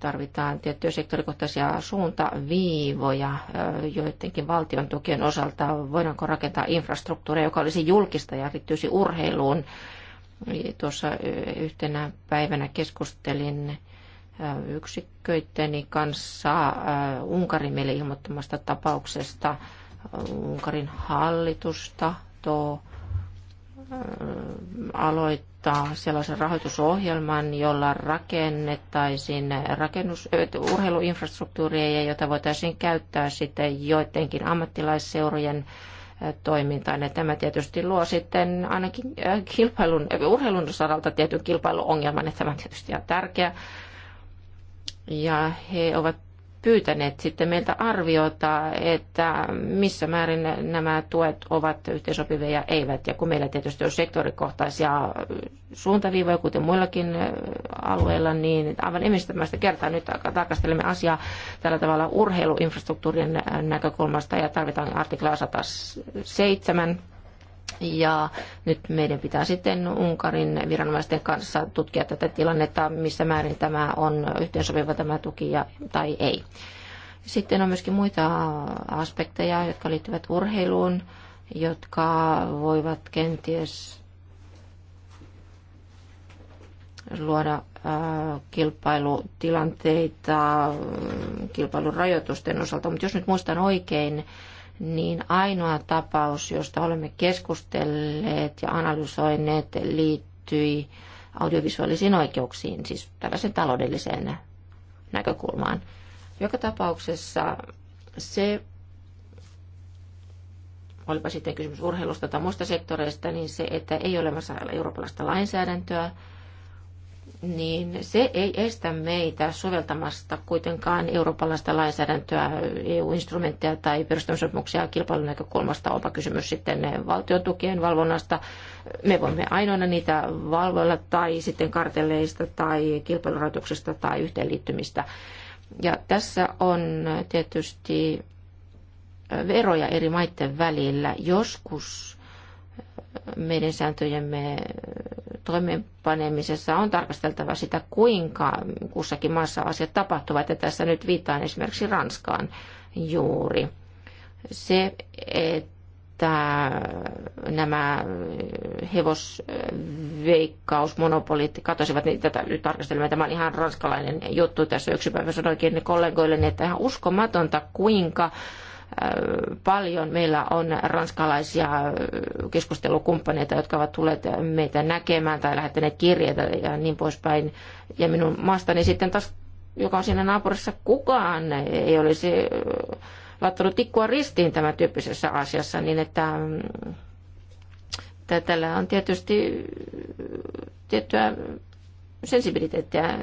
tarvitaan tiettyjä sektorikohtaisia suuntaviivoja joidenkin valtion tukien osalta. Voidaanko rakentaa infrastruktuuria, joka olisi julkista ja liittyisi urheiluun? Tuossa yhtenä päivänä keskustelin yksikköitteni kanssa Unkarin meille ilmoittamasta tapauksesta. Unkarin hallitusta tuo aloittaa ehdottaa sellaisen rahoitusohjelman, jolla rakennettaisiin rakennus, urheiluinfrastruktuuria ja jota voitaisiin käyttää sitten joidenkin ammattilaisseurojen toimintaan. Ja tämä tietysti luo sitten ainakin kilpailun, urheilun saralta tietyn kilpailuongelman, että tämä on tietysti ihan tärkeä. Ja he ovat pyytäneet sitten meiltä arviota, että missä määrin nämä tuet ovat yhteensopivia ja eivät. Ja kun meillä tietysti on sektorikohtaisia suuntaviivoja, kuten muillakin alueilla, niin aivan emistämästä kertaa nyt tarkastelemme asiaa tällä tavalla urheiluinfrastruktuurin näkökulmasta ja tarvitaan artiklaa 107 ja nyt meidän pitää sitten Unkarin viranomaisten kanssa tutkia tätä tilannetta, missä määrin tämä on yhteensopiva tämä tuki ja, tai ei. Sitten on myöskin muita aspekteja, jotka liittyvät urheiluun, jotka voivat kenties luoda äh, kilpailutilanteita kilpailun rajoitusten osalta. Mutta jos nyt muistan oikein, niin ainoa tapaus, josta olemme keskustelleet ja analysoineet, liittyi audiovisuaalisiin oikeuksiin, siis tällaisen taloudelliseen näkökulmaan. Joka tapauksessa se, olipa sitten kysymys urheilusta tai muista sektoreista, niin se, että ei ole olemassa eurooppalaista lainsäädäntöä, niin se ei estä meitä soveltamasta kuitenkaan eurooppalaista lainsäädäntöä, EU-instrumentteja tai perustamisopimuksia kilpailun näkökulmasta, onpa kysymys sitten valtiotukien valvonnasta. Me voimme ainoana niitä valvoilla tai sitten kartelleista tai kilpailurajoituksista tai yhteenliittymistä. Ja tässä on tietysti veroja eri maiden välillä. Joskus meidän sääntöjemme äh, toimeenpanemisessa on tarkasteltava sitä, kuinka kussakin maassa asiat tapahtuvat. Ja tässä nyt viittaan esimerkiksi Ranskaan juuri. Se, että nämä hevosveikkausmonopolit katosivat, niin tätä nyt tarkastelemme. Tämä on ihan ranskalainen juttu. Tässä yksi päivä sanoikin kollegoille, että ihan uskomatonta, kuinka äh, paljon. Meillä on ranskalaisia keskustelukumppaneita, jotka ovat tulleet meitä näkemään tai lähettäneet kirjeitä ja niin poispäin. Ja minun maastani sitten taas, joka on siinä naapurissa, kukaan ei olisi laittanut tikkua ristiin tämän tyyppisessä asiassa, niin että mm, tällä on tietysti tiettyä sensibiliteettiä.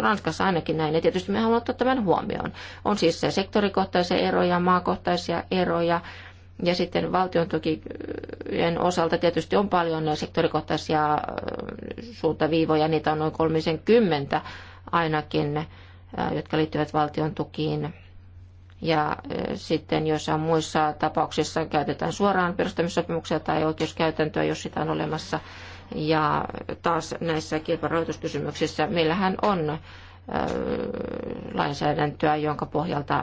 Ranskassa ainakin näin, ja tietysti me haluamme ottaa tämän huomioon. On siis sektorikohtaisia eroja, maakohtaisia eroja, ja sitten valtion tukien osalta tietysti on paljon sektorikohtaisia äh, suuntaviivoja, niitä on noin 30 ainakin, äh, jotka liittyvät valtion tukiin. Ja äh, sitten joissain muissa tapauksissa käytetään suoraan perustamissopimuksia tai oikeuskäytäntöä, jos sitä on olemassa. Ja taas näissä kilparahoituskysymyksissä meillähän on lainsäädäntöä, jonka pohjalta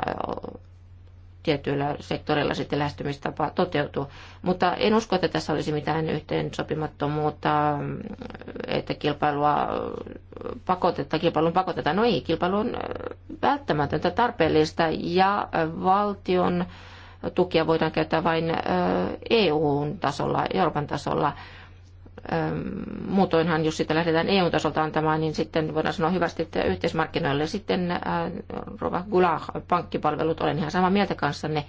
tietyillä sektoreilla sitten lähestymistapa toteutuu. Mutta en usko, että tässä olisi mitään yhteen sopimattomuutta, että kilpailua pakotetaan, kilpailun pakotetaan. No ei, kilpailu on välttämätöntä, tarpeellista ja valtion tukia voidaan käyttää vain EU-tasolla, Euroopan tasolla. Ähm, muutoinhan, jos sitä lähdetään EU-tasolta antamaan, niin sitten voidaan sanoa hyvästi, että yhteismarkkinoille sitten äh, Rova Gulag, pankkipalvelut, olen ihan samaa mieltä kanssanne.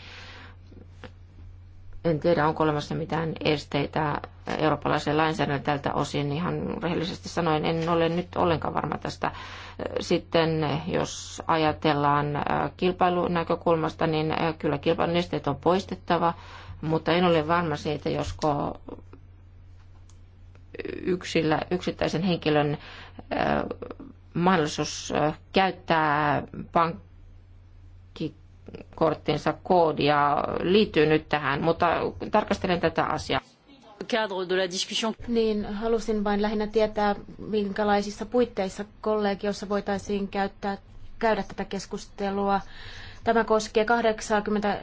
En tiedä, onko olemassa mitään esteitä eurooppalaiselle lainsäädännölle tältä osin. Ihan rehellisesti sanoen, en ole nyt ollenkaan varma tästä. Sitten jos ajatellaan äh, kilpailunäkökulmasta, niin äh, kyllä kilpailun esteet on poistettava mutta en ole varma siitä, josko yksillä, yksittäisen henkilön mahdollisuus käyttää pankkikorttinsa koodia liittyy nyt tähän, mutta tarkastelen tätä asiaa. Niin, halusin vain lähinnä tietää, minkälaisissa puitteissa kollegiossa voitaisiin käyttää, käydä tätä keskustelua. Tämä koskee 80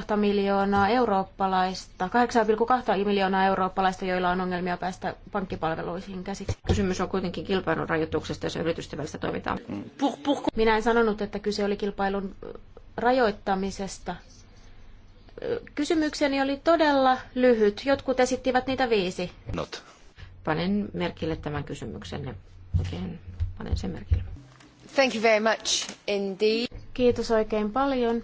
2 miljoonaa eurooppalaista, 8,2 miljoonaa eurooppalaista, joilla on ongelmia päästä pankkipalveluihin käsiksi. Kysymys on kuitenkin kilpailun rajoituksesta, jos yritysten välistä toimitaan. Minä en sanonut, että kyse oli kilpailun rajoittamisesta. Kysymykseni oli todella lyhyt. Jotkut esittivät niitä viisi. Not. Panen merkille tämän kysymyksen. Oikein panen sen merkille. Thank you very much indeed. Kiitos oikein paljon.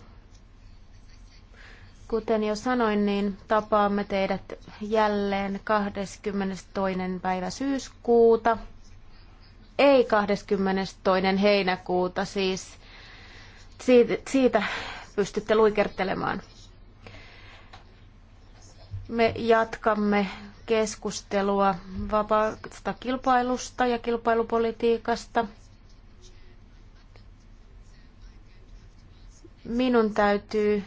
Kuten jo sanoin, niin tapaamme teidät jälleen 22. päivä syyskuuta. Ei 22. heinäkuuta, siis siitä, siitä pystytte luikertelemaan. Me jatkamme keskustelua vapaasta kilpailusta ja kilpailupolitiikasta. Minun täytyy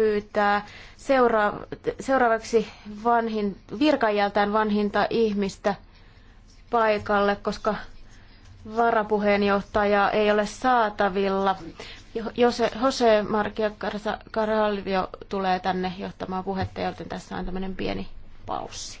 pyytää seura- seuraavaksi vanhin, virkajältään vanhinta ihmistä paikalle, koska varapuheenjohtaja ei ole saatavilla. Jose, Jose Markia Carvalho tulee tänne johtamaan puhetta, joten tässä on tämmöinen pieni paussi.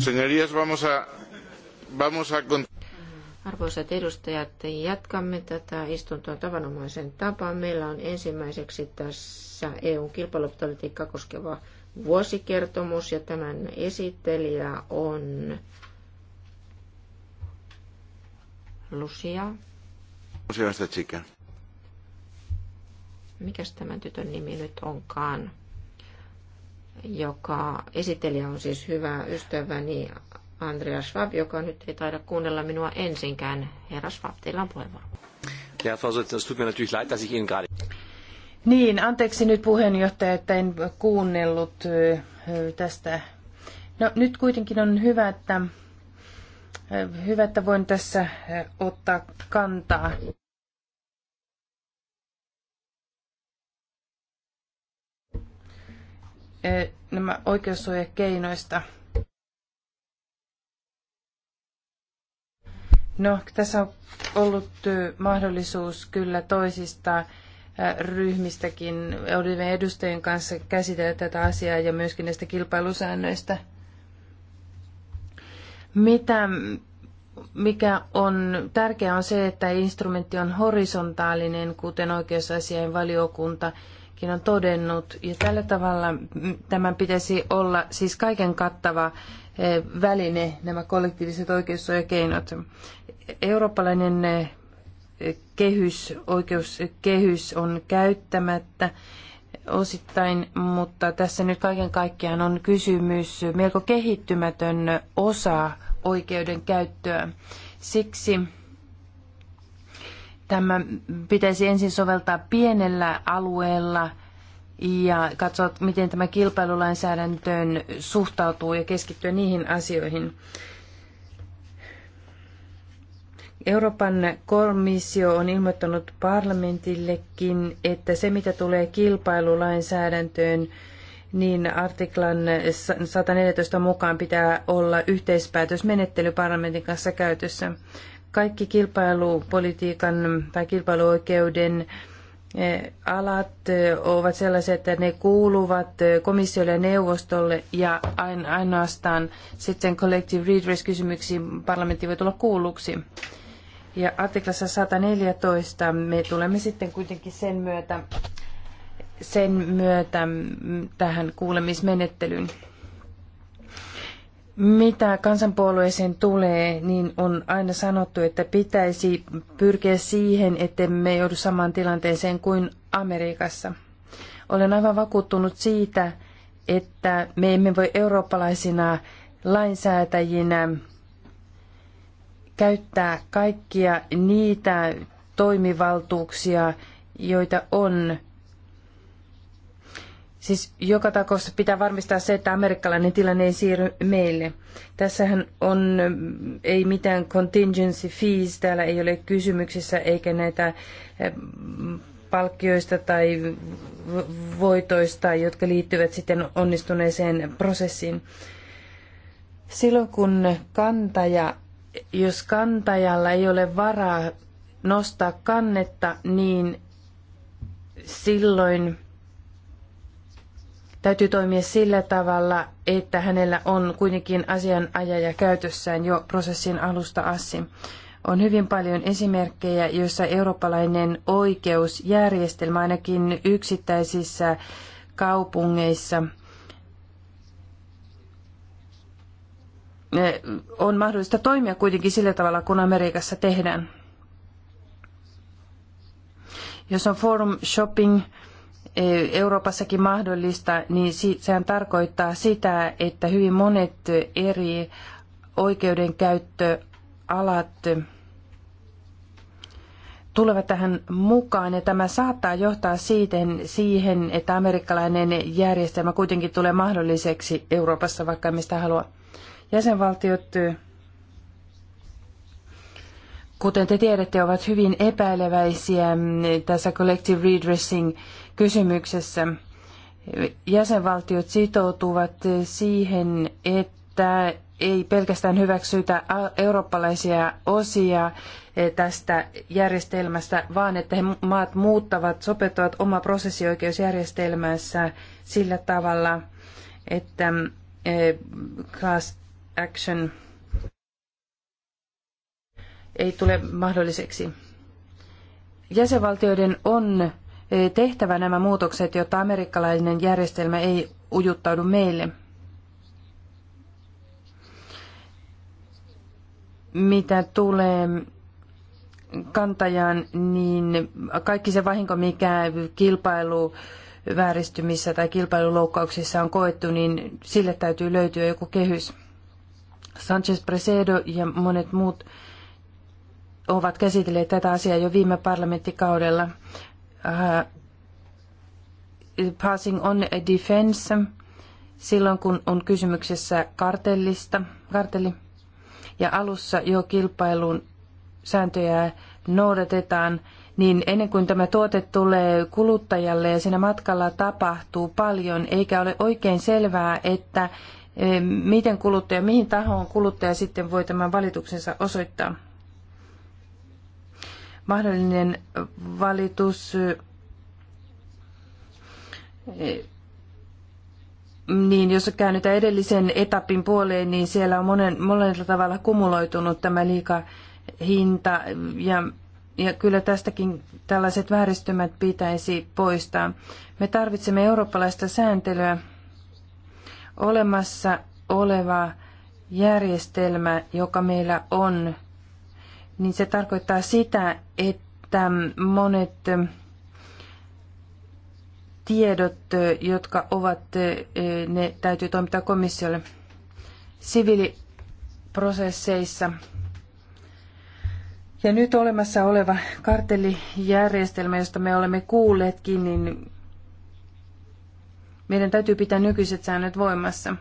Señorías, vamos a, vamos a... Arvoisat edustajat, jatkamme tätä istuntoa tavanomaisen tapaan. Meillä on ensimmäiseksi tässä EUn kilpailupolitiikkaa koskeva vuosikertomus ja tämän esittelijä on Lucia. Lucia Mikäs tämän tytön nimi nyt onkaan? joka esittelijä on siis hyvä ystäväni Andrea Schwab, joka nyt ei taida kuunnella minua ensinkään. Herra Schwab, teillä on puheenvuoro. Herr Vorsitzender, es tut mir natürlich leid, dass ich Ihnen gerade... Niin, anteeksi nyt puheenjohtaja, että en kuunnellut tästä. No nyt kuitenkin on hyvä, että, hyvä, että voin tässä ottaa kantaa. E, nämä oikeussuojakeinoista. No, tässä on ollut mahdollisuus kyllä toisista ryhmistäkin. olivien edustajien kanssa käsitellä tätä asiaa ja myöskin näistä kilpailusäännöistä. Mitä, mikä on tärkeää on se, että instrumentti on horisontaalinen, kuten oikeusasiain valiokunta on todennut. Ja tällä tavalla tämän pitäisi olla siis kaiken kattava eh, väline, nämä kollektiiviset oikeussuojakeinot. Eurooppalainen eh, kehys, oikeuskehys on käyttämättä osittain, mutta tässä nyt kaiken kaikkiaan on kysymys melko kehittymätön osa oikeuden käyttöä. Siksi Tämä pitäisi ensin soveltaa pienellä alueella ja katsoa, miten tämä kilpailulainsäädäntöön suhtautuu ja keskittyä niihin asioihin. Euroopan komissio on ilmoittanut parlamentillekin, että se mitä tulee kilpailulainsäädäntöön, niin artiklan 114 mukaan pitää olla yhteispäätösmenettely parlamentin kanssa käytössä. Kaikki kilpailupolitiikan tai kilpailuoikeuden eh, alat eh, ovat sellaisia, että ne kuuluvat eh, komissiolle ja neuvostolle ja ainoastaan sitten collective redress-kysymyksiin parlamentti voi tulla kuulluksi. Ja artiklassa 114 me tulemme sitten kuitenkin sen myötä, sen myötä mm, tähän kuulemismenettelyyn. Mitä kansanpuolueeseen tulee, niin on aina sanottu, että pitäisi pyrkiä siihen, ettemme joudu samaan tilanteeseen kuin Amerikassa. Olen aivan vakuuttunut siitä, että me emme voi eurooppalaisina lainsäätäjinä käyttää kaikkia niitä toimivaltuuksia, joita on Siis joka tapauksessa pitää varmistaa se, että amerikkalainen tilanne ei siirry meille. Tässähän on, eh, ei mitään contingency fees, täällä ei ole kysymyksissä eikä näitä eh, palkkioista tai voitoista, jotka liittyvät sitten onnistuneeseen prosessiin. Silloin kun kantaja, jos kantajalla ei ole varaa nostaa kannetta, niin silloin – täytyy toimia sillä tavalla, että hänellä on kuitenkin asianajaja käytössään jo prosessin alusta asti. On hyvin paljon esimerkkejä, joissa eurooppalainen oikeusjärjestelmä ainakin yksittäisissä kaupungeissa eh, on mahdollista toimia kuitenkin sillä tavalla, kun Amerikassa tehdään. Jos on forum shopping, Eh, Euroopassakin mahdollista, niin sehän tarkoittaa sitä, että hyvin monet eri oikeudenkäyttöalat tulevat tähän mukaan ja tämä saattaa johtaa siihen, siihen, että amerikkalainen järjestelmä kuitenkin tulee mahdolliseksi Euroopassa, vaikka mistä halua. Jäsenvaltiot, kuten te tiedätte, ovat hyvin epäileväisiä tässä collective redressing kysymyksessä. Jäsenvaltiot sitoutuvat siihen, että ei pelkästään hyväksytä eurooppalaisia osia eh, tästä järjestelmästä, vaan että he maat muuttavat, sopeuttavat oma prosessioikeusjärjestelmänsä sillä tavalla, että eh, class action ei tule mahdolliseksi. Jäsenvaltioiden on tehtävä nämä muutokset, jotta amerikkalainen järjestelmä ei ujuttaudu meille. Mitä tulee kantajaan, niin kaikki se vahinko, mikä kilpailu vääristymissä tai kilpailuloukkauksissa on koettu, niin sille täytyy löytyä joku kehys. Sanchez Presedo ja monet muut ovat käsitelleet tätä asiaa jo viime parlamenttikaudella. Äh, passing on defense silloin, kun on kysymyksessä kartellista, kartelli, ja alussa jo kilpailun sääntöjä noudatetaan, niin ennen kuin tämä tuote tulee kuluttajalle ja siinä matkalla tapahtuu paljon, eikä ole oikein selvää, että eh, miten kuluttaja, mihin tahoon kuluttaja sitten voi tämän valituksensa osoittaa mahdollinen valitus, niin jos käännytään edellisen etapin puoleen, niin siellä on monen, monella tavalla kumuloitunut tämä liika hinta ja ja kyllä tästäkin tällaiset vääristymät pitäisi poistaa. Me tarvitsemme eurooppalaista sääntelyä, olemassa oleva järjestelmä, joka meillä on, niin se tarkoittaa sitä, että monet tiedot, jotka ovat, ne täytyy toimittaa komissiolle siviiliprosesseissa. Ja nyt olemassa oleva kartellijärjestelmä, josta me olemme kuulleetkin, niin meidän täytyy pitää nykyiset säännöt voimassa.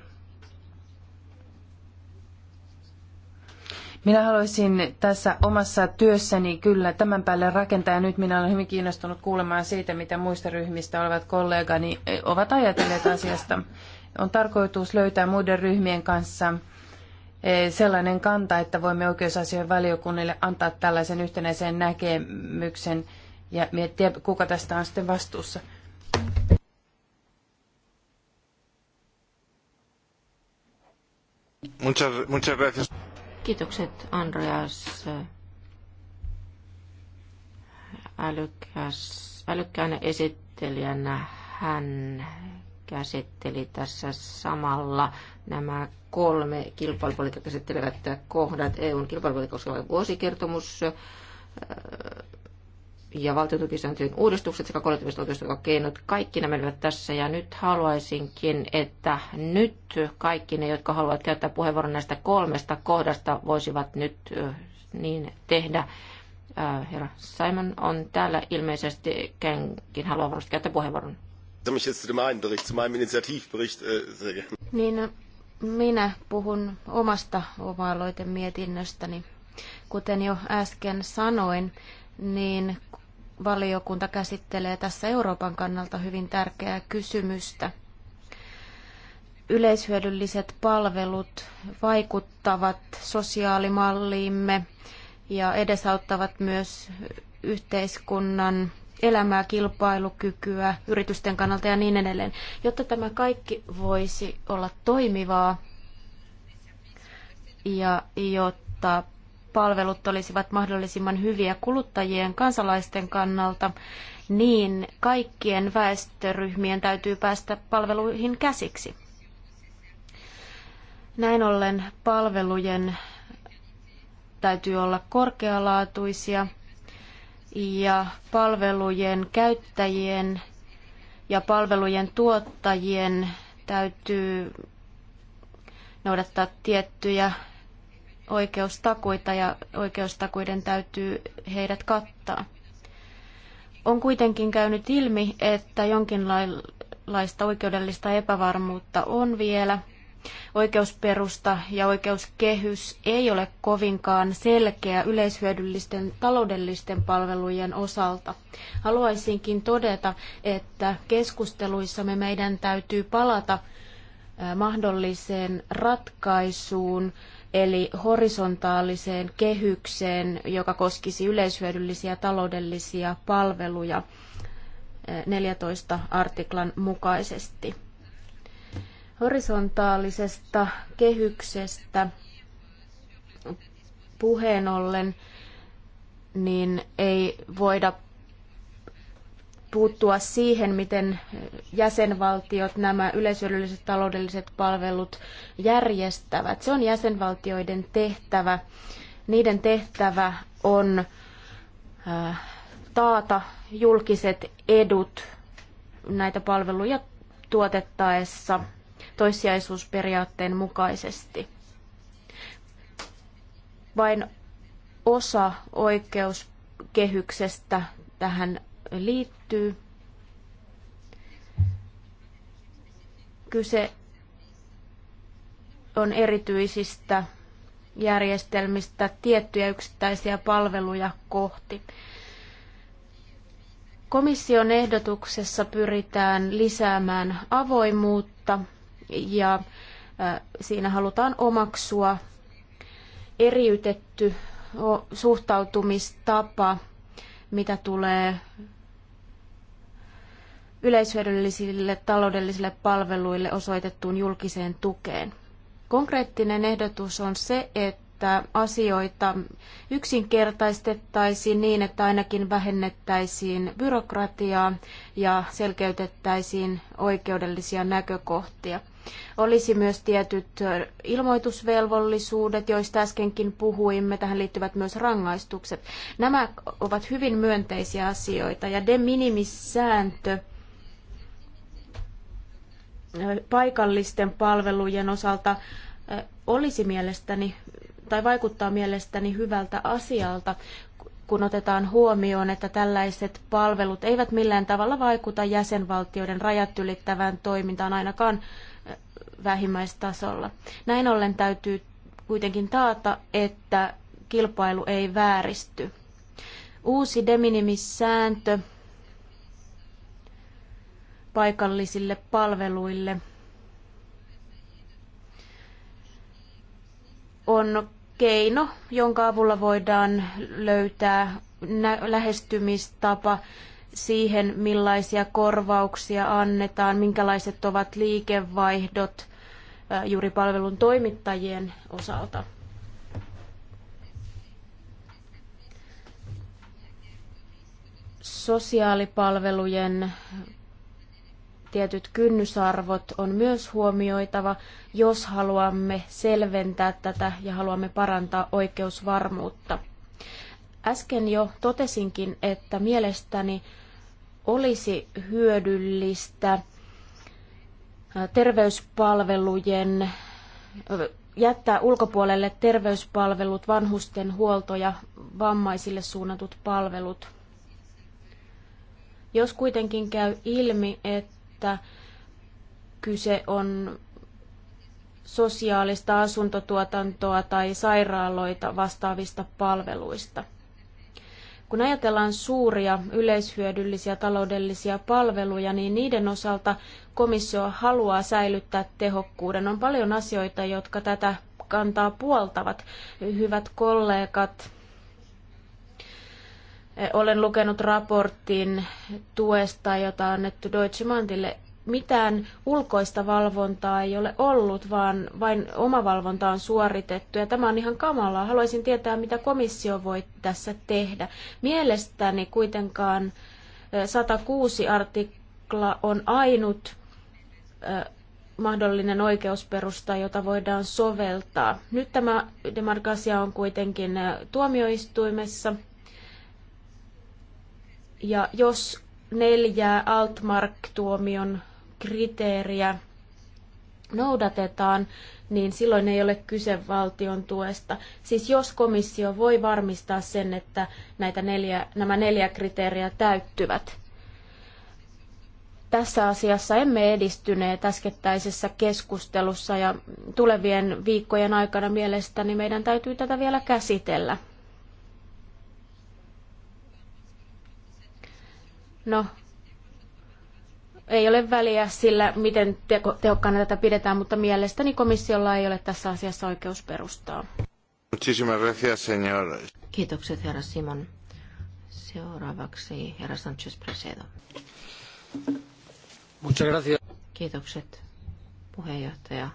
Minä haluaisin tässä omassa työssäni kyllä tämän päälle rakentaa ja nyt minä olen hyvin kiinnostunut kuulemaan siitä, mitä muista ryhmistä olevat kollegani eh, ovat ajatelleet asiasta. On tarkoitus löytää muiden ryhmien kanssa eh, sellainen kanta, että voimme oikeusasioiden valiokunnille antaa tällaisen yhtenäisen näkemyksen ja miettiä, kuka tästä on sitten vastuussa. Muchas, muchas gracias. Kiitokset Andreas älykäs, älykkäänä esittelijänä. Hän käsitteli tässä samalla nämä kolme kilpailupolitiikkaa käsittelevät kohdat, EUn kilpailupolitiikkaa vuosikertomus, ja valtiotukisääntöjen uudistukset sekä kollektiiviset oikeusturvakeinot, kaikki nämä olivat tässä. Ja nyt haluaisinkin, että nyt kaikki ne, jotka haluavat käyttää puheenvuoron näistä kolmesta kohdasta, voisivat nyt niin tehdä. Herra Simon on täällä ilmeisesti, kenkin haluaa varmasti käyttää puheenvuoron. Äh, niin, minä puhun omasta oma-aloitemietinnöstäni. Kuten jo äsken sanoin, niin valiokunta käsittelee tässä Euroopan kannalta hyvin tärkeää kysymystä. Yleishyödylliset palvelut vaikuttavat sosiaalimalliimme ja edesauttavat myös yhteiskunnan elämää, kilpailukykyä, yritysten kannalta ja niin edelleen. Jotta tämä kaikki voisi olla toimivaa ja jotta palvelut olisivat mahdollisimman hyviä kuluttajien kansalaisten kannalta, niin kaikkien väestöryhmien täytyy päästä palveluihin käsiksi. Näin ollen palvelujen täytyy olla korkealaatuisia ja palvelujen käyttäjien ja palvelujen tuottajien täytyy noudattaa tiettyjä oikeustakuita ja oikeustakuiden täytyy heidät kattaa. On kuitenkin käynyt ilmi, että jonkinlaista oikeudellista epävarmuutta on vielä. Oikeusperusta ja oikeuskehys ei ole kovinkaan selkeä yleishyödyllisten taloudellisten palvelujen osalta. Haluaisinkin todeta, että keskusteluissamme meidän täytyy palata mahdolliseen ratkaisuun eli horisontaaliseen kehykseen, joka koskisi yleishyödyllisiä taloudellisia palveluja 14 eh, artiklan mukaisesti. Horisontaalisesta kehyksestä puheen ollen, niin ei voida puuttua siihen, miten jäsenvaltiot nämä yleishyödylliset taloudelliset palvelut järjestävät. Se on jäsenvaltioiden tehtävä. Niiden tehtävä on äh, taata julkiset edut näitä palveluja tuotettaessa toissijaisuusperiaatteen mukaisesti. Vain osa oikeuskehyksestä tähän liittyy. Kyse on erityisistä järjestelmistä tiettyjä yksittäisiä palveluja kohti. Komission ehdotuksessa pyritään lisäämään avoimuutta ja äh, siinä halutaan omaksua eriytetty suhtautumistapa, mitä tulee yleishyödyllisille taloudellisille palveluille osoitettuun julkiseen tukeen. Konkreettinen ehdotus on se, että asioita yksinkertaistettaisiin niin, että ainakin vähennettäisiin byrokratiaa ja selkeytettäisiin oikeudellisia näkökohtia. Olisi myös tietyt ilmoitusvelvollisuudet, joista äskenkin puhuimme. Tähän liittyvät myös rangaistukset. Nämä ovat hyvin myönteisiä asioita ja de minimis sääntö paikallisten palvelujen osalta olisi mielestäni tai vaikuttaa mielestäni hyvältä asialta, kun otetaan huomioon, että tällaiset palvelut eivät millään tavalla vaikuta jäsenvaltioiden rajat ylittävään toimintaan ainakaan vähimmäistasolla. Näin ollen täytyy kuitenkin taata, että kilpailu ei vääristy. Uusi de minimis-sääntö paikallisille palveluille. On keino, jonka avulla voidaan löytää lähestymistapa siihen, millaisia korvauksia annetaan, minkälaiset ovat liikevaihdot juuri palvelun toimittajien osalta. Sosiaalipalvelujen tietyt kynnysarvot on myös huomioitava, jos haluamme selventää tätä ja haluamme parantaa oikeusvarmuutta. Äsken jo totesinkin, että mielestäni olisi hyödyllistä äh, terveyspalvelujen jättää ulkopuolelle terveyspalvelut, vanhusten huolto ja vammaisille suunnatut palvelut. Jos kuitenkin käy ilmi, että että kyse on sosiaalista asuntotuotantoa tai sairaaloita vastaavista palveluista. Kun ajatellaan suuria yleishyödyllisiä taloudellisia palveluja, niin niiden osalta komissio haluaa säilyttää tehokkuuden. On paljon asioita, jotka tätä kantaa puoltavat. Hyvät kollegat, olen lukenut raportin tuesta, jota on annettu Deutsche Mantille. Mitään ulkoista valvontaa ei ole ollut, vaan vain oma valvonta on suoritettu. Ja tämä on ihan kamalaa. Haluaisin tietää, mitä komissio voi tässä tehdä. Mielestäni kuitenkaan 106 artikla on ainut mahdollinen oikeusperusta, jota voidaan soveltaa. Nyt tämä demarkasia on kuitenkin tuomioistuimessa ja jos neljää Altmark-tuomion kriteeriä noudatetaan, niin silloin ei ole kyse valtion tuesta. Siis jos komissio voi varmistaa sen, että näitä neljä, nämä neljä kriteeriä täyttyvät. Tässä asiassa emme edistyneet äskettäisessä keskustelussa ja tulevien viikkojen aikana mielestäni meidän täytyy tätä vielä käsitellä. No, ei ole väliä sillä, miten tehokkaana tätä pidetään, mutta mielestäni komissiolla ei ole tässä asiassa oikeus perustaa. Kiitokset, herra Simon. Seuraavaksi herra Sanchez Presedo. Kiitokset, puheenjohtaja.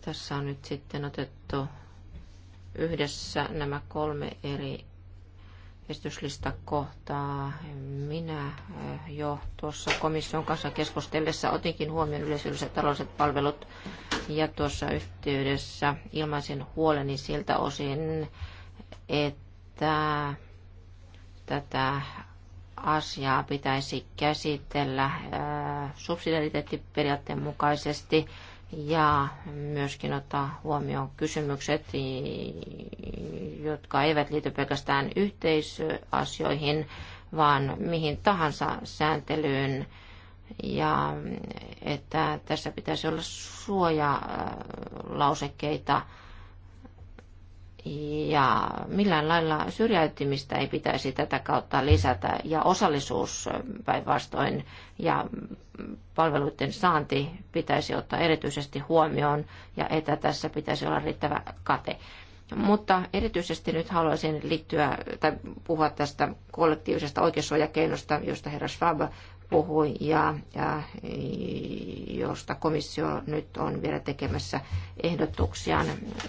Tässä on nyt sitten otettu yhdessä nämä kolme eri esityslista kohtaa. Minä jo tuossa komission kanssa keskustellessa otinkin huomioon yleisölliset taloudelliset palvelut ja tuossa yhteydessä ilmaisen huoleni siltä osin, että tätä asiaa pitäisi käsitellä subsidiariteettiperiaatteen mukaisesti – ja myöskin ottaa huomioon kysymykset, jotka eivät liity pelkästään yhteisöasioihin, vaan mihin tahansa sääntelyyn. Ja että tässä pitäisi olla suojalausekkeita ja millään lailla syrjäytymistä ei pitäisi tätä kautta lisätä ja osallisuus päinvastoin ja palveluiden saanti pitäisi ottaa erityisesti huomioon ja että tässä pitäisi olla riittävä kate. Mutta erityisesti nyt haluaisin liittyä tai puhua tästä kollektiivisesta oikeussuojakeinosta, josta herra Schwab puhui ja, ja josta komissio nyt on vielä tekemässä ehdotuksiaan.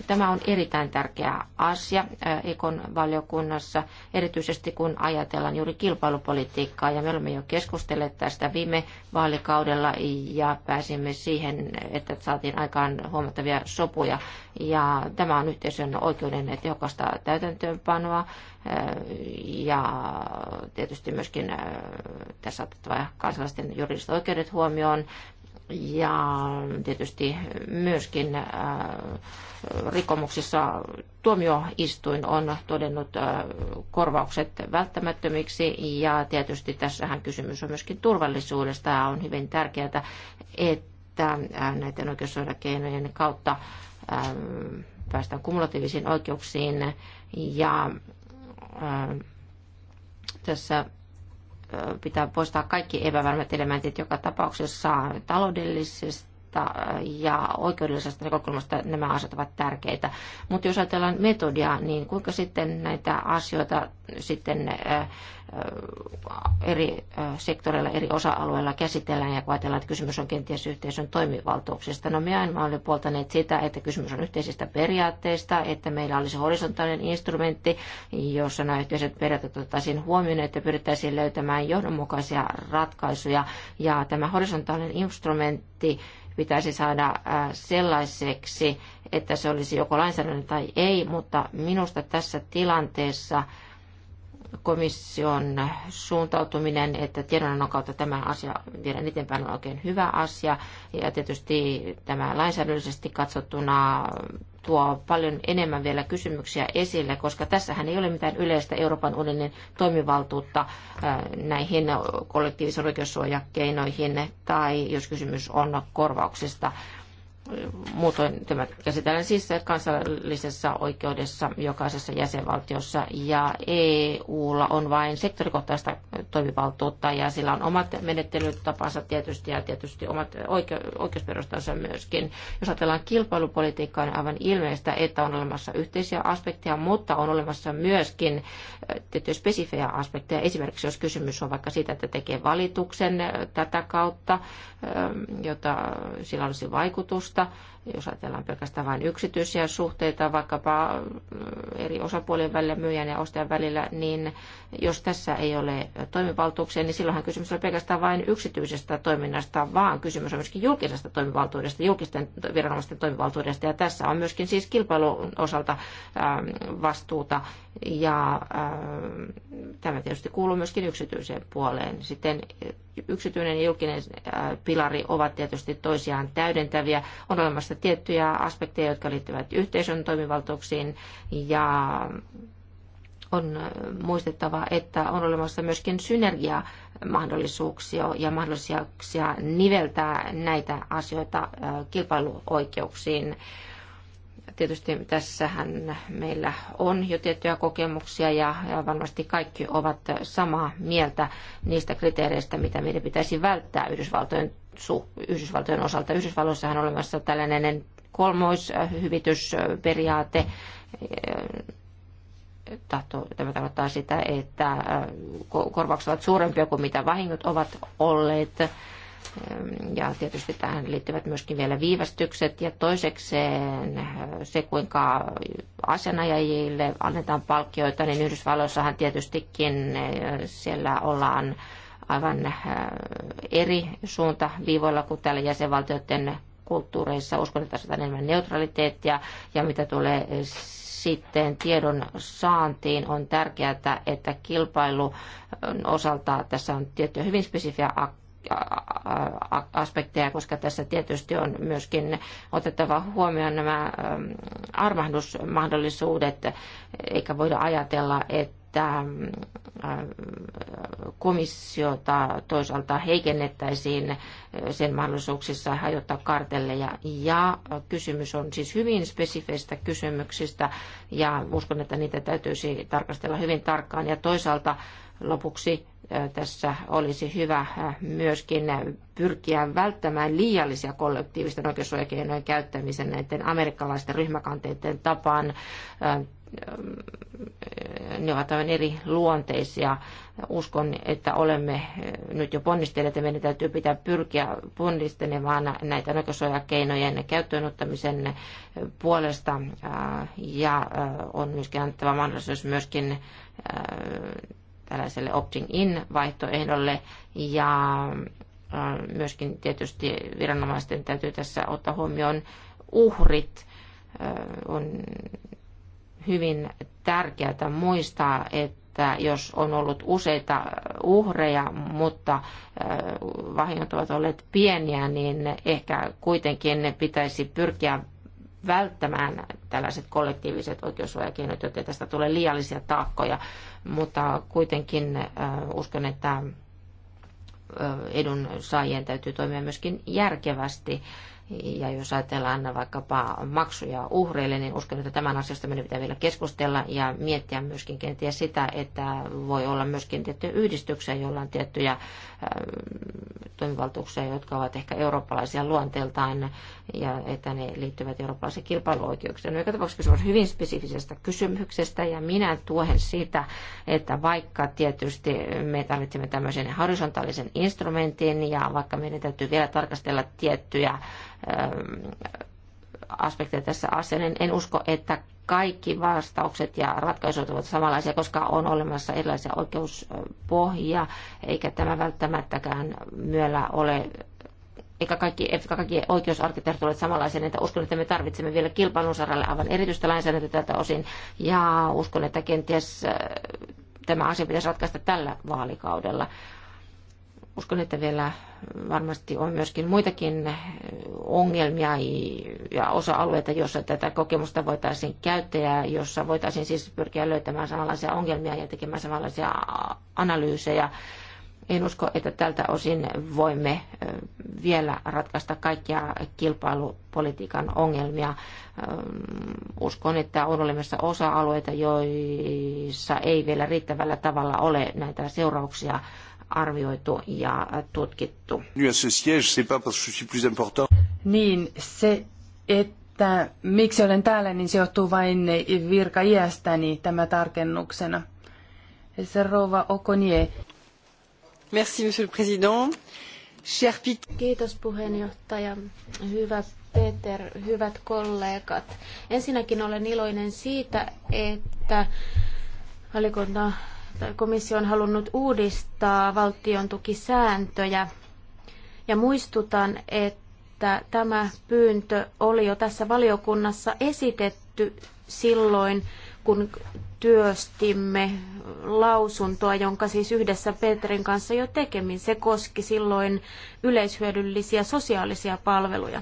Tämä on erittäin tärkeä asia äh, Ekon valiokunnassa, erityisesti kun ajatellaan juuri kilpailupolitiikkaa ja me olemme jo keskustelleet tästä viime vaalikaudella ja pääsimme siihen, että saatiin aikaan huomattavia sopuja ja tämä on yhteisön oikeuden tehokasta täytäntöönpanoa ja tietysti myöskin äh, tässä otettava kansalaisten juridiset oikeudet huomioon ja tietysti myöskin äh, rikomuksissa tuomioistuin on todennut äh, korvaukset välttämättömiksi ja tietysti tässähän kysymys on myöskin turvallisuudesta ja on hyvin tärkeää, että näiden oikeussuojakeinojen kautta päästään kumulatiivisiin oikeuksiin ja tässä pitää poistaa kaikki epävarmat elementit joka tapauksessa taloudellisesta ja oikeudellisesta näkökulmasta nämä asiat ovat tärkeitä. Mutta jos ajatellaan metodia, niin kuinka sitten näitä asioita sitten eri sektoreilla, eri osa-alueilla käsitellään ja kun ajatellaan, että kysymys on kenties yhteisön toimivaltuuksista. No minä en ole puoltaneet sitä, että kysymys on yhteisistä periaatteista, että meillä olisi horisontaalinen instrumentti, jossa nämä yhteiset periaatteet otettaisiin huomioon, että pyrittäisiin löytämään johdonmukaisia ratkaisuja ja tämä horisontaalinen instrumentti pitäisi saada sellaiseksi, että se olisi joko lainsäädännön tai ei, mutta minusta tässä tilanteessa komission suuntautuminen, että tiedonannon kautta tämä asia viedään eteenpäin on oikein hyvä asia. Ja tietysti tämä lainsäädännöllisesti katsottuna tuo paljon enemmän vielä kysymyksiä esille, koska tässähän ei ole mitään yleistä Euroopan unionin toimivaltuutta äh, näihin kollektiivisen oikeussuojakeinoihin tai jos kysymys on korvauksista Muutoin tämä käsitellään siis kansallisessa oikeudessa jokaisessa jäsenvaltiossa ja EUlla on vain sektorikohtaista toimivaltuutta ja sillä on omat menettelytapansa tietysti ja tietysti omat oike- oikeusperustansa myöskin. Jos ajatellaan kilpailupolitiikkaa, on niin aivan ilmeistä, että on olemassa yhteisiä aspekteja, mutta on olemassa myöskin äh, tiettyjä spesifejä aspekteja. Esimerkiksi jos kysymys on vaikka siitä, että tekee valituksen äh, tätä kautta, äh, jota sillä olisi vaikutusta, sopimusta jos ajatellaan pelkästään vain yksityisiä suhteita, vaikkapa eri osapuolien välillä, myyjän ja ostajan välillä, niin jos tässä ei ole toimivaltuuksia, niin silloinhan kysymys on pelkästään vain yksityisestä toiminnasta, vaan kysymys on myöskin julkisesta toimivaltuudesta, julkisten viranomaisten toimivaltuudesta, ja tässä on myöskin siis kilpailun osalta vastuuta, ja tämä tietysti kuuluu myöskin yksityiseen puoleen. Sitten yksityinen ja julkinen pilari ovat tietysti toisiaan täydentäviä. On olemassa tässä tiettyjä aspekteja, jotka liittyvät yhteisön toimivaltuuksiin ja on muistettava, että on olemassa myöskin synergiamahdollisuuksia ja mahdollisuuksia niveltää näitä asioita äh, kilpailuoikeuksiin. Tietysti tässähän meillä on jo tiettyjä kokemuksia ja varmasti kaikki ovat samaa mieltä niistä kriteereistä, mitä meidän pitäisi välttää Yhdysvaltojen, Yhdysvaltojen osalta. Yhdysvalloissahan on olemassa tällainen kolmoishyvitysperiaate, tahto, tämä tarkoittaa sitä, että korvaukset ovat suurempia kuin mitä vahingot ovat olleet. Ehm, ja tietysti tähän liittyvät myöskin vielä viivästykset ja toisekseen eh, se, kuinka asianajajille annetaan palkkioita, niin Yhdysvalloissahan tietystikin eh, siellä ollaan aivan eh, eri suunta viivoilla kuin täällä jäsenvaltioiden kulttuureissa. Uskon, että on enemmän neutraliteettia ja mitä tulee sitten tiedon saantiin on tärkeää, että kilpailu osalta tässä on tiettyjä hyvin spesifiä aspekteja, koska tässä tietysti on myöskin otettava huomioon nämä armahdusmahdollisuudet, eikä voida ajatella, että että komissiota toisaalta heikennettäisiin sen mahdollisuuksissa hajottaa kartelleja. Ja kysymys on siis hyvin spesifeistä kysymyksistä ja uskon, että niitä täytyisi tarkastella hyvin tarkkaan. Ja toisaalta lopuksi tässä olisi hyvä myöskin pyrkiä välttämään liiallisia kollektiivisten oikeusoikeinojen käyttämisen näiden amerikkalaisten ryhmäkanteiden tapaan. Ne ovat aivan eri luonteisia. Uskon, että olemme nyt jo ponnistelleet ja meidän täytyy pitää pyrkiä ponnistelemaan näitä oikeussuojakeinojen käyttöönottamisen puolesta ja on myöskin annettava mahdollisuus myöskin tällaiselle opting-in-vaihtoehdolle ja äh, myöskin tietysti viranomaisten täytyy tässä ottaa huomioon uhrit. Äh, on hyvin tärkeää muistaa, että jos on ollut useita uhreja, mutta äh, vahingot ovat olleet pieniä, niin ehkä kuitenkin ne pitäisi pyrkiä välttämään tällaiset kollektiiviset oikeussuojakeinot, jotta tästä tulee liiallisia taakkoja. Mutta kuitenkin uskon, että edun saajien täytyy toimia myöskin järkevästi ja jos ajatellaan vaikkapa maksuja uhreille, niin uskon, että tämän asiasta meidän pitää vielä keskustella ja miettiä myöskin kenties sitä, että voi olla myöskin tiettyjä yhdistyksiä, joilla on tiettyjä ähm, toimivaltuuksia, jotka ovat ehkä eurooppalaisia luonteeltaan ja että ne liittyvät eurooppalaisiin kilpailuoikeuksiin. No, joka tapauksessa kysymys on hyvin spesifisestä kysymyksestä ja minä tuen siitä, että vaikka tietysti me tarvitsemme tämmöisen horisontaalisen instrumentin ja vaikka meidän täytyy vielä tarkastella tiettyjä Ähm, aspekteja tässä asiassa, niin en usko, että kaikki vastaukset ja ratkaisut ovat samanlaisia, koska on olemassa erilaisia oikeuspohjia, eikä tämä välttämättäkään myöllä ole eikä kaikki, eikä kaikki oikeusarkkitehtuurit ole samanlaisia, niin että uskon, että me tarvitsemme vielä kilpailun saralle aivan erityistä lainsäädäntöä tältä osin, ja uskon, että kenties äh, tämä asia pitäisi ratkaista tällä vaalikaudella uskon, että vielä varmasti on myöskin muitakin ongelmia ja osa-alueita, joissa tätä kokemusta voitaisiin käyttää ja jossa voitaisiin siis pyrkiä löytämään samanlaisia ongelmia ja tekemään samanlaisia analyysejä. En usko, että tältä osin voimme vielä ratkaista kaikkia kilpailupolitiikan ongelmia. Uskon, että on olemassa osa-alueita, joissa ei vielä riittävällä tavalla ole näitä seurauksia arvioitu ja tutkittu. Niin, se, että miksi olen täällä, niin se johtuu vain virka iästäni niin tämä tarkennuksena. Se rouva Okonie. Merci, monsieur le président. Cher Peter. Kiitos puheenjohtaja. Hyvä Peter, hyvät kollegat. Ensinnäkin olen iloinen siitä, että valikunta komissio on halunnut uudistaa valtion tukisääntöjä. Ja muistutan, että tämä pyyntö oli jo tässä valiokunnassa esitetty silloin, kun työstimme lausuntoa, jonka siis yhdessä Petrin kanssa jo tekemin. Se koski silloin yleishyödyllisiä sosiaalisia palveluja.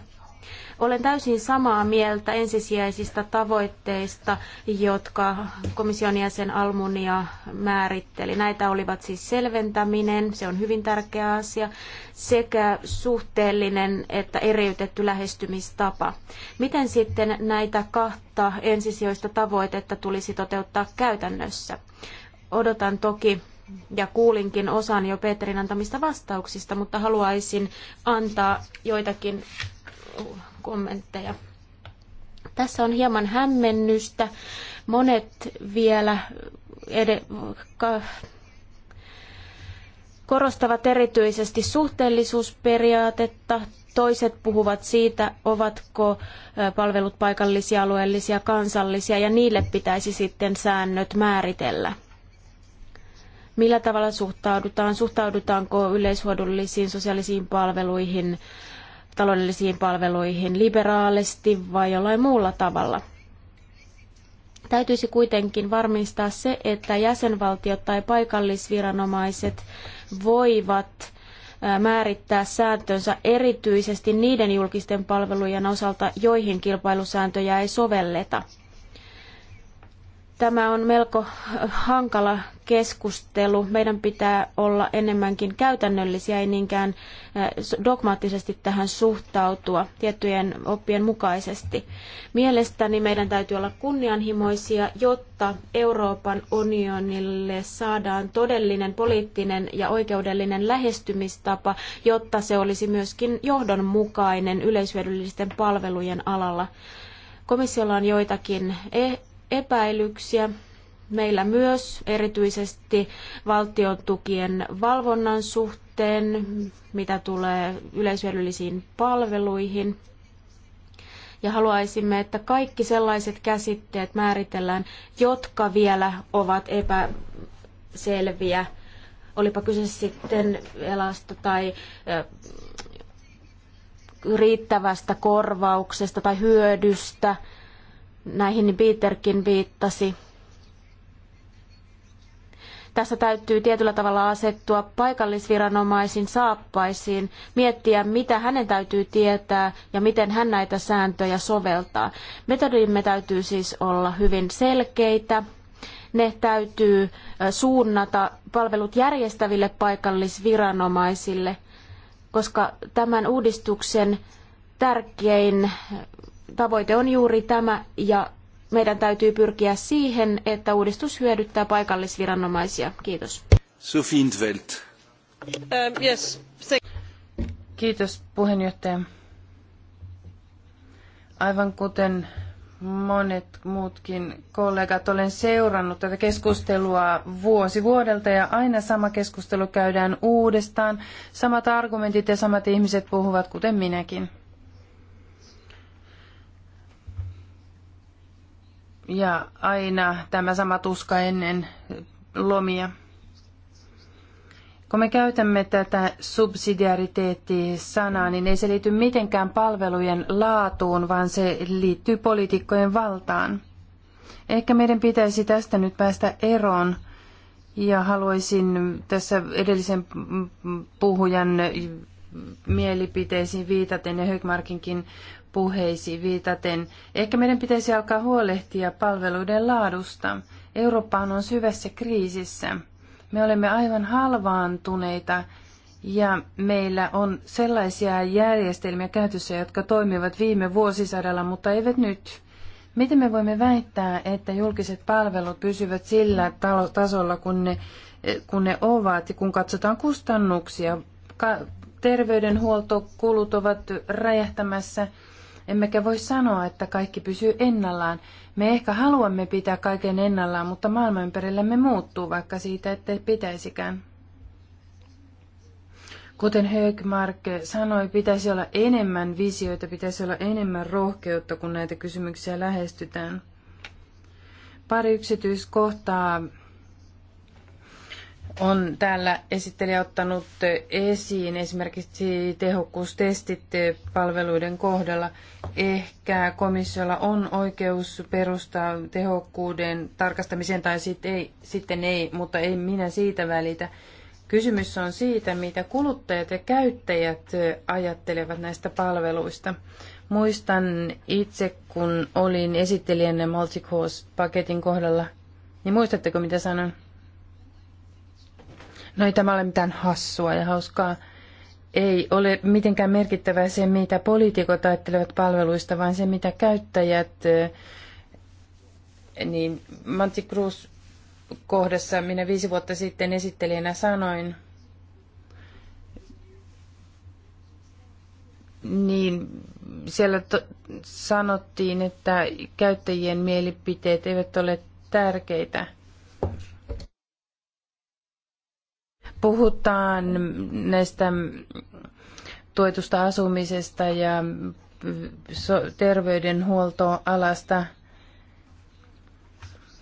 Olen täysin samaa mieltä ensisijaisista tavoitteista, jotka komission jäsen Almunia määritteli. Näitä olivat siis selventäminen, se on hyvin tärkeä asia, sekä suhteellinen että eriytetty lähestymistapa. Miten sitten näitä kahta ensisijaista tavoitetta tulisi toteuttaa käytännössä? Odotan toki ja kuulinkin osan jo Peterin antamista vastauksista, mutta haluaisin antaa joitakin kommentteja. Tässä on hieman hämmennystä. Monet vielä korostavat erityisesti suhteellisuusperiaatetta. Toiset puhuvat siitä, ovatko palvelut paikallisia, alueellisia, kansallisia ja niille pitäisi sitten säännöt määritellä. Millä tavalla suhtaudutaan? Suhtaudutaanko yleishuodollisiin sosiaalisiin palveluihin taloudellisiin palveluihin liberaalisti vai jollain muulla tavalla. Täytyisi kuitenkin varmistaa se, että jäsenvaltiot tai paikallisviranomaiset voivat määrittää sääntönsä erityisesti niiden julkisten palvelujen osalta, joihin kilpailusääntöjä ei sovelleta. Tämä on melko hankala keskustelu. Meidän pitää olla enemmänkin käytännöllisiä, ei niinkään eh, dogmaattisesti tähän suhtautua tiettyjen oppien mukaisesti. Mielestäni meidän täytyy olla kunnianhimoisia, jotta Euroopan unionille saadaan todellinen poliittinen ja oikeudellinen lähestymistapa, jotta se olisi myöskin johdonmukainen yleishyödyllisten palvelujen alalla. Komissiolla on joitakin e- epäilyksiä. Meillä myös erityisesti valtion tukien valvonnan suhteen, mitä tulee yleishyödyllisiin palveluihin. Ja haluaisimme, että kaikki sellaiset käsitteet määritellään, jotka vielä ovat epäselviä olipa kyse sitten elasta tai riittävästä korvauksesta tai hyödystä Näihin niin Peterkin viittasi. Tässä täytyy tietyllä tavalla asettua paikallisviranomaisiin saappaisiin, miettiä mitä hänen täytyy tietää ja miten hän näitä sääntöjä soveltaa. Metodimme täytyy siis olla hyvin selkeitä, ne täytyy suunnata palvelut järjestäville paikallisviranomaisille, koska tämän uudistuksen tärkein tavoite on juuri tämä ja meidän täytyy pyrkiä siihen, että uudistus hyödyttää paikallisviranomaisia. Kiitos. Sophie Intveld. Ähm, yes. Kiitos puheenjohtaja. Aivan kuten monet muutkin kollegat, olen seurannut tätä keskustelua vuosi vuodelta ja aina sama keskustelu käydään uudestaan. Samat argumentit ja samat ihmiset puhuvat, kuten minäkin. Ja aina tämä sama tuska ennen lomia. Kun me käytämme tätä subsidiariteetti-sanaa, niin ei se liity mitenkään palvelujen laatuun, vaan se liittyy poliitikkojen valtaan. Ehkä meidän pitäisi tästä nyt päästä eroon. Ja haluaisin tässä edellisen puhujan mielipiteisiin viitaten ja Högmarkinkin puheisiin viitaten. Ehkä meidän pitäisi alkaa huolehtia palveluiden laadusta. Eurooppa on syvässä kriisissä. Me olemme aivan halvaantuneita ja meillä on sellaisia järjestelmiä käytössä, jotka toimivat viime vuosisadalla, mutta eivät nyt. Miten me voimme väittää, että julkiset palvelut pysyvät sillä tasolla, kun ne, kun ne ovat, ja kun katsotaan kustannuksia? Ka- terveydenhuoltokulut ovat räjähtämässä Emmekä voi sanoa, että kaikki pysyy ennallaan. Me ehkä haluamme pitää kaiken ennallaan, mutta maailma ympärillämme muuttuu, vaikka siitä ettei pitäisikään. Kuten Högmark sanoi, pitäisi olla enemmän visioita, pitäisi olla enemmän rohkeutta, kun näitä kysymyksiä lähestytään. Pari yksityiskohtaa on täällä esittelijä ottanut esiin esimerkiksi tehokkuustestit palveluiden kohdalla. Ehkä komissiolla on oikeus perustaa tehokkuuden tarkastamiseen tai sit ei, sitten ei, mutta ei minä siitä välitä. Kysymys on siitä, mitä kuluttajat ja käyttäjät ajattelevat näistä palveluista. Muistan itse, kun olin esittelijänne Multicourse-paketin kohdalla, niin muistatteko mitä sanon? No ei tämä ole mitään hassua ja hauskaa. Ei ole mitenkään merkittävää se, mitä poliitikot ajattelevat palveluista, vaan se, mitä käyttäjät, eh, niin Mantsi Cruz kohdassa minä viisi vuotta sitten esittelijänä sanoin, niin siellä to- sanottiin, että käyttäjien mielipiteet eivät ole tärkeitä – puhutaan näistä tuetusta asumisesta ja terveydenhuoltoalasta,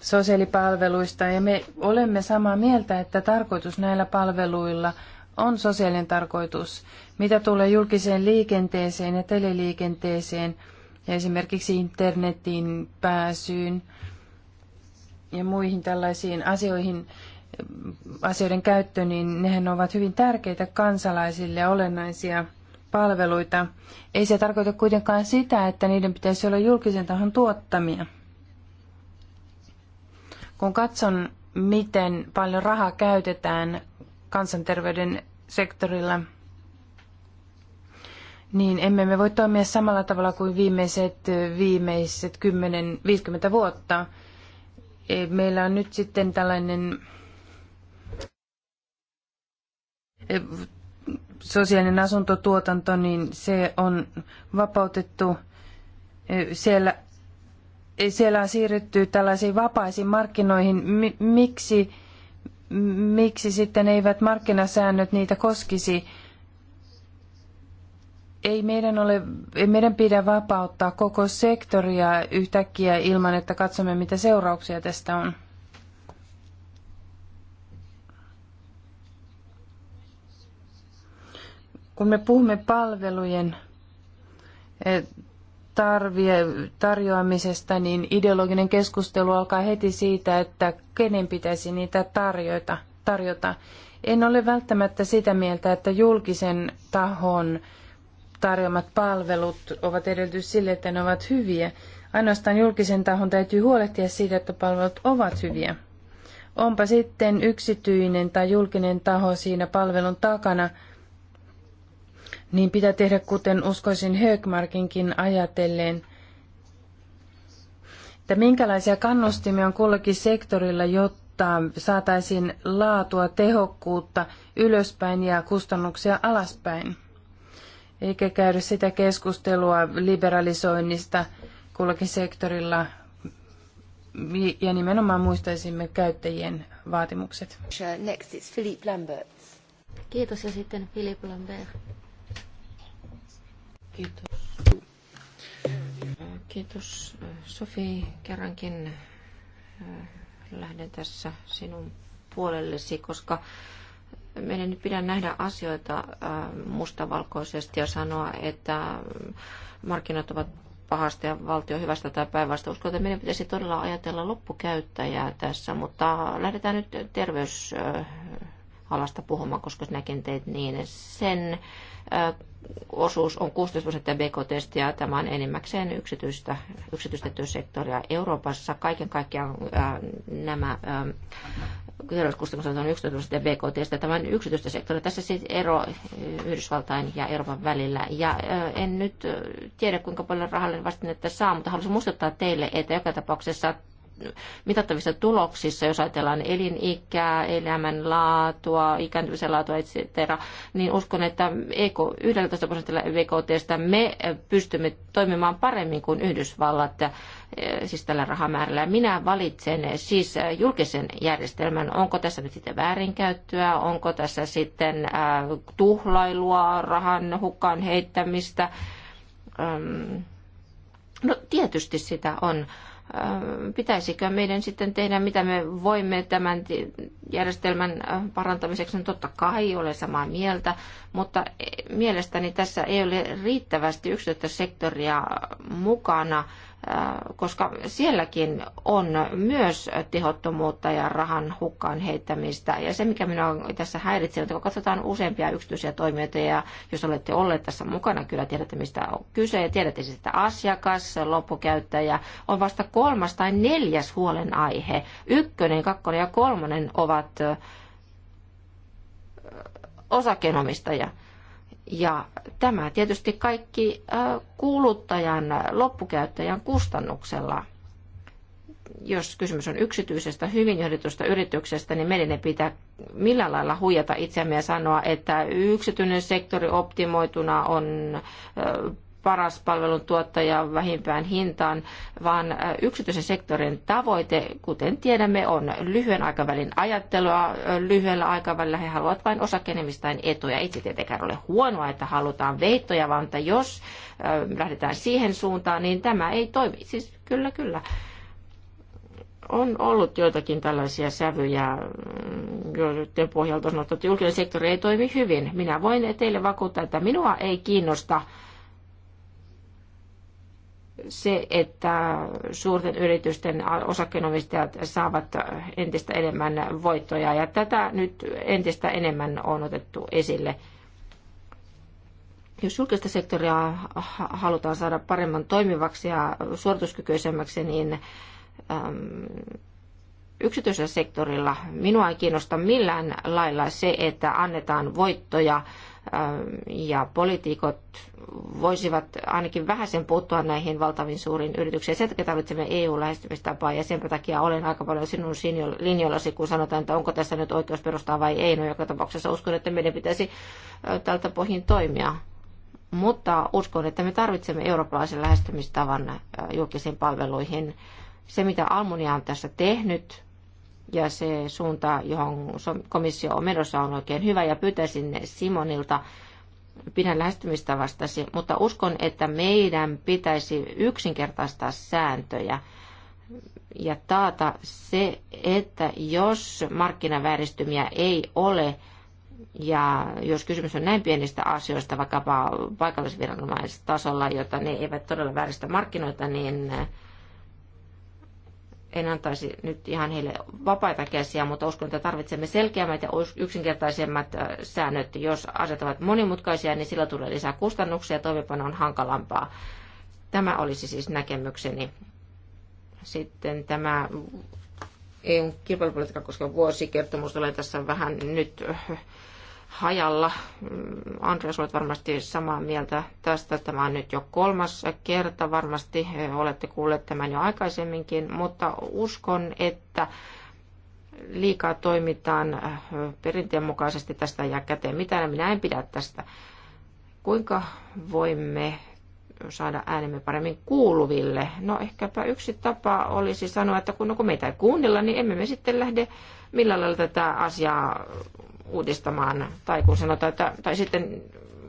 sosiaalipalveluista ja me olemme samaa mieltä, että tarkoitus näillä palveluilla on sosiaalinen tarkoitus. Mitä tulee julkiseen liikenteeseen ja teleliikenteeseen ja esimerkiksi internetin pääsyyn ja muihin tällaisiin asioihin, asioiden käyttö, niin nehän ovat hyvin tärkeitä kansalaisille ja olennaisia palveluita. Ei se tarkoita kuitenkaan sitä, että niiden pitäisi olla julkisen tahon tuottamia. Kun katson, miten paljon rahaa käytetään kansanterveyden sektorilla, niin emme me voi toimia samalla tavalla kuin viimeiset, viimeiset 10, 50 vuotta. Meillä on nyt sitten tällainen sosiaalinen asuntotuotanto, niin se on vapautettu siellä siellä on siirrytty tällaisiin vapaisiin markkinoihin. miksi, miksi sitten eivät markkinasäännöt niitä koskisi? Ei meidän, ole, ei meidän pidä vapauttaa koko sektoria yhtäkkiä ilman, että katsomme, mitä seurauksia tästä on. Kun me puhumme palvelujen eh, tarjoamisesta, niin ideologinen keskustelu alkaa heti siitä, että kenen pitäisi niitä tarjota. tarjota. En ole välttämättä sitä mieltä, että julkisen tahon tarjoamat palvelut ovat edellytys sille, että ne ovat hyviä. Ainoastaan julkisen tahon täytyy huolehtia siitä, että palvelut ovat hyviä. Onpa sitten yksityinen tai julkinen taho siinä palvelun takana – niin pitää tehdä kuten uskoisin Högmarkinkin ajatellen, että minkälaisia kannustimia on kullakin sektorilla, jotta saataisiin laatua, tehokkuutta ylöspäin ja kustannuksia alaspäin. Eikä käydä sitä keskustelua liberalisoinnista kullakin sektorilla ja nimenomaan muistaisimme käyttäjien vaatimukset. Next is Philippe Lambert. Kiitos ja sitten Philippe Lambert. Kiitos. Kiitos Sofi kerrankin. Äh, lähden tässä sinun puolellesi, koska meidän nyt pidä nähdä asioita äh, mustavalkoisesti ja sanoa, että markkinat ovat pahasta ja valtio hyvästä tai päinvastoin. Uskon, että meidän pitäisi todella ajatella loppukäyttäjää tässä, mutta lähdetään nyt terveysalasta äh, puhumaan, koska sinäkin teit niin. Sen osuus on 16 prosenttia BKT ja tämä on enimmäkseen yksityistä, yksityistä työsektoria Euroopassa. Kaiken kaikkiaan ää, nämä ää, on 11 prosenttia BKT. Tämä on yksityistä sektoria. Tässä siis ero Yhdysvaltain ja Euroopan välillä. Ja ää, en nyt tiedä, kuinka paljon rahalle vastinetta saa, mutta haluaisin muistuttaa teille, että joka tapauksessa mitattavissa tuloksissa, jos ajatellaan elinikää, elämänlaatua, ikääntymisen laatua, etc., niin uskon, että EK, 11 prosentilla VKTstä e me pystymme toimimaan paremmin kuin Yhdysvallat eh, siis tällä rahamäärällä. Minä valitsen siis julkisen järjestelmän. Onko tässä nyt sitten väärinkäyttöä, onko tässä sitten eh, tuhlailua, rahan hukkaan heittämistä. No tietysti sitä on pitäisikö meidän sitten tehdä, mitä me voimme tämän järjestelmän parantamiseksi, no totta kai ole samaa mieltä, mutta e, mielestäni tässä ei ole riittävästi yksityistä sektoria mukana koska sielläkin on myös tehottomuutta ja rahan hukkaan heittämistä. Ja se, mikä minua tässä häiritsee, että kun katsotaan useampia yksityisiä toimijoita, ja jos olette olleet tässä mukana, kyllä tiedätte, mistä on kyse, ja tiedätte siis, että asiakas, loppukäyttäjä on vasta kolmas tai neljäs huolenaihe. Ykkönen, kakkonen ja kolmonen ovat osakenomistajia. Ja tämä tietysti kaikki äh, kuluttajan, loppukäyttäjän kustannuksella. Jos kysymys on yksityisestä, hyvin johdetusta yrityksestä, niin meidän ei pitää millään lailla huijata itseämme ja sanoa, että yksityinen sektori optimoituna on äh, paras palvelun tuottaja vähimpään hintaan, vaan äh, yksityisen sektorin tavoite, kuten tiedämme, on lyhyen aikavälin ajattelua. Äh, lyhyellä aikavälillä he haluavat vain osakenemistain etuja. Itse tietenkään ole huonoa, että halutaan veittoja, vaan että jos äh, lähdetään siihen suuntaan, niin tämä ei toimi. Siis kyllä, kyllä on ollut joitakin tällaisia sävyjä, mm, joiden pohjalta on sanottu, että julkinen sektori ei toimi hyvin. Minä voin teille vakuuttaa, että minua ei kiinnosta se, että suurten yritysten osakkeenomistajat saavat entistä enemmän voittoja. Ja tätä nyt entistä enemmän on otettu esille. Jos julkista sektoria halutaan saada paremman toimivaksi ja suorituskykyisemmäksi, niin yksityisellä sektorilla minua ei kiinnosta millään lailla se, että annetaan voittoja – ja poliitikot voisivat ainakin vähäisen puuttua näihin valtavin suuriin yrityksiin. Sen takia tarvitsemme EU-lähestymistapaa ja sen takia olen aika paljon sinun linjoillasi, kun sanotaan, että onko tässä nyt oikeus perustaa vai ei. No joka tapauksessa uskon, että meidän pitäisi tältä pohjin toimia. Mutta uskon, että me tarvitsemme eurooppalaisen lähestymistavan julkisiin palveluihin. Se, mitä Almunia on tässä tehnyt, ja se suunta, johon komissio on menossa, on oikein hyvä ja pyytäisin Simonilta, pidän lähestymistavastasi, mutta uskon, että meidän pitäisi yksinkertaistaa sääntöjä ja taata se, että jos markkinavääristymiä ei ole, ja jos kysymys on näin pienistä asioista, vaikkapa paikallisviranomaistasolla, jota ne eivät todella vääristä markkinoita, niin en antaisi nyt ihan heille vapaita käsiä, mutta uskon, että tarvitsemme selkeämmät ja yksinkertaisemmat säännöt. Jos asiat ovat monimutkaisia, niin sillä tulee lisää kustannuksia ja toimipano on hankalampaa. Tämä olisi siis näkemykseni. Sitten tämä eu kilpailupolitiikka koskeva vuosikertomus, olen tässä vähän nyt hajalla. Andreas, olet varmasti samaa mieltä tästä. Tämä on nyt jo kolmas kerta. Varmasti olette kuulleet tämän jo aikaisemminkin, mutta uskon, että liikaa toimitaan perinteen mukaisesti tästä ja käteen. Mitä minä en pidä tästä. Kuinka voimme saada äänemme paremmin kuuluville? No ehkäpä yksi tapa olisi sanoa, että kun, no, kun meitä ei kuunnella, niin emme me sitten lähde millä lailla tätä asiaa uudistamaan. Tai kun sanotaan, että, tai sitten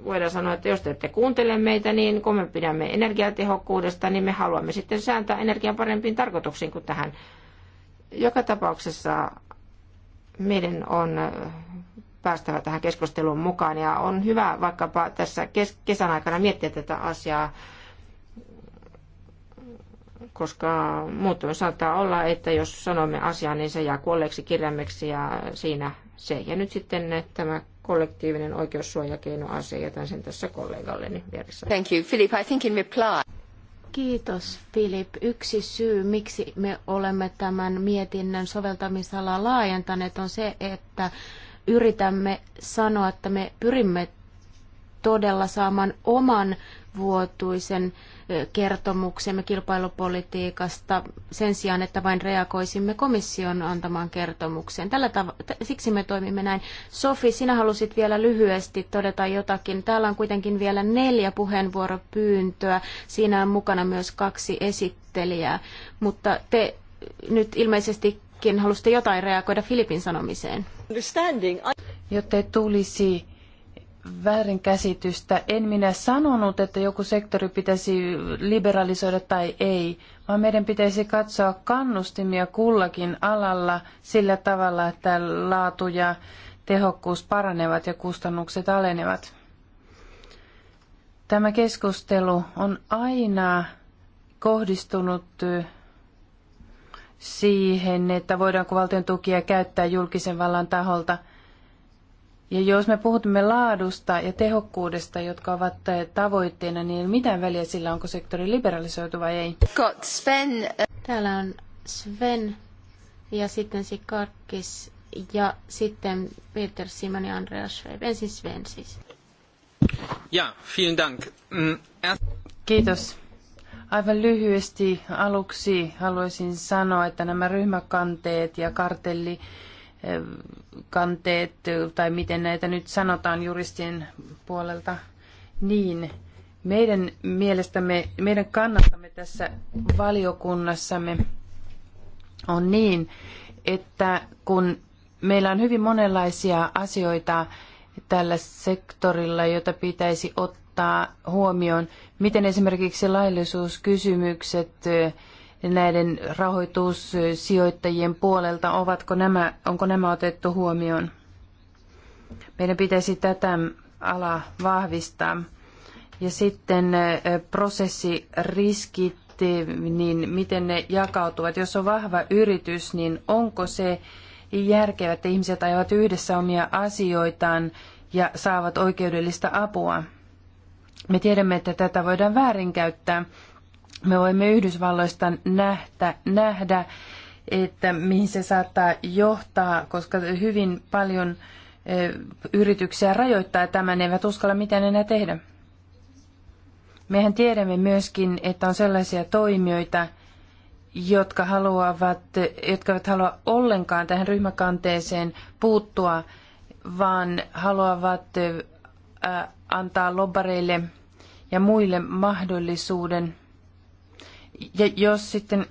voidaan sanoa, että jos te ette kuuntele meitä, niin kun me pidämme energiatehokkuudesta, niin me haluamme sitten sääntää energian parempiin tarkoituksiin kuin tähän. Joka tapauksessa meidän on äh, päästävä tähän keskusteluun mukaan ja on hyvä vaikkapa tässä kes- kesän aikana miettiä tätä asiaa, koska muuttuminen saattaa olla, että jos sanomme asiaa, niin se jää kuolleeksi kirjaimeksi ja siinä se. Ja nyt sitten tämä kollektiivinen oikeussuojakeinoasia, jätän sen tässä kollegalleni vieressä. Thank you. Philip, I think in reply. Kiitos Filip. Yksi syy, miksi me olemme tämän mietinnön soveltamisalaa laajentaneet, on se, että yritämme sanoa, että me pyrimme todella saamaan oman vuotuisen kertomuksemme kilpailupolitiikasta sen sijaan, että vain reagoisimme komission antamaan kertomukseen. Tällä tav- siksi me toimimme näin. Sofi, sinä halusit vielä lyhyesti todeta jotakin. Täällä on kuitenkin vielä neljä puheenvuoropyyntöä. Siinä on mukana myös kaksi esittelijää, mutta te nyt ilmeisestikin halusitte jotain reagoida Filipin sanomiseen. Jotta tulisi väärinkäsitystä. En minä sanonut, että joku sektori pitäisi liberalisoida tai ei, vaan meidän pitäisi katsoa kannustimia kullakin alalla sillä tavalla, että laatu ja tehokkuus paranevat ja kustannukset alenevat. Tämä keskustelu on aina kohdistunut siihen, että voidaanko valtion tukia käyttää julkisen vallan taholta – ja jos me puhutamme laadusta ja tehokkuudesta, jotka ovat eh, tavoitteena, niin mitä väliä sillä onko sektori liberalisoitu vai ei? Got Sven. Eh, Täällä on Sven ja sitten Sikarkis ja sitten Peter Simon ja Andreas Schweib. Ensin Sven siis. Ja, vielen dank. Mm, er- Kiitos. Aivan lyhyesti aluksi haluaisin sanoa, että nämä ryhmäkanteet ja kartelli kanteet, tai miten näitä nyt sanotaan juristien puolelta, niin meidän mielestämme, meidän kannattamme tässä valiokunnassamme on niin, että kun meillä on hyvin monenlaisia asioita tällä sektorilla, jota pitäisi ottaa huomioon, miten esimerkiksi laillisuuskysymykset, näiden rahoitussijoittajien puolelta, ovatko nämä, onko nämä otettu huomioon. Meidän pitäisi tätä alaa vahvistaa. Ja sitten prosessiriskit, niin miten ne jakautuvat. Jos on vahva yritys, niin onko se järkevä, että ihmiset ajavat yhdessä omia asioitaan ja saavat oikeudellista apua? Me tiedämme, että tätä voidaan väärinkäyttää me voimme Yhdysvalloista nähdä, nähdä että mihin se saattaa johtaa, koska hyvin paljon yrityksiä rajoittaa tämän, eivät uskalla mitään enää tehdä. Mehän tiedämme myöskin, että on sellaisia toimijoita, jotka, haluavat, jotka eivät halua ollenkaan tähän ryhmäkanteeseen puuttua, vaan haluavat antaa lobbareille ja muille mahdollisuuden ja jos sitten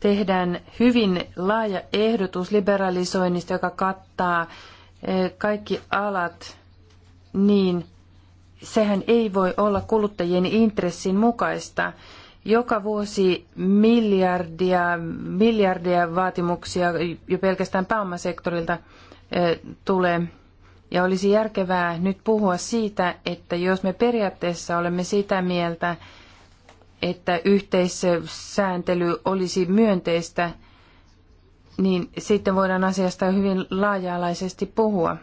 tehdään hyvin laaja ehdotus liberalisoinnista, joka kattaa eh, kaikki alat, niin sehän ei voi olla kuluttajien intressin mukaista. Joka vuosi miljardia, miljardia vaatimuksia jo pelkästään pääomasektorilta eh, tulee. Ja olisi järkevää nyt puhua siitä, että jos me periaatteessa olemme sitä mieltä, että yhteissääntely olisi myönteistä, niin sitten voidaan asiasta hyvin laaja-alaisesti puhua.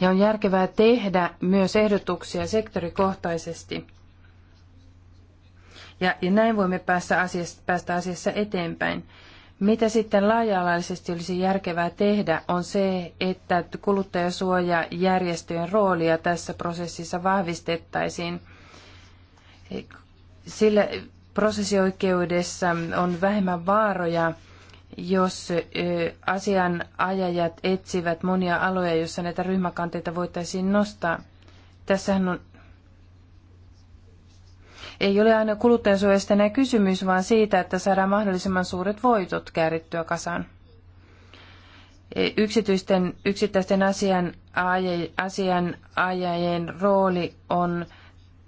Ja on järkevää tehdä myös ehdotuksia sektorikohtaisesti. Ja, ja näin voimme päästä asiassa, päästä asiassa eteenpäin. Mitä sitten laaja-alaisesti olisi järkevää tehdä, on se, että kuluttajasuojajärjestöjen roolia tässä prosessissa vahvistettaisiin. Sillä prosessioikeudessa on vähemmän vaaroja, jos asianajajat etsivät monia aloja, joissa näitä ryhmäkanteita voitaisiin nostaa. Tässähän on ei ole aina kuluttajansuojasta enää kysymys, vaan siitä, että saadaan mahdollisimman suuret voitot käärittyä kasaan. E, yksityisten, yksittäisten asian, asianajajien rooli on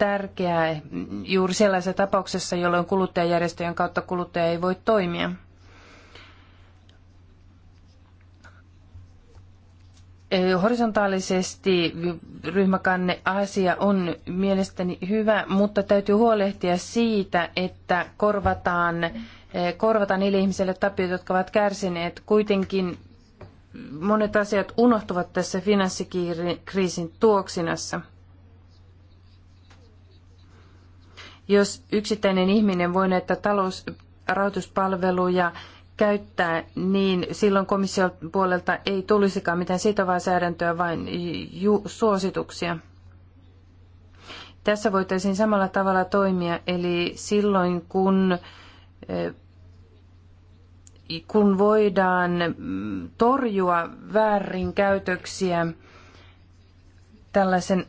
tärkeää juuri sellaisessa tapauksessa, jolloin kuluttajajärjestöjen kautta kuluttaja ei voi toimia. horisontaalisesti ryhmäkanne asia on mielestäni hyvä, mutta täytyy huolehtia siitä, että korvataan, korvataan niille ihmisille tapiot, jotka ovat kärsineet. Kuitenkin monet asiat unohtuvat tässä finanssikriisin tuoksinassa. Jos yksittäinen ihminen voi näitä talousrahoituspalveluja käyttää, niin silloin komission puolelta ei tulisikaan mitään sitovaa säädäntöä, vaan suosituksia. Tässä voitaisiin samalla tavalla toimia, eli silloin kun, eh, kun voidaan mm, torjua väärinkäytöksiä tällaisen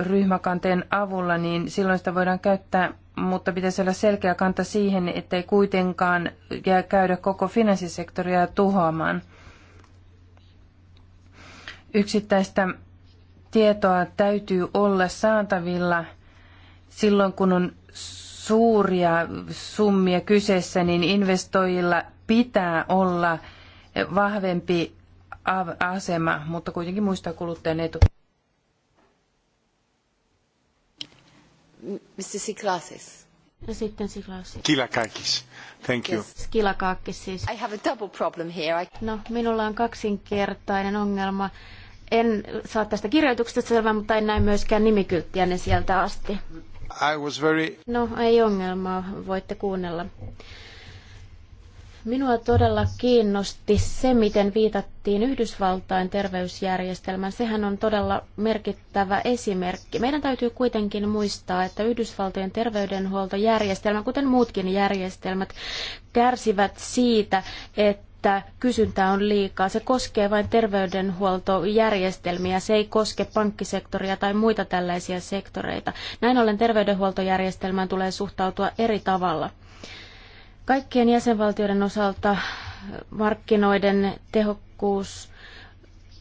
ryhmäkanteen avulla, niin silloin sitä voidaan käyttää, mutta pitäisi olla selkeä kanta siihen, ettei kuitenkaan jää käydä koko finanssisektoria tuhoamaan. Yksittäistä tietoa täytyy olla saatavilla silloin, kun on suuria summia kyseessä, niin investoijilla pitää olla vahvempi asema, mutta kuitenkin muistaa kuluttajan etu. Mr. Siklasis. Ja sitten Siklasis. Kilakakis. Thank you. Yes. Kilakakis siis. I have a double problem here. I... No, minulla on kaksinkertainen ongelma. En saa tästä kirjoituksesta selvää, mutta en näe myöskään nimikylttiänne sieltä asti. I was very... No, ei ongelmaa, voitte kuunnella. Minua todella kiinnosti se, miten viitattiin Yhdysvaltain terveysjärjestelmän. Sehän on todella merkittävä esimerkki. Meidän täytyy kuitenkin muistaa, että Yhdysvaltojen terveydenhuoltojärjestelmä, kuten muutkin järjestelmät, kärsivät siitä, että kysyntää on liikaa. Se koskee vain terveydenhuoltojärjestelmiä, se ei koske pankkisektoria tai muita tällaisia sektoreita. Näin ollen terveydenhuoltojärjestelmään tulee suhtautua eri tavalla. Kaikkien jäsenvaltioiden osalta markkinoiden tehokkuus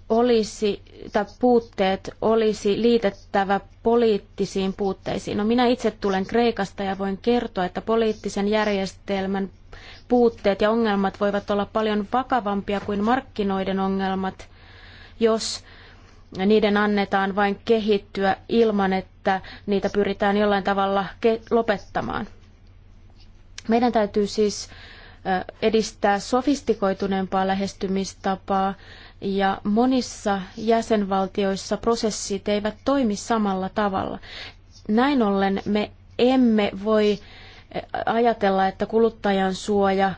olisi, tai puutteet olisi liitettävä poliittisiin puutteisiin. No minä itse tulen Kreikasta ja voin kertoa, että poliittisen järjestelmän puutteet ja ongelmat voivat olla paljon vakavampia kuin markkinoiden ongelmat, jos niiden annetaan vain kehittyä ilman, että niitä pyritään jollain tavalla lopettamaan. Meidän täytyy siis edistää sofistikoituneempaa lähestymistapaa ja monissa jäsenvaltioissa prosessit eivät toimi samalla tavalla. Näin ollen me emme voi ajatella, että kuluttajan suoja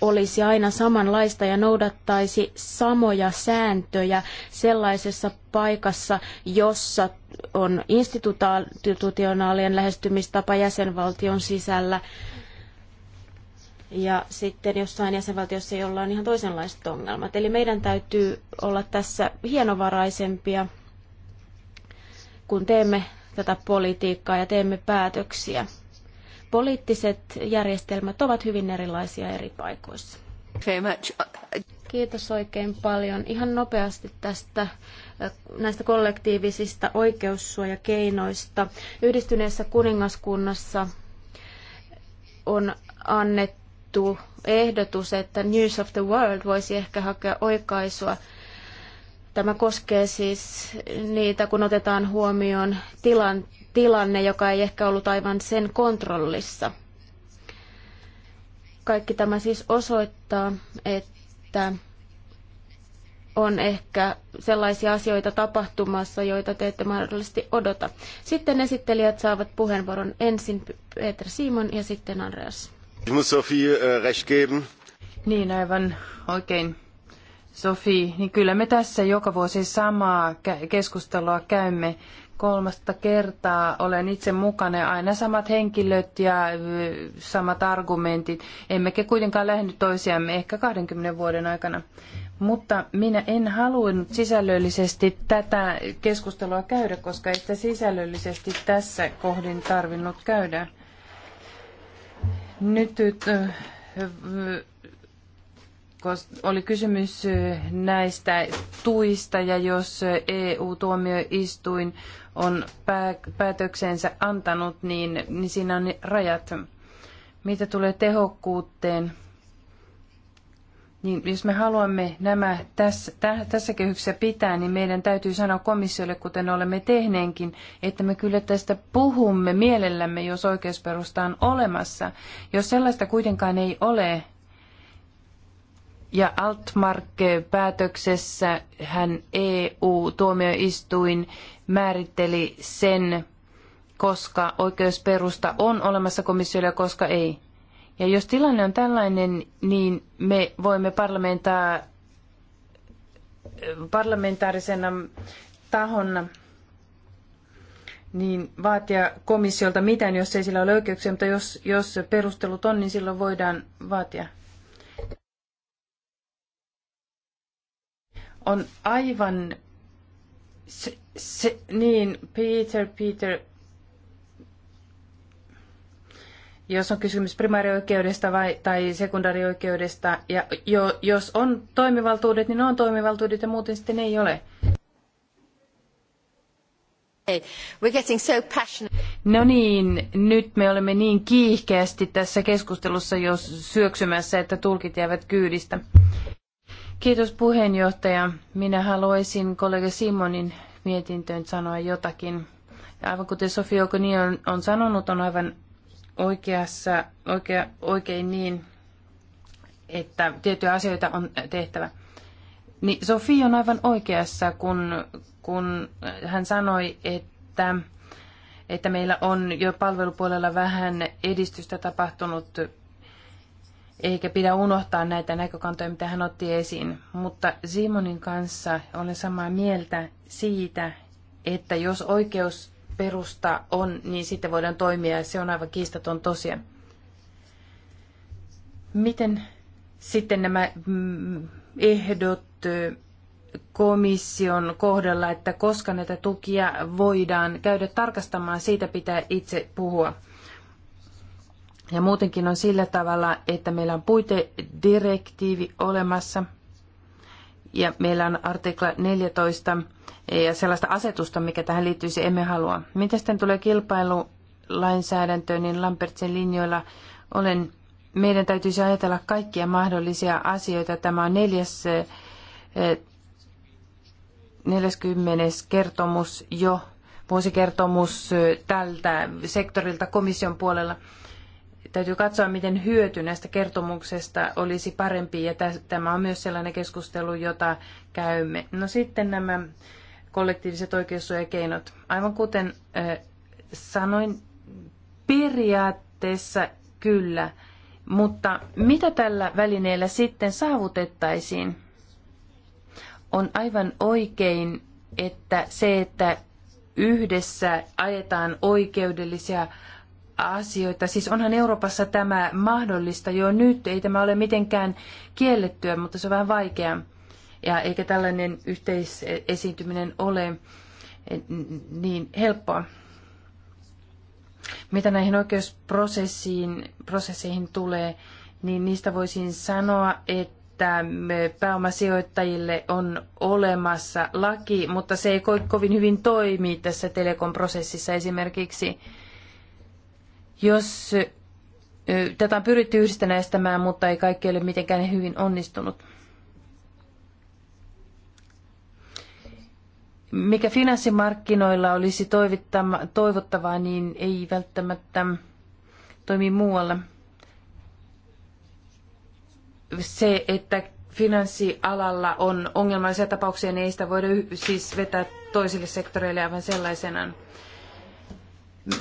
olisi aina samanlaista ja noudattaisi samoja sääntöjä sellaisessa paikassa, jossa on institutionaalinen lähestymistapa jäsenvaltion sisällä ja sitten jossain jäsenvaltiossa, jolla on ihan toisenlaiset ongelmat. Eli meidän täytyy olla tässä hienovaraisempia, kun teemme tätä politiikkaa ja teemme päätöksiä. Poliittiset järjestelmät ovat hyvin erilaisia eri paikoissa. Kiitos oikein paljon. Ihan nopeasti tästä näistä kollektiivisista oikeussuojakeinoista. Yhdistyneessä kuningaskunnassa on annettu tuttu ehdotus, että News of the World voisi ehkä hakea oikaisua. Tämä koskee siis niitä, kun otetaan huomioon tilan, tilanne, joka ei ehkä ollut aivan sen kontrollissa. Kaikki tämä siis osoittaa, että on ehkä sellaisia asioita tapahtumassa, joita te ette mahdollisesti odota. Sitten esittelijät saavat puheenvuoron ensin Peter Simon ja sitten Andreas. Ich muss Sophie äh, recht geben. Niin aivan oikein. Sofi, niin kyllä me tässä joka vuosi samaa keskustelua käymme. Kolmasta kertaa olen itse mukana aina samat henkilöt ja äh, samat argumentit. Emmekä kuitenkaan lähde toisiamme ehkä 20 vuoden aikana. Mutta minä en halunnut sisällöllisesti tätä keskustelua käydä, koska ei sitä sisällöllisesti tässä kohdin tarvinnut käydä. Nyt oli kysymys näistä tuista ja jos EU-tuomioistuin on päätöksensä antanut, niin, niin siinä on rajat. Mitä tulee tehokkuuteen, niin jos me haluamme nämä tässä, tässä kehyksessä pitää, niin meidän täytyy sanoa komissiolle, kuten olemme tehneenkin, että me kyllä tästä puhumme mielellämme, jos oikeusperusta on olemassa. Jos sellaista kuitenkaan ei ole, ja Altmark-päätöksessä hän EU-tuomioistuin määritteli sen, koska oikeusperusta on olemassa komissiolle ja koska ei. Ja jos tilanne on tällainen, niin me voimme parlamentaa, parlamentaarisena tahona niin vaatia komissiolta mitään, jos ei sillä ole oikeuksia, mutta jos, jos perustelut on, niin silloin voidaan vaatia. On aivan se, se, niin, Peter, Peter, jos on kysymys primäärioikeudesta vai, tai sekundaarioikeudesta. Ja jo, jos on toimivaltuudet, niin on toimivaltuudet ja muuten sitten ei ole. We're getting so passionate. No niin, nyt me olemme niin kiihkeästi tässä keskustelussa jo syöksymässä, että tulkit jäävät kyydistä. Kiitos puheenjohtaja. Minä haluaisin kollega Simonin mietintöön sanoa jotakin. Aivan kuten Sofia Okoni on, on sanonut, on aivan oikeassa, oikea, oikein niin, että tiettyjä asioita on tehtävä. Niin Sofi on aivan oikeassa, kun, kun hän sanoi, että, että meillä on jo palvelupuolella vähän edistystä tapahtunut, eikä pidä unohtaa näitä näkökantoja, mitä hän otti esiin. Mutta Simonin kanssa olen samaa mieltä siitä, että jos oikeus perusta on, niin sitten voidaan toimia ja se on aivan kiistaton tosiaan. Miten sitten nämä mm, ehdot komission kohdalla, että koska näitä tukia voidaan käydä tarkastamaan, siitä pitää itse puhua. Ja muutenkin on sillä tavalla, että meillä on puitedirektiivi olemassa ja meillä on artikla 14 ja sellaista asetusta, mikä tähän liittyisi, emme halua. Mitä sitten tulee kilpailulainsäädäntöön, niin Lampertsen linjoilla olen, meidän täytyisi ajatella kaikkia mahdollisia asioita. Tämä on neljäs, 40. Eh, kertomus jo, vuosikertomus eh, tältä sektorilta komission puolella. Täytyy katsoa, miten hyöty näistä kertomuksesta olisi parempi, ja tämä on myös sellainen keskustelu, jota käymme. No sitten nämä kollektiiviset oikeussuojakeinot. Aivan kuten sanoin, periaatteessa kyllä, mutta mitä tällä välineellä sitten saavutettaisiin? On aivan oikein, että se, että yhdessä ajetaan oikeudellisia asioita. Siis onhan Euroopassa tämä mahdollista jo nyt, ei tämä ole mitenkään kiellettyä, mutta se on vähän vaikeaa ja eikä tällainen yhteisesiintyminen ole eh, niin helppoa. Mitä näihin oikeusprosessiin prosesseihin tulee, niin niistä voisin sanoa, että että pääomasijoittajille on olemassa laki, mutta se ei ko- kovin hyvin toimi tässä telekomprosessissa esimerkiksi. Jos eh, tätä on pyritty yhdistämään, mutta ei kaikki ole mitenkään hyvin onnistunut. mikä finanssimarkkinoilla olisi toivottavaa, niin ei välttämättä toimi muualla. Se, että finanssialalla on ongelmallisia tapauksia, niin ei sitä voida siis vetää toisille sektoreille aivan sellaisenaan.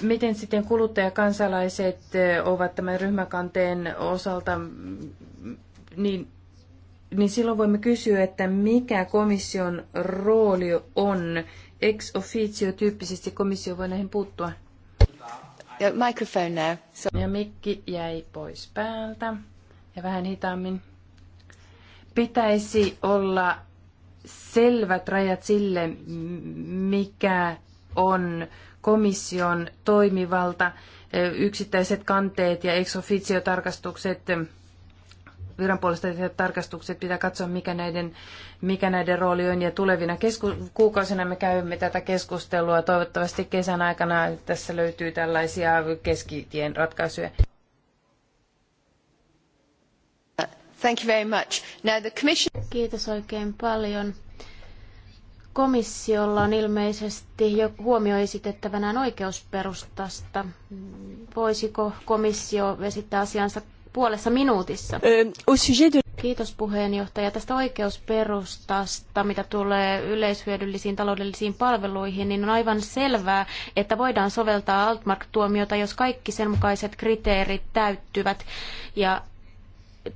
Miten sitten kuluttajakansalaiset ovat tämän ryhmäkanteen osalta, niin niin silloin voimme kysyä, että mikä komission rooli on ex officio tyyppisesti komissio voi näihin puuttua. The microphone now. So. Ja mikki jäi pois päältä ja vähän hitaammin. Pitäisi olla selvät rajat sille, mikä on komission toimivalta, yksittäiset kanteet ja ex officio tarkastukset viran puolesta tehdä tarkastukset pitää katsoa, mikä näiden, mikä näiden rooli on. Ja tulevina kesku- kuukausina me käymme tätä keskustelua. Toivottavasti kesän aikana tässä löytyy tällaisia keskitien ratkaisuja. Thank you very much. Now the commission... Kiitos oikein paljon. Komissiolla on ilmeisesti jo huomio esitettävänään oikeusperustasta. Voisiko komissio esittää asiansa puolessa minuutissa. Kiitos puheenjohtaja tästä oikeusperustasta, mitä tulee yleishyödyllisiin taloudellisiin palveluihin, niin on aivan selvää, että voidaan soveltaa Altmark-tuomiota, jos kaikki sen mukaiset kriteerit täyttyvät ja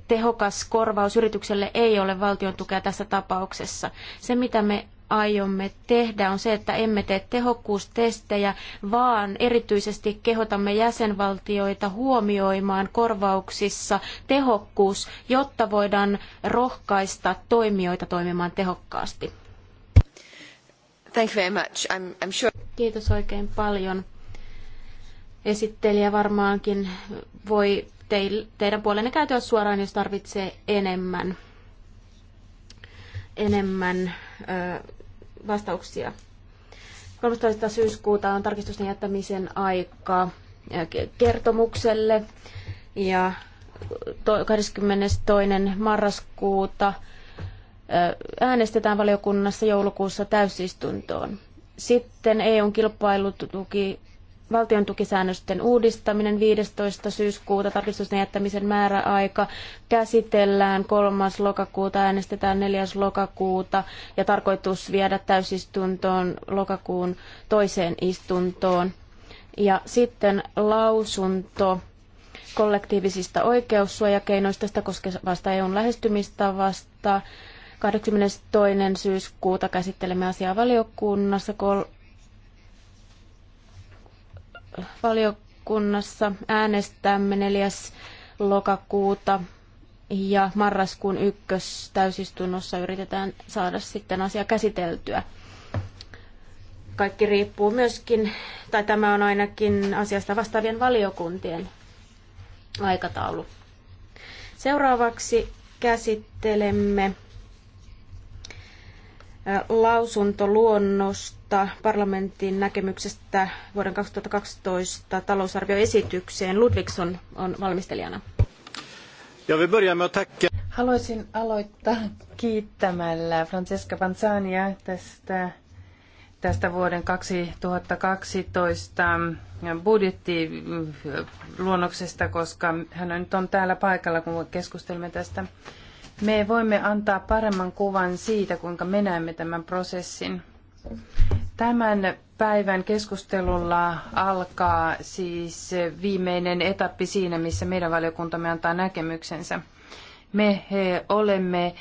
tehokas korvaus yritykselle ei ole valtion tukea tässä tapauksessa. Se, mitä me aiomme tehdä, on se, että emme tee tehokkuustestejä, vaan erityisesti kehotamme jäsenvaltioita huomioimaan korvauksissa tehokkuus, jotta voidaan rohkaista toimijoita toimimaan tehokkaasti. Thank you very much. I'm, I'm sure... Kiitos oikein paljon. Esittelijä varmaankin voi teil, teidän puolenne käytyä suoraan, jos tarvitsee enemmän enemmän vastauksia. 13. syyskuuta on tarkistusten jättämisen aika kertomukselle ja 22. marraskuuta äänestetään valiokunnassa joulukuussa täysistuntoon. Sitten EUn kilpailutuki valtion tukisäännösten uudistaminen 15. syyskuuta, tarkistusten jättämisen määräaika, käsitellään 3. lokakuuta, äänestetään 4. lokakuuta ja tarkoitus viedä täysistuntoon lokakuun toiseen istuntoon. Ja sitten lausunto kollektiivisista oikeussuojakeinoista, sitä koskevasta EUn lähestymistavasta. 22. syyskuuta käsittelemme asiaa valiokunnassa, valiokunnassa äänestämme 4. lokakuuta ja marraskuun ykkös täysistunnossa yritetään saada sitten asia käsiteltyä. Kaikki riippuu myöskin, tai tämä on ainakin asiasta vastaavien valiokuntien aikataulu. Seuraavaksi käsittelemme lausuntoluonnosta parlamentin näkemyksestä vuoden 2012 talousarvioesitykseen. Ludvigson on valmistelijana. Ja vi börjar med att tacka. Haluaisin aloittaa kiittämällä Francesca Panzania tästä, tästä vuoden 2012 budjettiluonnoksesta, koska hän nyt on täällä paikalla, kun keskustelemme tästä me voimme antaa paremman kuvan siitä, kuinka me näemme tämän prosessin. Tämän päivän keskustelulla alkaa siis viimeinen etappi siinä, missä meidän valiokuntamme antaa näkemyksensä. Me olemme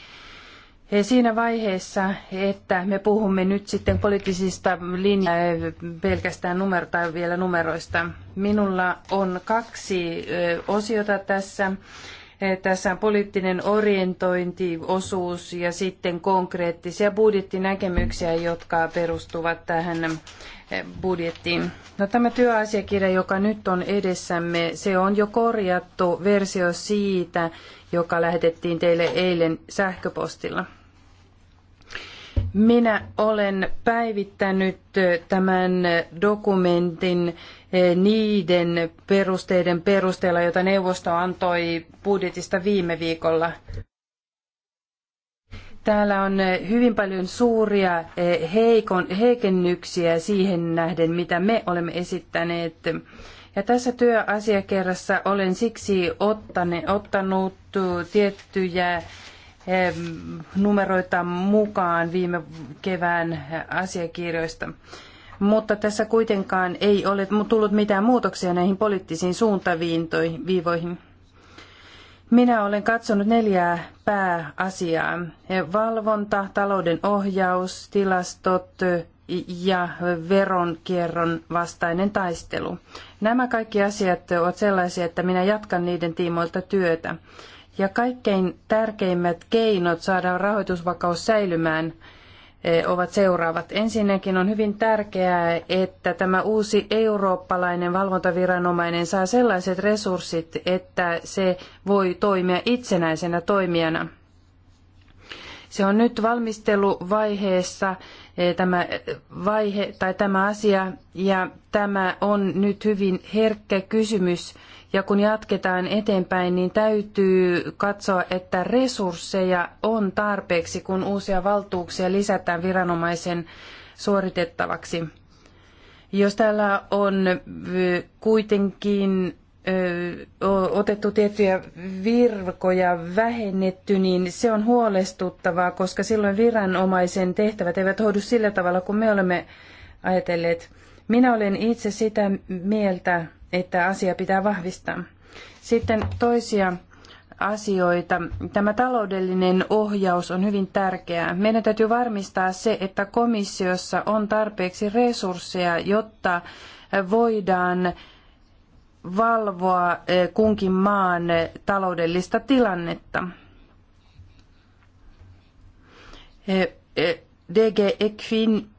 siinä vaiheessa, että me puhumme nyt sitten poliittisista linjoista pelkästään numero tai vielä numeroista. Minulla on kaksi osiota tässä tässä on poliittinen orientointiosuus ja sitten konkreettisia budjettinäkemyksiä, jotka perustuvat tähän eh, budjettiin. No, tämä työasiakirja, joka nyt on edessämme, se on jo korjattu versio siitä, joka lähetettiin teille eilen sähköpostilla. Minä olen päivittänyt tämän dokumentin eh, niiden perusteiden perusteella, jota neuvosto antoi budjetista viime viikolla. Täällä on eh, hyvin paljon suuria eh, heikon, heikennyksiä siihen nähden, mitä me olemme esittäneet. Ja tässä työasiakerrassa olen siksi ottane, ottanut tiettyjä numeroita mukaan viime kevään asiakirjoista. Mutta tässä kuitenkaan ei ole tullut mitään muutoksia näihin poliittisiin suuntaviivoihin. Minä olen katsonut neljää pääasiaa. Valvonta, talouden ohjaus, tilastot ja veronkierron vastainen taistelu. Nämä kaikki asiat ovat sellaisia, että minä jatkan niiden tiimoilta työtä. Ja kaikkein tärkeimmät keinot saada rahoitusvakaus säilymään e, ovat seuraavat. Ensinnäkin on hyvin tärkeää, että tämä uusi eurooppalainen valvontaviranomainen saa sellaiset resurssit, että se voi toimia itsenäisenä toimijana. Se on nyt valmisteluvaiheessa e, tämä vaihe tai tämä asia ja tämä on nyt hyvin herkkä kysymys ja kun jatketaan eteenpäin, niin täytyy katsoa, että resursseja on tarpeeksi, kun uusia valtuuksia lisätään viranomaisen suoritettavaksi. Jos täällä on kuitenkin otettu tiettyjä virkoja vähennetty, niin se on huolestuttavaa, koska silloin viranomaisen tehtävät eivät hoidu sillä tavalla kuin me olemme ajatelleet. Minä olen itse sitä mieltä, että asia pitää vahvistaa. Sitten toisia asioita. Tämä taloudellinen ohjaus on hyvin tärkeää. Meidän täytyy varmistaa se, että komissiossa on tarpeeksi resursseja, jotta voidaan valvoa eh, kunkin maan taloudellista tilannetta. Eh, eh, DG Equin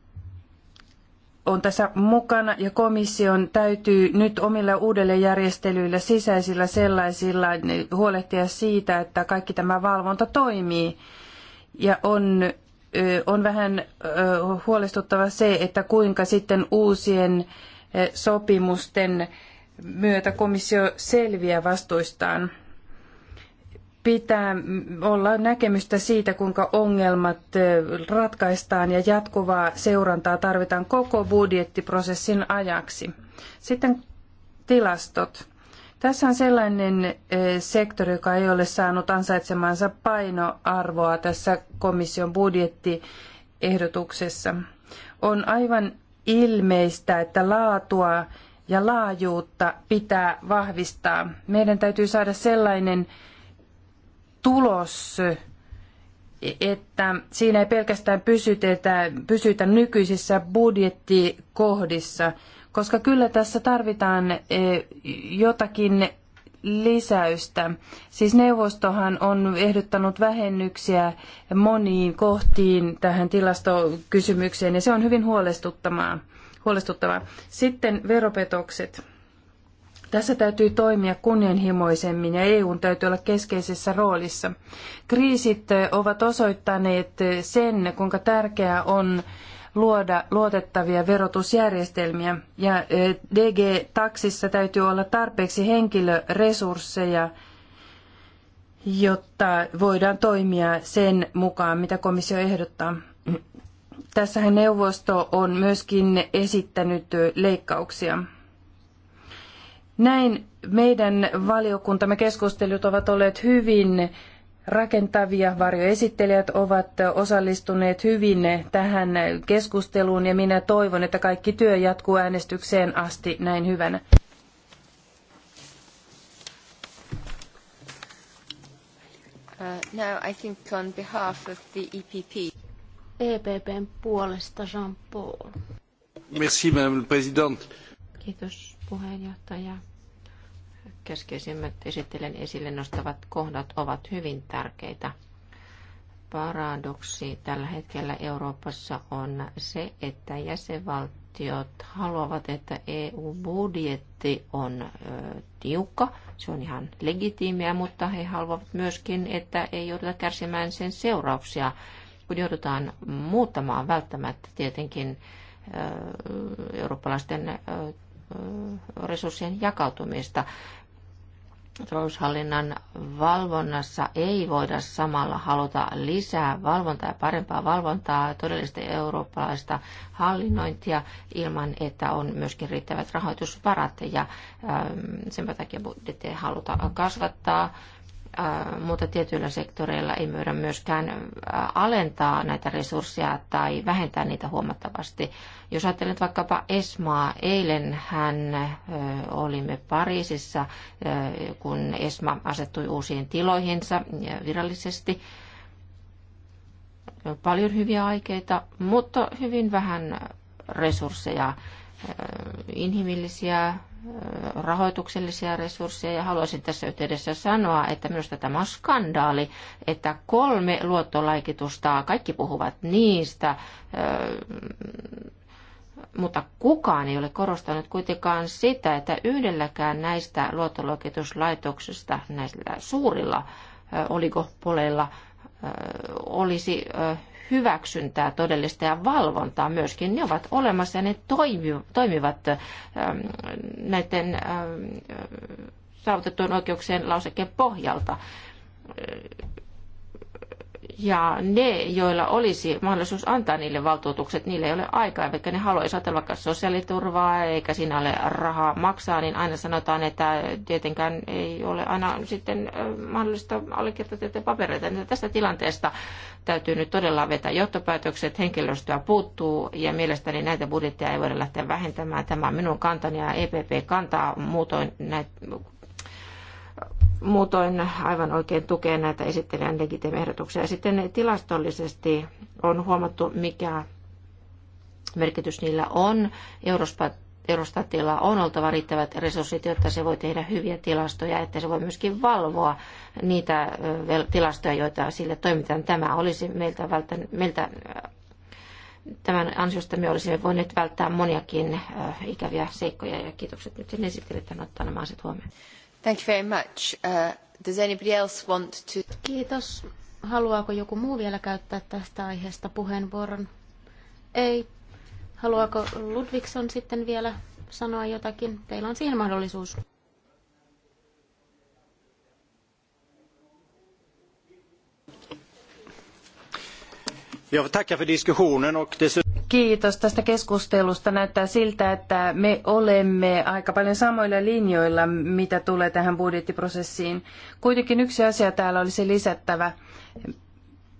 on tässä mukana ja komission täytyy nyt omilla uudelleenjärjestelyillä, sisäisillä sellaisilla, huolehtia siitä, että kaikki tämä valvonta toimii. Ja on, on vähän huolestuttava se, että kuinka sitten uusien sopimusten myötä komissio selviää vastuistaan pitää olla näkemystä siitä, kuinka ongelmat ratkaistaan ja jatkuvaa seurantaa tarvitaan koko budjettiprosessin ajaksi. Sitten tilastot. Tässä on sellainen sektori, joka ei ole saanut ansaitsemansa painoarvoa tässä komission budjettiehdotuksessa. On aivan ilmeistä, että laatua ja laajuutta pitää vahvistaa. Meidän täytyy saada sellainen tulos, että siinä ei pelkästään pysytetä, pysytä nykyisissä budjettikohdissa, koska kyllä tässä tarvitaan eh, jotakin lisäystä. Siis neuvostohan on ehdottanut vähennyksiä moniin kohtiin tähän tilastokysymykseen ja se on hyvin huolestuttavaa. huolestuttavaa. Sitten veropetokset. Tässä täytyy toimia kunnianhimoisemmin ja EUn täytyy olla keskeisessä roolissa. Kriisit ovat osoittaneet sen, kuinka tärkeää on luoda luotettavia verotusjärjestelmiä ja DG-taksissa täytyy olla tarpeeksi henkilöresursseja, jotta voidaan toimia sen mukaan, mitä komissio ehdottaa. Tässähän neuvosto on myöskin esittänyt leikkauksia. Näin meidän valiokuntamme keskustelut ovat olleet hyvin rakentavia. Varjoesittelijät ovat osallistuneet hyvin tähän keskusteluun ja minä toivon, että kaikki työ jatkuu äänestykseen asti näin hyvänä. Uh, now I think on behalf of the EPP. EPPn puolesta Jean-Paul. Merci, Madame la Présidente. Kiitos puheenjohtaja. Keskeisimmät esittelen esille nostavat kohdat ovat hyvin tärkeitä. Paradoksi tällä hetkellä Euroopassa on se, että jäsenvaltiot haluavat, että EU-budjetti on ö, tiukka. Se on ihan legitiimiä, mutta he haluavat myöskin, että ei jouduta kärsimään sen seurauksia, kun joudutaan muuttamaan välttämättä tietenkin eurooppalaisten resurssien jakautumista. Taloushallinnan valvonnassa ei voida samalla haluta lisää valvontaa ja parempaa valvontaa, todellista eurooppalaista hallinnointia ilman, että on myöskin riittävät rahoitusvarat ja sen takia budjettia haluta kasvattaa Äh, mutta tietyillä sektoreilla ei myydä myöskään äh, alentaa näitä resursseja tai vähentää niitä huomattavasti. Jos ajattelen nyt vaikkapa Esmaa, eilen hän äh, olimme Pariisissa, kun Esma asettui uusiin tiloihinsa virallisesti. Paljon hyviä aikeita, mutta hyvin vähän resursseja, inhimillisiä rahoituksellisia resursseja ja haluaisin tässä yhteydessä sanoa, että minusta tämä on skandaali, että kolme luottolaikitusta, kaikki puhuvat niistä, mutta kukaan ei ole korostanut kuitenkaan sitä, että yhdelläkään näistä luottoluokituslaitoksista, näillä suurilla oligopoleilla, olisi hyväksyntää todellista ja valvontaa myöskin. Ne ovat olemassa ja ne toimivat ähm, näiden ähm, saavutettujen oikeuksien lausekkeen pohjalta ja ne, joilla olisi mahdollisuus antaa niille valtuutukset, niille ei ole aikaa, eivätkä ne halua, jos ajatellaan vaikka sosiaaliturvaa, eikä siinä ole rahaa maksaa, niin aina sanotaan, että tietenkään ei ole aina sitten mahdollista allekirjoittaa papereita. Niin tästä tilanteesta täytyy nyt todella vetää johtopäätökset, henkilöstöä puuttuu, ja mielestäni näitä budjetteja ei voida lähteä vähentämään. Tämä on minun kantani ja EPP kantaa muutoin näitä muutoin aivan oikein tukee näitä esittelijän ja Sitten tilastollisesti on huomattu, mikä merkitys niillä on. Eurostatilla on oltava riittävät resurssit, jotta se voi tehdä hyviä tilastoja, että se voi myöskin valvoa niitä tilastoja, joita sille toimitaan. Tämä olisi meiltä, välttämättä, meiltä tämän ansiosta me olisimme voineet välttää moniakin ikäviä seikkoja ja kiitokset nyt sen esittelijät ottaa nämä asiat huomioon. Kiitos. Haluaako joku muu vielä käyttää tästä aiheesta puheenvuoron? Ei. Haluaako Ludvigson sitten vielä sanoa jotakin? Teillä on siihen mahdollisuus. Jag tackar för diskussionen och dessutom... Kiitos tästä keskustelusta. Näyttää siltä, että me olemme aika paljon samoilla linjoilla, mitä tulee tähän budjettiprosessiin. Kuitenkin yksi asia täällä olisi lisättävä.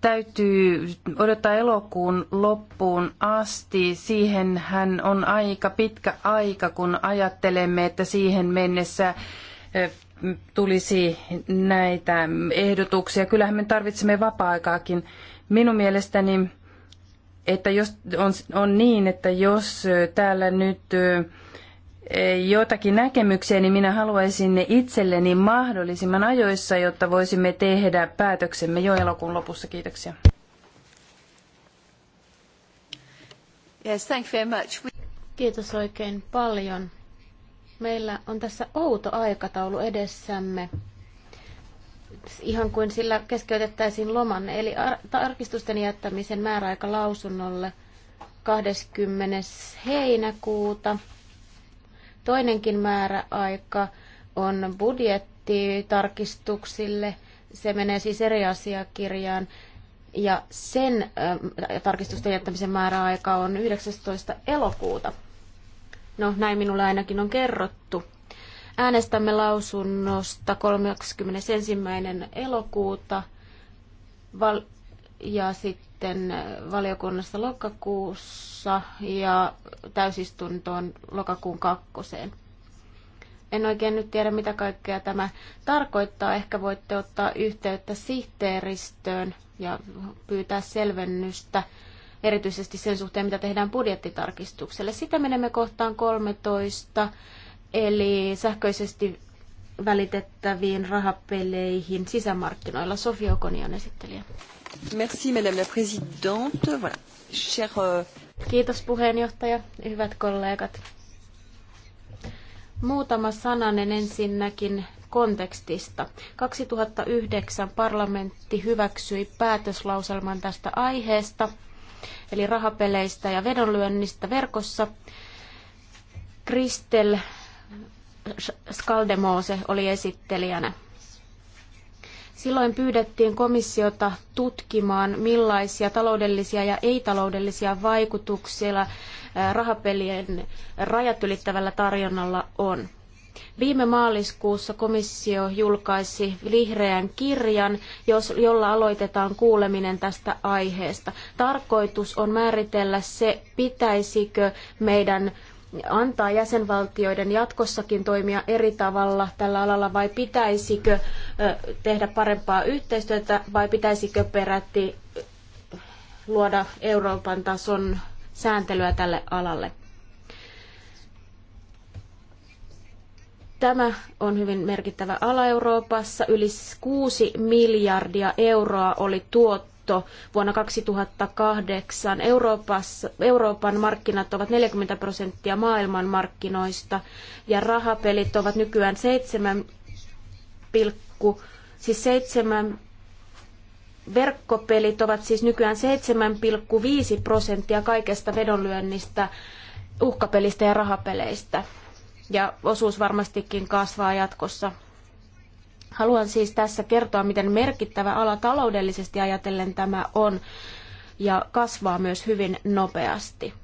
Täytyy odottaa elokuun loppuun asti. siihen hän on aika pitkä aika, kun ajattelemme, että siihen mennessä eh, tulisi näitä ehdotuksia. Kyllähän me tarvitsemme vapaa-aikaakin. Minun mielestäni että jos on, on niin, että jos täällä nyt e, jotakin näkemyksiä, niin minä haluaisin ne itselleni mahdollisimman ajoissa, jotta voisimme tehdä päätöksemme jo elokuun lopussa. Kiitoksia. Yes, thank you very much. Kiitos oikein paljon. Meillä on tässä outo aikataulu edessämme ihan kuin sillä keskeytettäisiin loman, eli tarkistusten jättämisen määräaika lausunnolle 20. heinäkuuta. Toinenkin määräaika on budjettitarkistuksille. Se menee siis eri asiakirjaan. Ja sen äh, tarkistusten jättämisen määräaika on 19. elokuuta. No, näin minulle ainakin on kerrottu. Äänestämme lausunnosta 31. elokuuta val- ja sitten valiokunnassa lokakuussa ja täysistuntoon lokakuun kakkoseen. En oikein nyt tiedä, mitä kaikkea tämä tarkoittaa. Ehkä voitte ottaa yhteyttä sihteeristöön ja pyytää selvennystä erityisesti sen suhteen, mitä tehdään budjettitarkistukselle. Sitä menemme kohtaan 13 eli sähköisesti välitettäviin rahapeleihin sisämarkkinoilla. Sofia on esittelijä. Merci, madame la présidente. Voilà. Cher, euh, Kiitos puheenjohtaja ja hyvät kollegat. Muutama sananen ensinnäkin kontekstista. 2009 parlamentti hyväksyi päätöslauselman tästä aiheesta, eli rahapeleistä ja vedonlyönnistä verkossa. Kristel Skaldemose oli esittelijänä. Silloin pyydettiin komissiota tutkimaan, millaisia taloudellisia ja ei-taloudellisia vaikutuksia äh, rahapelien rajat ylittävällä tarjonnalla on. Viime maaliskuussa komissio julkaisi vihreän kirjan, jolla aloitetaan kuuleminen tästä aiheesta. Tarkoitus on määritellä se, pitäisikö meidän antaa jäsenvaltioiden jatkossakin toimia eri tavalla tällä alalla vai pitäisikö tehdä parempaa yhteistyötä vai pitäisikö peräti luoda Euroopan tason sääntelyä tälle alalle? Tämä on hyvin merkittävä ala Euroopassa. Yli 6 miljardia euroa oli tuotto liitto vuonna 2008. Euroopassa, Euroopan markkinat ovat 40 prosenttia maailman markkinoista ja rahapelit ovat nykyään 7, siis 7 verkkopelit ovat siis nykyään 7,5 prosenttia kaikesta vedonlyönnistä, uhkapelistä ja rahapeleistä. Ja osuus varmastikin kasvaa jatkossa Haluan siis tässä kertoa, miten merkittävä ala taloudellisesti ajatellen tämä on ja kasvaa myös hyvin nopeasti.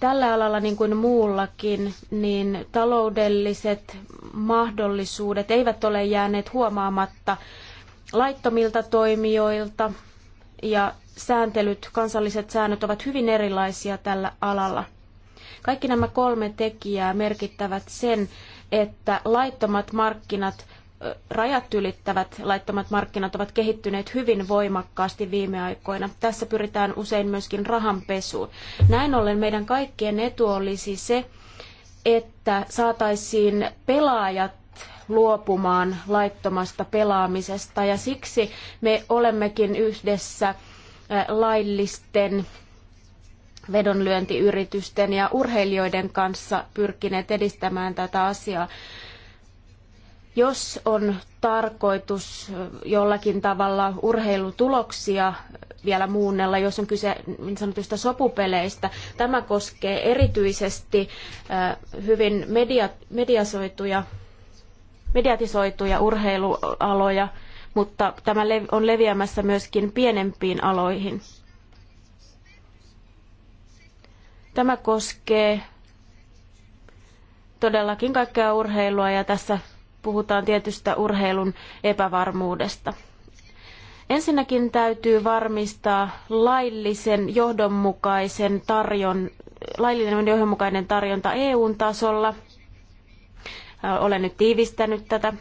Tällä alalla niin kuin muullakin, niin taloudelliset mahdollisuudet eivät ole jääneet huomaamatta laittomilta toimijoilta ja sääntelyt, kansalliset säännöt ovat hyvin erilaisia tällä alalla. Kaikki nämä kolme tekijää merkittävät sen, että laittomat markkinat rajat ylittävät laittomat markkinat ovat kehittyneet hyvin voimakkaasti viime aikoina. Tässä pyritään usein myöskin rahanpesuun. Näin ollen meidän kaikkien etu olisi se, että saataisiin pelaajat luopumaan laittomasta pelaamisesta ja siksi me olemmekin yhdessä laillisten vedonlyöntiyritysten ja urheilijoiden kanssa pyrkineet edistämään tätä asiaa. Jos on tarkoitus jollakin tavalla urheilutuloksia vielä muunnella, jos on kyse niin sanotuista sopupeleistä, tämä koskee erityisesti äh, hyvin media, mediasoituja, mediatisoituja urheilualoja, mutta tämä on leviämässä myöskin pienempiin aloihin. Tämä koskee todellakin kaikkea urheilua ja tässä puhutaan tietystä urheilun epävarmuudesta. Ensinnäkin täytyy varmistaa laillisen johdonmukaisen tarjon, laillinen johdonmukainen tarjonta eu tasolla. Äh, olen nyt tiivistänyt tätä.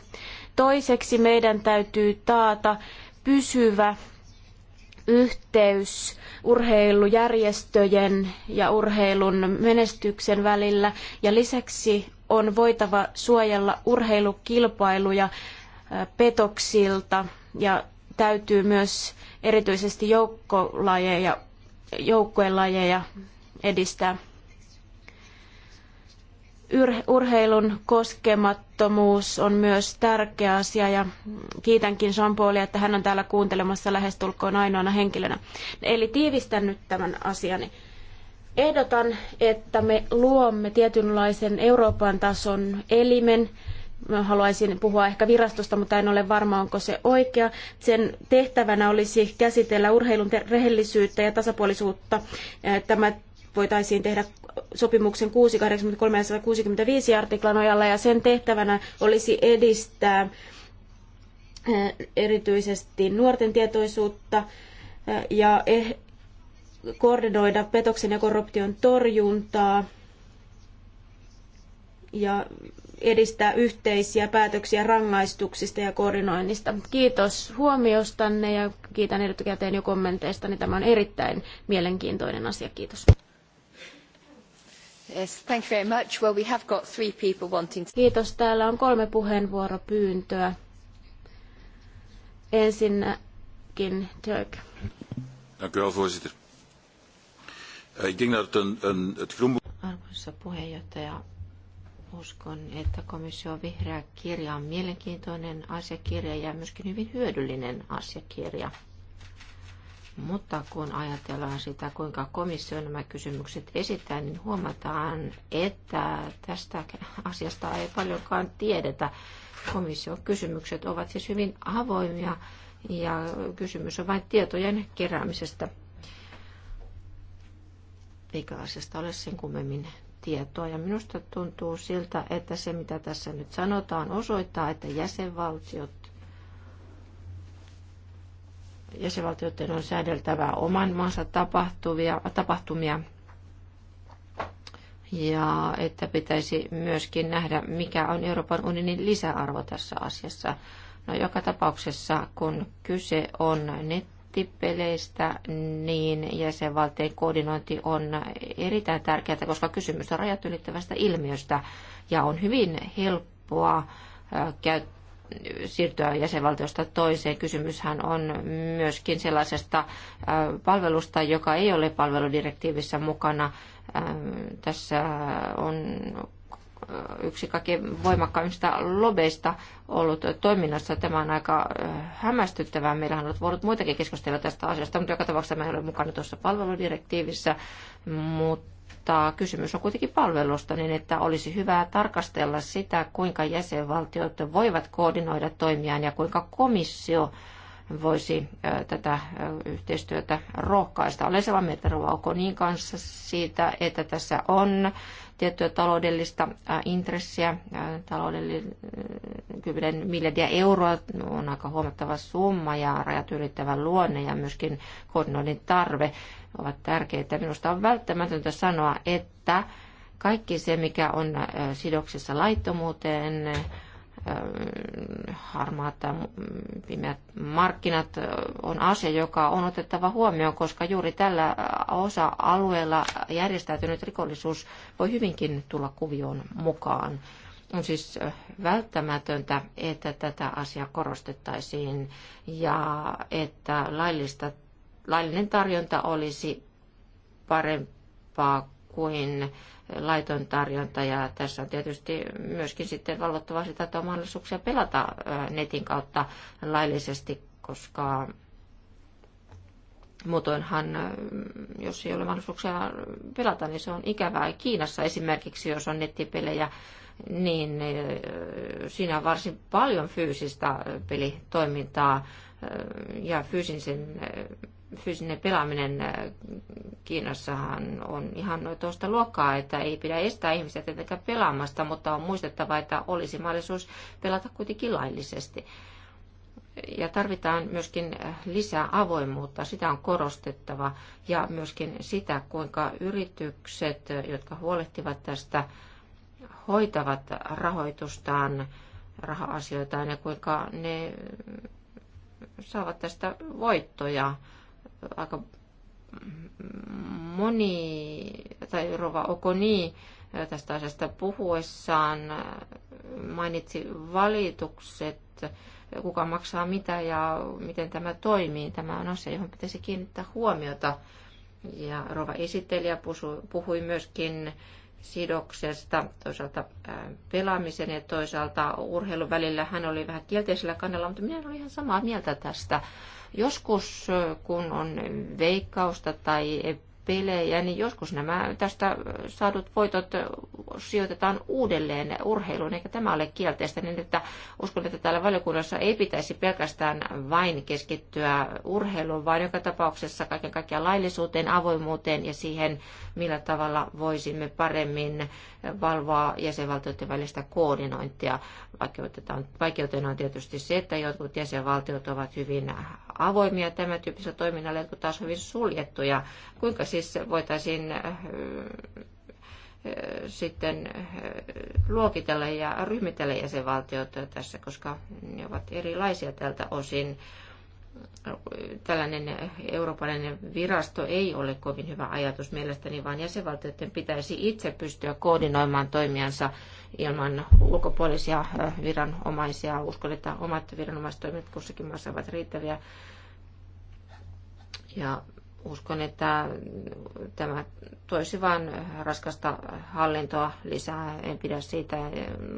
Toiseksi meidän täytyy taata pysyvä yhteys urheilujärjestöjen ja urheilun menestyksen välillä ja lisäksi on voitava suojella urheilukilpailuja äh, petoksilta ja täytyy myös erityisesti joukkolajeja, joukkuelajeja edistää. Urheilun koskemattomuus on myös tärkeä asia ja kiitänkin Jean Paulia, että hän on täällä kuuntelemassa lähestulkoon ainoana henkilönä. Eli tiivistän nyt tämän asiani. Ehdotan, että me luomme tietynlaisen Euroopan tason elimen. Mä haluaisin puhua ehkä virastosta, mutta en ole varma, onko se oikea. Sen tehtävänä olisi käsitellä urheilun rehellisyyttä ja tasapuolisuutta. Tämä voitaisiin tehdä sopimuksen 683 artiklan nojalla ja sen tehtävänä olisi edistää erityisesti nuorten tietoisuutta ja eh- koordinoida petoksen ja korruption torjuntaa ja edistää yhteisiä päätöksiä rangaistuksista ja koordinoinnista. Kiitos huomiostanne ja kiitän erityisesti jo kommenteistanne. Tämä on erittäin mielenkiintoinen asia. Kiitos. Yes, thank you very much. Well, we have got three people wanting to... Kiitos. Täällä on kolme puheenvuoropyyntöä. Ensinnäkin Dirk. Dank u wel, Ik denk dat een, een, het groenboek... Arvoisa puheenjohtaja, uskon, että komission vihreä kirja on mielenkiintoinen asiakirja ja myöskin hyvin hyödyllinen asiakirja. Mutta kun ajatellaan sitä, kuinka komissio nämä kysymykset esittää, niin huomataan, että tästä asiasta ei paljonkaan tiedetä. Komission kysymykset ovat siis hyvin avoimia ja kysymys on vain tietojen keräämisestä eikä asiasta ole sen kummemmin tietoa. Ja minusta tuntuu siltä, että se mitä tässä nyt sanotaan osoittaa, että jäsenvaltiot jäsenvaltioiden on säädeltävä oman maansa tapahtuvia, tapahtumia ja että pitäisi myöskin nähdä, mikä on Euroopan unionin lisäarvo tässä asiassa. No, joka tapauksessa, kun kyse on net tippeleistä, niin jäsenvaltien koordinointi on erittäin tärkeää, koska kysymys on rajat ylittävästä ilmiöstä ja on hyvin helppoa äh, käyttää siirtyä jäsenvaltiosta toiseen. Kysymyshän on myöskin sellaisesta äh, palvelusta, joka ei ole palveludirektiivissä mukana. Äh, tässä on yksi kaikkein voimakkaimmista lobeista ollut toiminnassa. Tämä on aika äh, hämmästyttävää. Meillähän on ollut muitakin keskustella tästä asiasta, mutta joka tapauksessa me ole mukana tuossa palveludirektiivissä. Mutta kysymys on kuitenkin palvelusta, niin että olisi hyvä tarkastella sitä, kuinka jäsenvaltiot voivat koordinoida toimiaan ja kuinka komissio voisi äh, tätä äh, yhteistyötä rohkaista. Olen samaa mieltä Rova kanssa siitä, että tässä on tiettyä taloudellista intressiä, taloudellinen miljardia euroa on aika huomattava summa ja rajat ylittävä luonne ja myöskin koordinoinnin tarve ovat tärkeitä. Minusta on välttämätöntä sanoa, että kaikki se, mikä on sidoksissa laittomuuteen, harmaat tai pimeät markkinat on asia, joka on otettava huomioon, koska juuri tällä osa-alueella järjestäytynyt rikollisuus voi hyvinkin tulla kuvioon mukaan. On siis välttämätöntä, että tätä asiaa korostettaisiin ja että laillista, laillinen tarjonta olisi parempaa kuin laiton tarjonta ja tässä on tietysti myöskin sitten valvottava sitä, että on mahdollisuuksia pelata netin kautta laillisesti, koska muutoinhan, jos ei ole mahdollisuuksia pelata, niin se on ikävää. Kiinassa esimerkiksi, jos on nettipelejä, niin siinä on varsin paljon fyysistä pelitoimintaa ja fyysisen fyysinen pelaaminen äh, Kiinassahan on ihan tuosta luokkaa, että ei pidä estää ihmisiä tietenkään pelaamasta, mutta on muistettava, että olisi mahdollisuus pelata kuitenkin laillisesti. Ja tarvitaan myöskin äh, lisää avoimuutta, sitä on korostettava, ja myöskin sitä, kuinka yritykset, äh, jotka huolehtivat tästä, hoitavat rahoitustaan, raha-asioitaan ja kuinka ne saavat tästä voittoja aika moni, tai Rova Okoni tästä asiasta puhuessaan mainitsi valitukset, kuka maksaa mitä ja miten tämä toimii. Tämä on asia, johon pitäisi kiinnittää huomiota. Ja Rova esittelijä puhui myöskin sidoksesta, toisaalta pelaamisen ja toisaalta urheilun välillä. Hän oli vähän kielteisellä kannalla, mutta minä olin ihan samaa mieltä tästä. Joskus äh, kun on veikkausta tai pelejä, niin joskus nämä tästä saadut voitot sijoitetaan uudelleen urheiluun, eikä tämä ole kielteistä, niin että uskon, että täällä valiokunnassa ei pitäisi pelkästään vain keskittyä urheiluun, vaan joka tapauksessa kaiken kaikkiaan laillisuuteen, avoimuuteen ja siihen, millä tavalla voisimme paremmin valvoa jäsenvaltioiden välistä koordinointia. Vaikeutena on tietysti se, että jotkut jäsenvaltiot ovat hyvin avoimia tämän tyyppisellä toiminnalla, jotkut taas hyvin suljettuja Kuinka siis voitaisiin äh, äh, sitten äh, luokitella ja ryhmitellä jäsenvaltiot tässä, koska ne ovat erilaisia tältä osin. Tällainen eurooppalainen virasto ei ole kovin hyvä ajatus mielestäni, vaan jäsenvaltioiden pitäisi itse pystyä koordinoimaan toimiansa ilman ulkopuolisia viranomaisia. Uskon, että omat viranomaistoimet kussakin maassa ovat riittäviä. Ja uskon, että tämä toisi vain raskasta hallintoa lisää. En pidä siitä.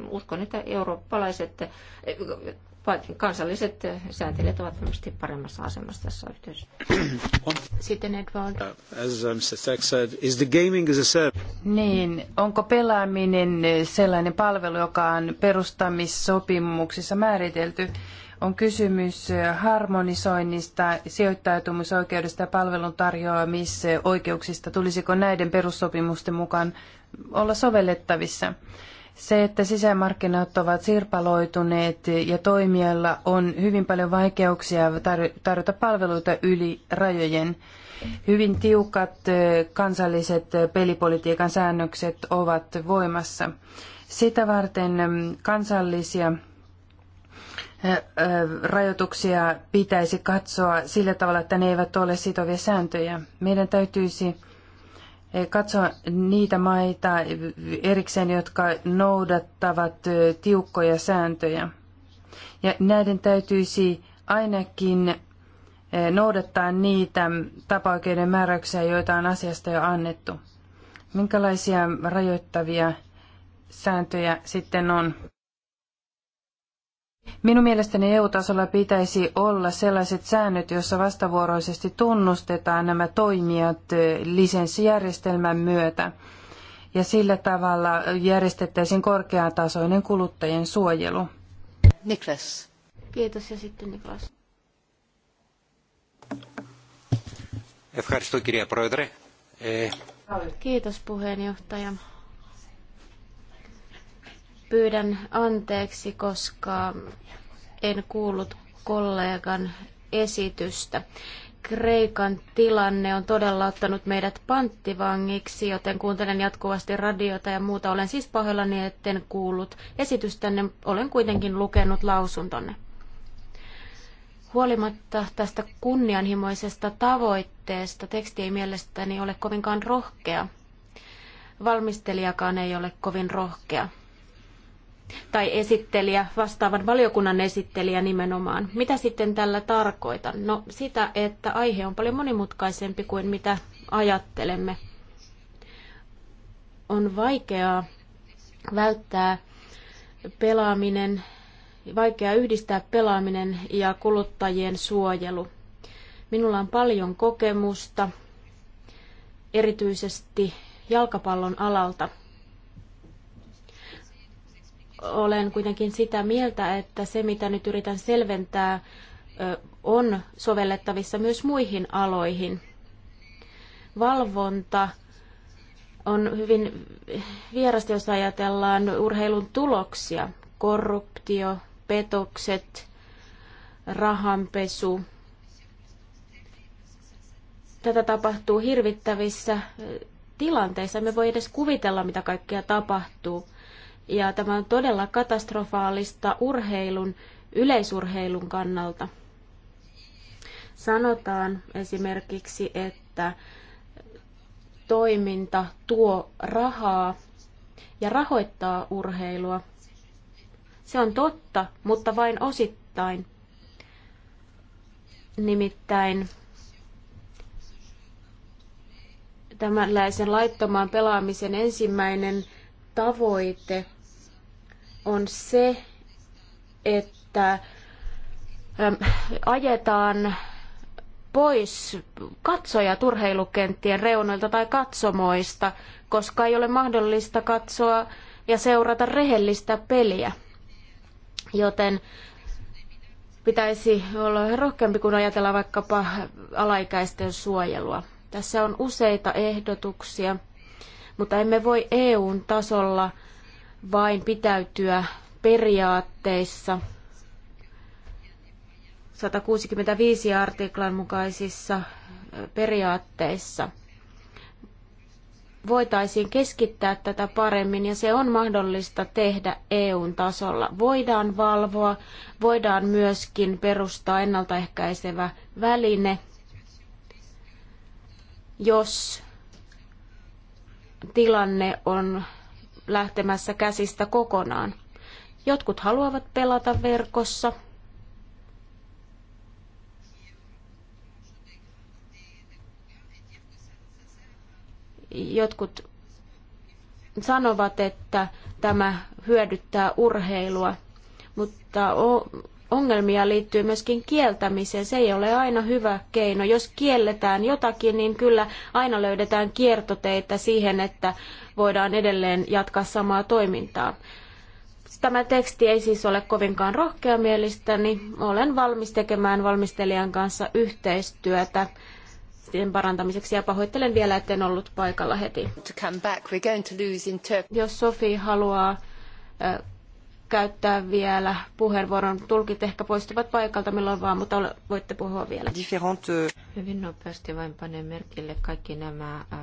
Uskon, että eurooppalaiset kansalliset sääntelijät ovat varmasti paremmassa asemassa tässä yhteydessä. Sitten Edward. Uh, as uh, Mr. said, is the gaming is a service? Niin, onko pelaaminen sellainen palvelu, joka on perustamissopimuksissa määritelty? on kysymys harmonisoinnista, sijoittautumisoikeudesta ja palvelun tarjoamisoikeuksista. Tulisiko näiden perussopimusten mukaan olla sovellettavissa? Se, että sisämarkkinat ovat sirpaloituneet ja toimijoilla on hyvin paljon vaikeuksia tarjota palveluita yli rajojen. Hyvin tiukat eh, kansalliset pelipolitiikan säännökset ovat voimassa. Sitä varten mm, kansallisia rajoituksia pitäisi katsoa sillä tavalla, että ne eivät ole sitovia sääntöjä. Meidän täytyisi katsoa niitä maita erikseen, jotka noudattavat tiukkoja sääntöjä. Ja näiden täytyisi ainakin noudattaa niitä tapaoikeuden määräyksiä, joita on asiasta jo annettu. Minkälaisia rajoittavia sääntöjä sitten on? Minun mielestäni EU-tasolla pitäisi olla sellaiset säännöt, joissa vastavuoroisesti tunnustetaan nämä toimijat eh, lisenssijärjestelmän myötä. Ja sillä tavalla järjestettäisiin korkeatasoinen kuluttajien suojelu. Niklas. Kiitos ja sitten Niklas. Kiitos puheenjohtaja. Pyydän anteeksi, koska en kuullut kollegan esitystä. Kreikan tilanne on todella ottanut meidät panttivangiksi, joten kuuntelen jatkuvasti radiota ja muuta. Olen siis pahoillani, etten kuullut esitystänne. Olen kuitenkin lukenut lausuntonne. Huolimatta tästä kunnianhimoisesta tavoitteesta teksti ei mielestäni ole kovinkaan rohkea. Valmistelijakaan ei ole kovin rohkea tai esittelijä, vastaavan valiokunnan esittelijä nimenomaan. Mitä sitten tällä tarkoitan? No sitä, että aihe on paljon monimutkaisempi kuin mitä ajattelemme. On vaikeaa välttää pelaaminen, vaikea yhdistää pelaaminen ja kuluttajien suojelu. Minulla on paljon kokemusta, erityisesti jalkapallon alalta – olen kuitenkin sitä mieltä, että se mitä nyt yritän selventää, on sovellettavissa myös muihin aloihin. Valvonta on hyvin vierasta, jos ajatellaan urheilun tuloksia. Korruptio, petokset, rahanpesu. Tätä tapahtuu hirvittävissä tilanteissa. Me voi edes kuvitella, mitä kaikkea tapahtuu. Ja tämä on todella katastrofaalista urheilun, yleisurheilun kannalta. Sanotaan esimerkiksi, että toiminta tuo rahaa ja rahoittaa urheilua. Se on totta, mutta vain osittain. Nimittäin tämänlaisen laittoman pelaamisen ensimmäinen tavoite on se, että ajetaan pois katsoja turheilukenttien reunoilta tai katsomoista, koska ei ole mahdollista katsoa ja seurata rehellistä peliä. Joten pitäisi olla rohkeampi, kun ajatellaan vaikkapa alaikäisten suojelua. Tässä on useita ehdotuksia, mutta emme voi EUn tasolla – vain pitäytyä periaatteissa 165 artiklan mukaisissa periaatteissa. Voitaisiin keskittää tätä paremmin ja se on mahdollista tehdä EUn tasolla. Voidaan valvoa, voidaan myöskin perustaa ennaltaehkäisevä väline, jos tilanne on lähtemässä käsistä kokonaan. Jotkut haluavat pelata verkossa. Jotkut sanovat, että tämä hyödyttää urheilua, mutta ongelmia liittyy myöskin kieltämiseen. Se ei ole aina hyvä keino. Jos kielletään jotakin, niin kyllä aina löydetään kiertoteitä siihen, että voidaan edelleen jatkaa samaa toimintaa. Tämä teksti ei siis ole kovinkaan rohkeamielistä, niin olen valmis tekemään valmistelijan kanssa yhteistyötä sen parantamiseksi ja pahoittelen vielä, etten ollut paikalla heti. Jos Sofi haluaa käyttää vielä puheenvuoron. Tulkit ehkä poistuvat paikalta milloin vaan, mutta voitte puhua vielä. Different... Hyvin nopeasti vain panen merkille kaikki nämä äh,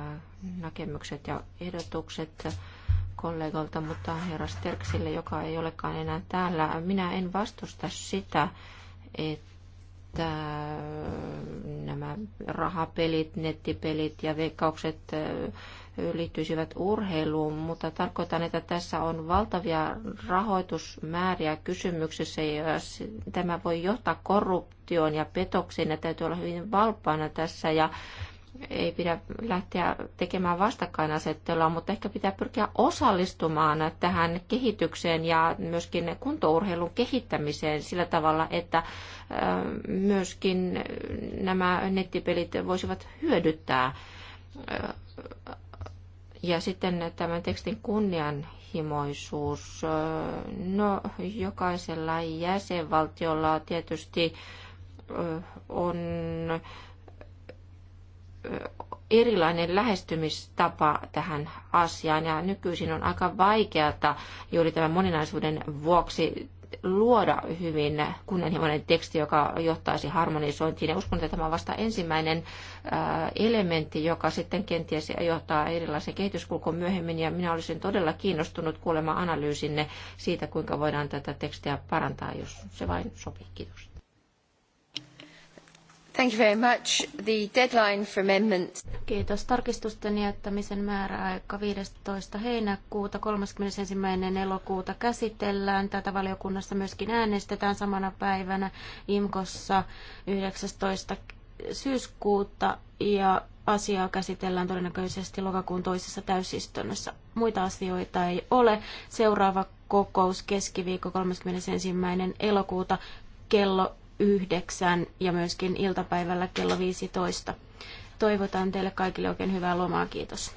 näkemykset ja ehdotukset kollegalta, mutta herra Sterksille, joka ei olekaan enää täällä, minä en vastusta sitä, että äh, nämä rahapelit, nettipelit ja veikkaukset äh, liittyisivät urheiluun, mutta tarkoitan, että tässä on valtavia rahoitusmääriä kysymyksessä ja tämä voi johtaa korruptioon ja petoksiin ja täytyy olla hyvin valppaana tässä ja ei pidä lähteä tekemään vastakkainasettelua, mutta ehkä pitää pyrkiä osallistumaan tähän kehitykseen ja myöskin kuntourheilun kehittämiseen sillä tavalla, että myöskin nämä nettipelit voisivat hyödyttää ja sitten tämän tekstin kunnianhimoisuus. No, jokaisella jäsenvaltiolla tietysti on erilainen lähestymistapa tähän asiaan ja nykyisin on aika vaikeata juuri tämän moninaisuuden vuoksi luoda hyvin kunnianhimoinen teksti, joka johtaisi harmonisointiin. Ja uskon, että tämä on vasta ensimmäinen äh, elementti, joka sitten kenties johtaa erilaisen kehityskulkuun myöhemmin. Ja minä olisin todella kiinnostunut kuulemaan analyysinne siitä, kuinka voidaan tätä tekstiä parantaa, jos se vain sopii. Kiitos. Thank you very much. The deadline for amendments. Kiitos. Tarkistusten jättämisen määräaika 15. heinäkuuta 31. elokuuta käsitellään. Tätä valiokunnassa myöskin äänestetään samana päivänä IMKossa 19. syyskuuta ja asiaa käsitellään todennäköisesti lokakuun toisessa täysistunnossa. Muita asioita ei ole. Seuraava kokous keskiviikko 31. elokuuta kello yhdeksän ja myöskin iltapäivällä kello 15. Toivotan teille kaikille oikein hyvää lomaa. Kiitos.